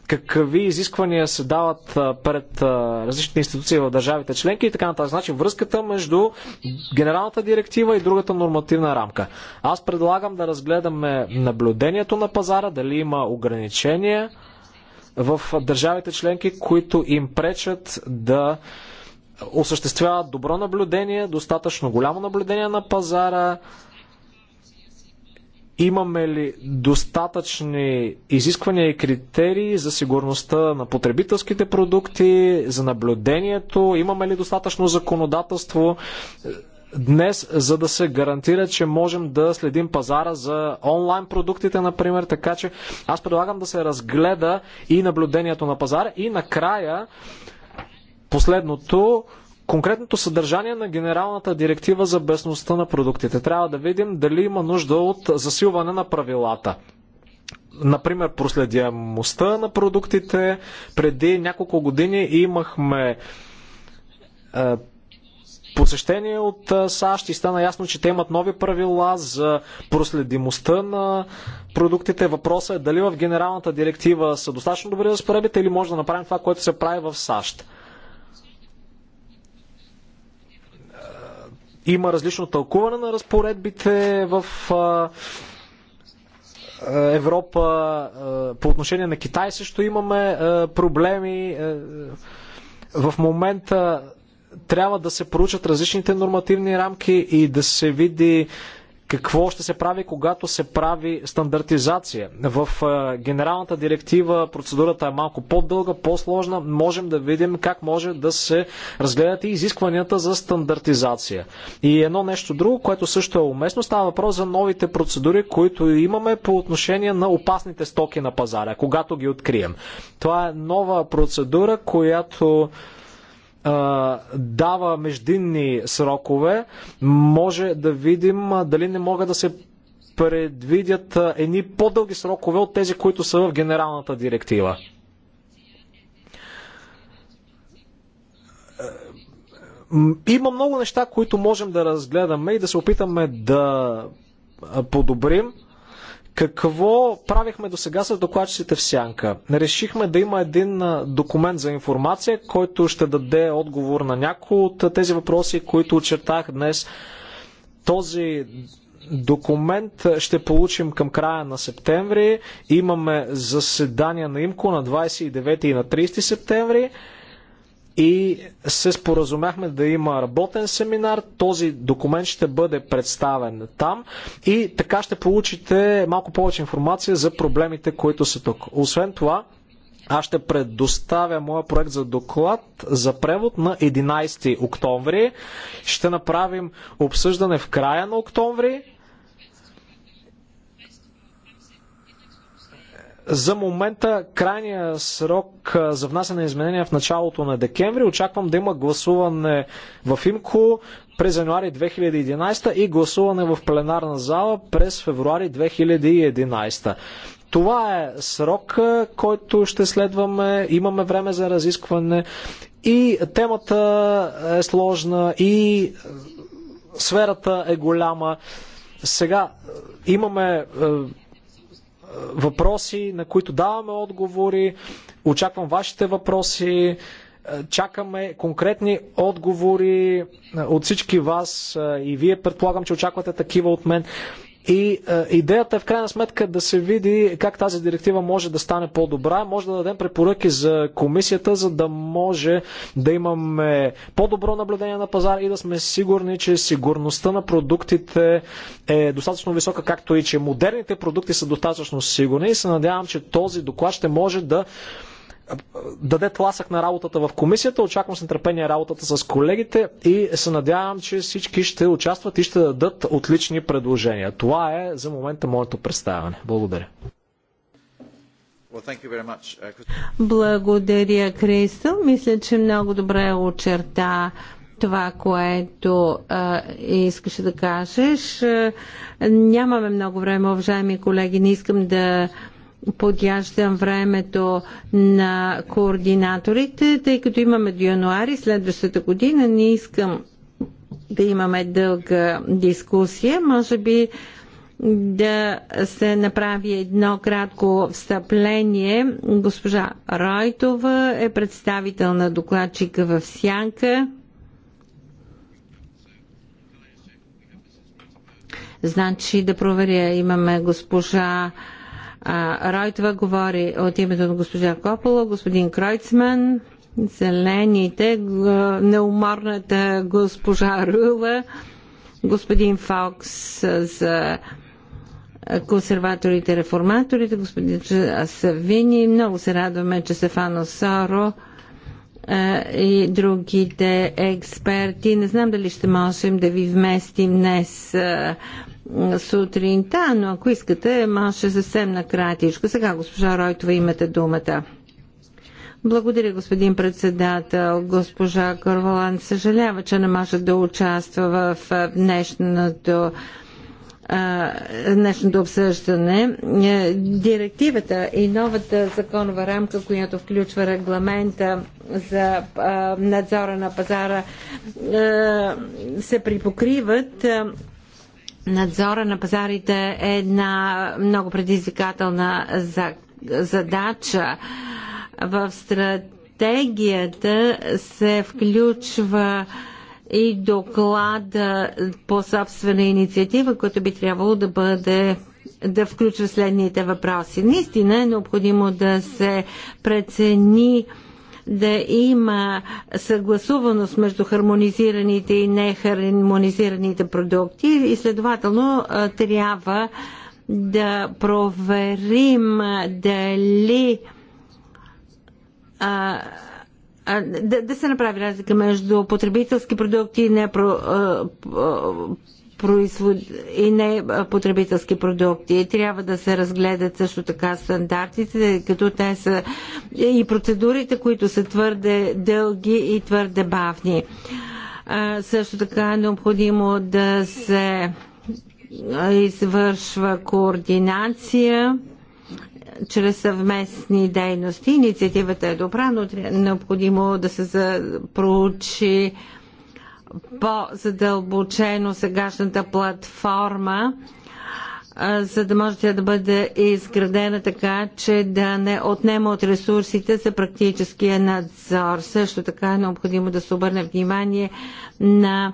какви изисквания се дават пред различните институции в държавите членки и така нататък. Значи връзката между генералната директива и другата нормативна рамка. Аз предлагам да разгледаме наблюдението на пазара, дали има ограничения в държавите членки, които им пречат да осъществяват добро наблюдение, достатъчно голямо наблюдение на пазара, Имаме ли достатъчни изисквания и критерии за сигурността на потребителските продукти, за наблюдението? Имаме ли достатъчно законодателство е, днес, за да се гарантира, че можем да следим пазара за онлайн продуктите, например, така че аз предлагам да се разгледа и наблюдението на пазара и накрая последното конкретното съдържание на Генералната директива за безността на продуктите. Трябва да видим дали има нужда от засилване на правилата. Например, проследяемостта на продуктите. Преди няколко години имахме е, посещение от е, САЩ и стана ясно, че те имат нови правила за проследимостта на продуктите. Въпросът е дали в Генералната директива са достатъчно добри разпоредбите или може да направим това, което се прави в САЩ. Има различно тълкуване на разпоредбите в Европа. По отношение на Китай също имаме проблеми. В момента трябва да се проучат различните нормативни рамки и да се види какво ще се прави, когато се прави стандартизация. В е, генералната директива процедурата е малко по-дълга, по-сложна. Можем да видим как може да се разгледат и изискванията за стандартизация. И едно нещо друго, което също е уместно, става въпрос за новите процедури, които имаме по отношение на опасните стоки на пазара, когато ги открием. Това е нова процедура, която дава междинни срокове, може да видим дали не могат да се предвидят едни по-дълги срокове от тези, които са в генералната директива. Е, има много неща, които можем да разгледаме и да се опитаме да подобрим. Какво правихме до сега с докладчиците в Сянка? Решихме да има един документ за информация, който ще даде отговор на някои от тези въпроси, които очертах днес. Този документ ще получим към края на септември. Имаме заседания на ИМКО на 29 и на 30 септември и се споразумяхме да има работен семинар. Този документ ще бъде представен там и така ще получите малко повече информация за проблемите, които са тук. Освен това, аз ще предоставя моя проект за доклад за превод на 11 октомври. Ще направим обсъждане в края на октомври За момента крайния срок за внасяне на изменения е в началото на декември. Очаквам да има гласуване в ИМКО през януари 2011 и гласуване в пленарна зала през февруари 2011. Това е срок, който ще следваме. Имаме време за разискване и темата е сложна и сферата е голяма. Сега имаме въпроси, на които даваме отговори. Очаквам вашите въпроси. Е, чакаме конкретни отговори е, от всички вас е, и вие предполагам, че очаквате такива от мен. И е, идеята е в крайна сметка да се види как тази директива може да стане по-добра. Може да дадем препоръки за комисията, за да може да имаме по-добро наблюдение на пазар и да сме сигурни, че сигурността на продуктите е достатъчно висока, както и че модерните продукти са достатъчно сигурни. И се надявам, че този доклад ще може да даде тласък на работата в комисията. Очаквам с нетърпение работата с колегите и се надявам, че всички ще участват и ще дадат отлични предложения. Това е за момента моето представяне. Благодаря. Uh, Благодаря, Кристо. Мисля, че много добре очерта това, което а, искаше да кажеш. Нямаме много време, уважаеми колеги. Не искам да подяждам времето на координаторите, тъй като имаме до януари следващата година. Не искам да имаме дълга дискусия. Може би да се направи едно кратко встъпление. Госпожа Ройтова е представител на докладчика в Сянка. Значи да проверя, имаме госпожа Ройтва говори от името на госпожа Копола, господин Кройцман, зелените, неуморната госпожа Рула, господин Фокс за консерваторите, реформаторите, господин Савини. Много се радваме, че Сефано Соро е, и другите експерти. Не знам дали ще можем да ви вместим днес е, сутринта, но ако искате, може съвсем накратичко. Сега, госпожа Ройтова, имате думата. Благодаря, господин председател. Госпожа Корвалан съжалява, че не може да участва в днешното днешното обсъждане. Е, директивата и новата законова рамка, която включва регламента за надзора на пазара, е, се припокриват. Е, надзора на пазарите е една много предизвикателна задача. В стратегията се включва и доклада по собствена инициатива, който би трябвало да бъде да включва следните въпроси. Наистина е необходимо да се прецени да има съгласуваност между хармонизираните и нехармонизираните продукти и следователно трябва да проверим дали а, а, да, да се направи разлика между потребителски продукти и непро, а, а, производ... и не потребителски продукти. Трябва да се разгледат също така стандартите, като те са и процедурите, които са твърде дълги и твърде бавни. А, също така е необходимо да се извършва координация чрез съвместни дейности. Инициативата е добра, но е необходимо да се проучи по-задълбочено сегашната платформа, за да може тя да бъде изградена така, че да не отнема от ресурсите за практическия надзор. Също така е необходимо да се обърне внимание на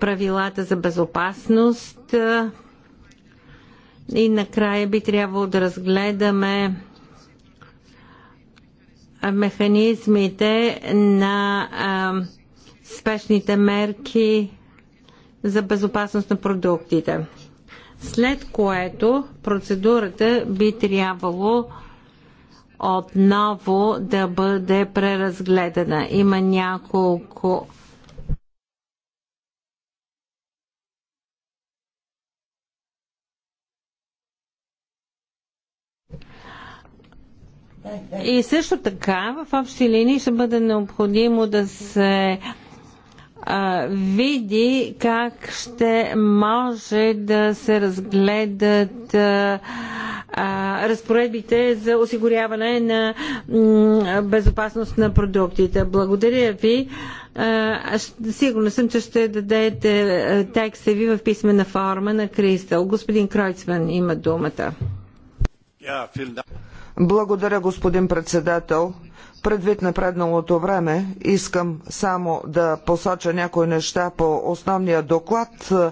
правилата за безопасност и накрая би трябвало да разгледаме механизмите на а, спешните мерки за безопасност на продуктите. След което процедурата би трябвало отново да бъде преразгледана. Има няколко И също така, в общи линии ще бъде необходимо да се види как ще може да се разгледат разпоредбите за осигуряване на безопасност на продуктите. Благодаря ви. Сигурна съм, че ще дадете текста ви в писмена форма на Кристал. Господин Кройцман има думата. Благодаря, господин председател. Предвид напредналото време, искам само да посоча някои неща по основния доклад. Е,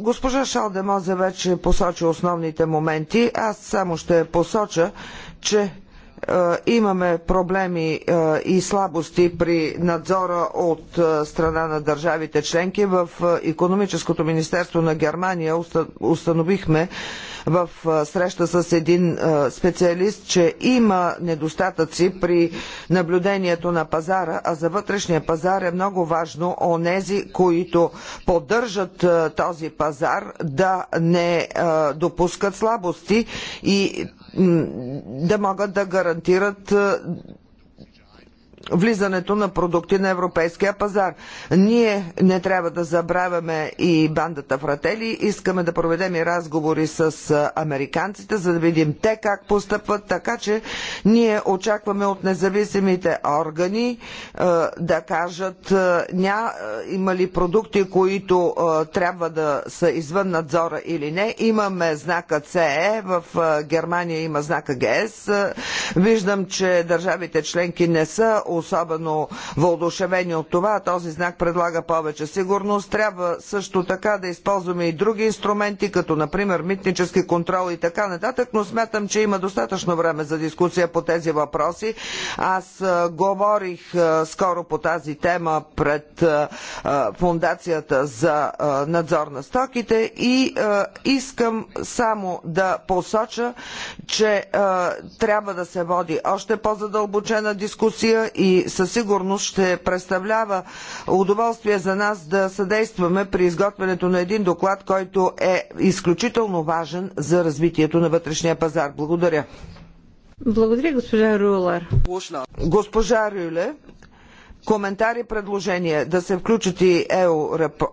госпожа Шалдемозе вече посочи основните моменти. Аз само ще посоча, че е, имаме проблеми е, и слабости при надзора от страна на държавите членки. В економическото министерство на Германия установихме, в среща с един специалист, че има недостатъци при наблюдението на пазара, а за вътрешния пазар е много важно онези, които поддържат този пазар да не допускат слабости и да могат да гарантират влизането на продукти на европейския пазар. Ние не трябва да забравяме и бандата Фратели. Искаме да проведем и разговори с американците, за да видим те как постъпват, така че ние очакваме от независимите органи да кажат ня, има ли продукти, които трябва да са извън надзора или не. Имаме знака CE, е. в Германия има знака GS. Виждам, че държавите членки не са особено въодушевени от това. Този знак предлага повече сигурност. Трябва също така да използваме и други инструменти, като например митнически контрол и така нататък, но смятам, че има достатъчно време за дискусия по тези въпроси. Аз говорих скоро по тази тема пред Фундацията за надзор на стоките и искам само да посоча, че трябва да се води още по-задълбочена дискусия и със сигурност ще представлява удоволствие за нас да съдействаме при изготвянето на един доклад, който е изключително важен за развитието на вътрешния пазар. Благодаря. Благодаря, госпожа Рулер. Госпожа Рюле, коментари, предложения да се включат и EU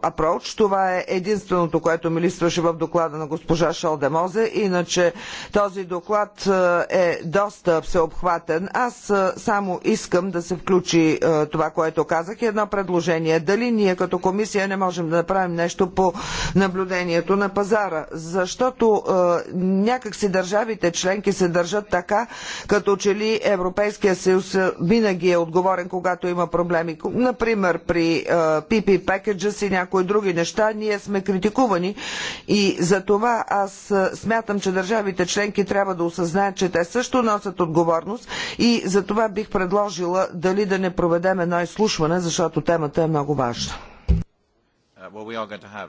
Approach. Това е единственото, което ми листваше в доклада на госпожа Шалдемозе. Иначе този доклад е доста всеобхватен. Аз е, само искам да се включи е, това, което казах и едно предложение. Дали ние като комисия не можем да направим нещо по наблюдението на пазара? Защото е, някакси държавите членки се държат така, като че ли Европейския съюз винаги е отговорен, когато има проблеми. Например, при PP Packages и някои други неща ние сме критикувани и за това аз смятам, че държавите членки трябва да осъзнаят, че те също носят отговорност и за това бих предложила дали да не проведем едно изслушване, защото темата е много важна. Uh,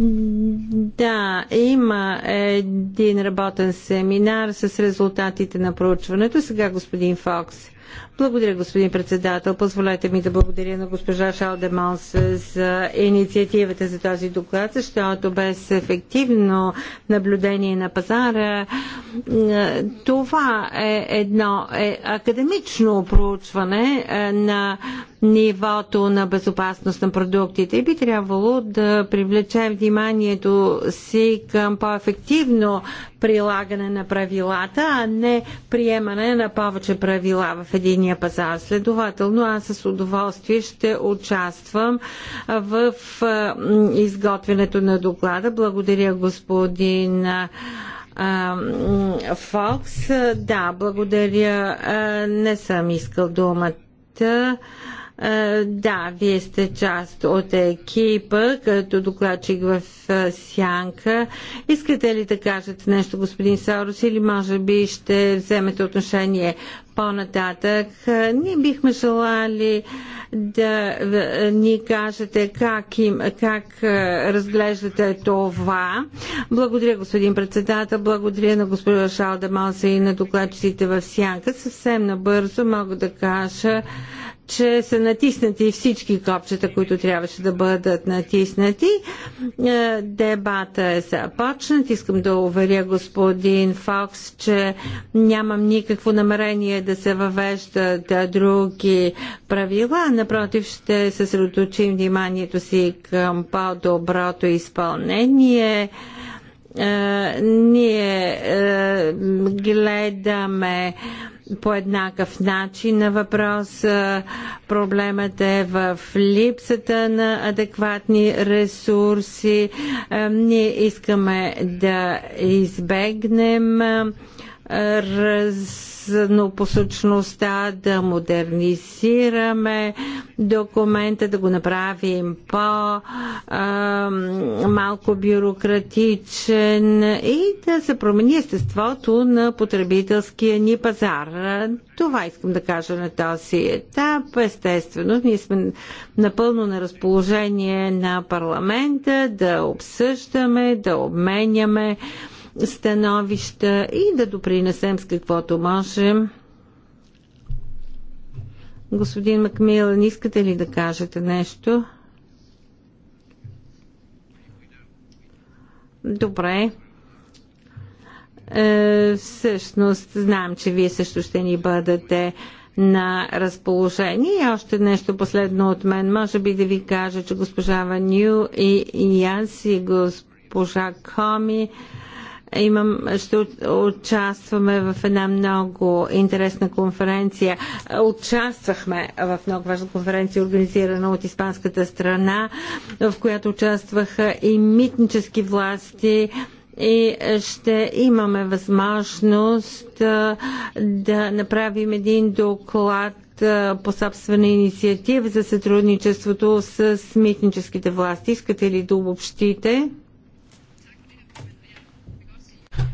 um, да, има един работен семинар с резултатите на проучването. Сега господин Фокс. Благодаря, господин председател. Позволете ми да благодаря на госпожа Шалдемалс за инициативата за този доклад, защото без ефективно наблюдение на пазара това е едно е академично проучване е, на нивото на безопасност на продуктите и би трябвало да привлечем вниманието си към по-ефективно прилагане на правилата, а не приемане на повече правила в един вътрешния пазар. Следователно, аз с удоволствие ще участвам в изготвянето на доклада. Благодаря, господин Фокс. Да, благодаря. Не съм искал думата. Е, да, вие сте част от екипа, като докладчик в е, Сянка. Искате ли да кажете нещо, господин Сорос, или може би ще вземете отношение по-нататък? Е, ние бихме желали да ни кажете как, им, как разглеждате това. Благодаря, господин председател, благодаря на господин Шалда Малса и на докладчиците в Сянка. Съвсем набързо мога да кажа, че са натиснати всички копчета, които трябваше да бъдат натиснати. Е, дебата е започнат. Искам да уверя господин Фокс, че нямам никакво намерение да се въвеждат други правила. Напротив, ще съсредоточим вниманието си към по-доброто изпълнение е, ние е, гледаме по еднакъв начин на въпрос. Проблемът е в липсата на адекватни ресурси. Ние искаме да избегнем разнопосочността, да модернизираме документа, да го направим по-малко бюрократичен и да се промени естеството на потребителския ни пазар. Това искам да кажа на този етап. Естествено, ние сме напълно на разположение на парламента да обсъждаме, да обменяме становища и да допринесем с каквото можем. Господин Макмилан, искате ли да кажете нещо? Добре. Е, всъщност, знам, че вие също ще ни бъдете на разположение. И още нещо последно от мен. Може би да ви кажа, че госпожа Ваню и, и аз и госпожа Коми Имам, ще участваме в една много интересна конференция. Участвахме в много важна конференция, организирана от испанската страна, в която участваха и митнически власти, и ще имаме възможност да направим един доклад по собствена инициатива за сътрудничеството с митническите власти. Искате ли да обобщите?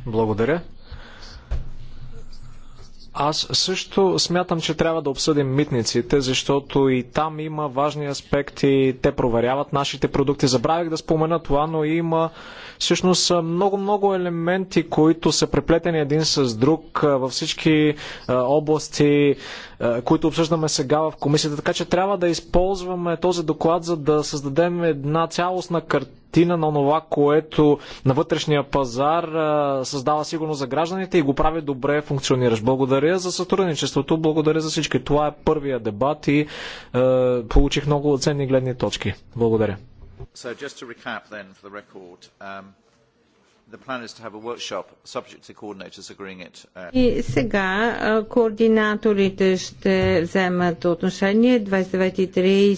Благодаря. Аз също смятам, че трябва да обсъдим митниците, защото и там има важни аспекти. Те проверяват нашите продукти. Забравих да спомена това, но има Всъщност много-много елементи, които са преплетени един с друг във всички области, които обсъждаме сега в комисията. Така че трябва да използваме този доклад, за да създадем една цялостна картина на това, което на вътрешния пазар създава сигурност за гражданите и го прави добре функциониращ. Благодаря за сътрудничеството, благодаря за всички. Това е първия дебат и е, получих много ценни гледни точки. Благодаря. So just to recap then for the record, um, the plan is to have a workshop subject to coordinators agreeing it. Uh... И сега uh, координаторите ще вземат отношение 29 и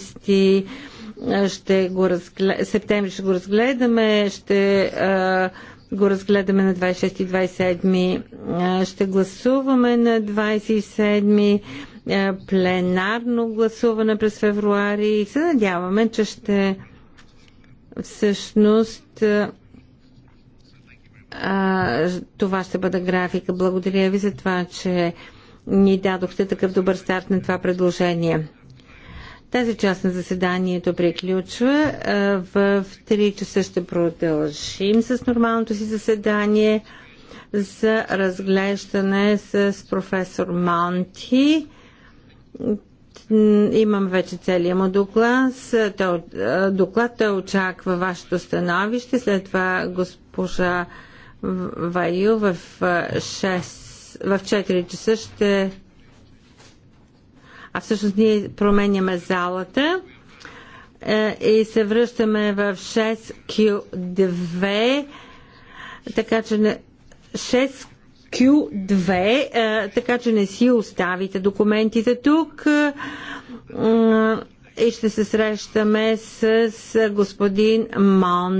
30 ще го разглед... септември ще го разгледаме, ще а, uh, го разгледаме на 26 и 27, uh, ще гласуваме на 27 пленарно гласуване през февруари и се надяваме, че ще всъщност а, това ще бъде графика. Благодаря ви за това, че ни дадохте такъв добър старт на това предложение. Тази част на заседанието приключва. В 3 часа ще продължим с нормалното си заседание за разглеждане с професор Манти. Имам вече целият му доклад. Той, е, доклад той очаква вашето становище. След това госпожа Ваю в 6, е, в 4 часа ще а всъщност ние променяме залата е, и се връщаме в 6Q2, така че 6 Q2, е, така че не си оставите документите тук е, е, и ще се срещаме с господин Мон.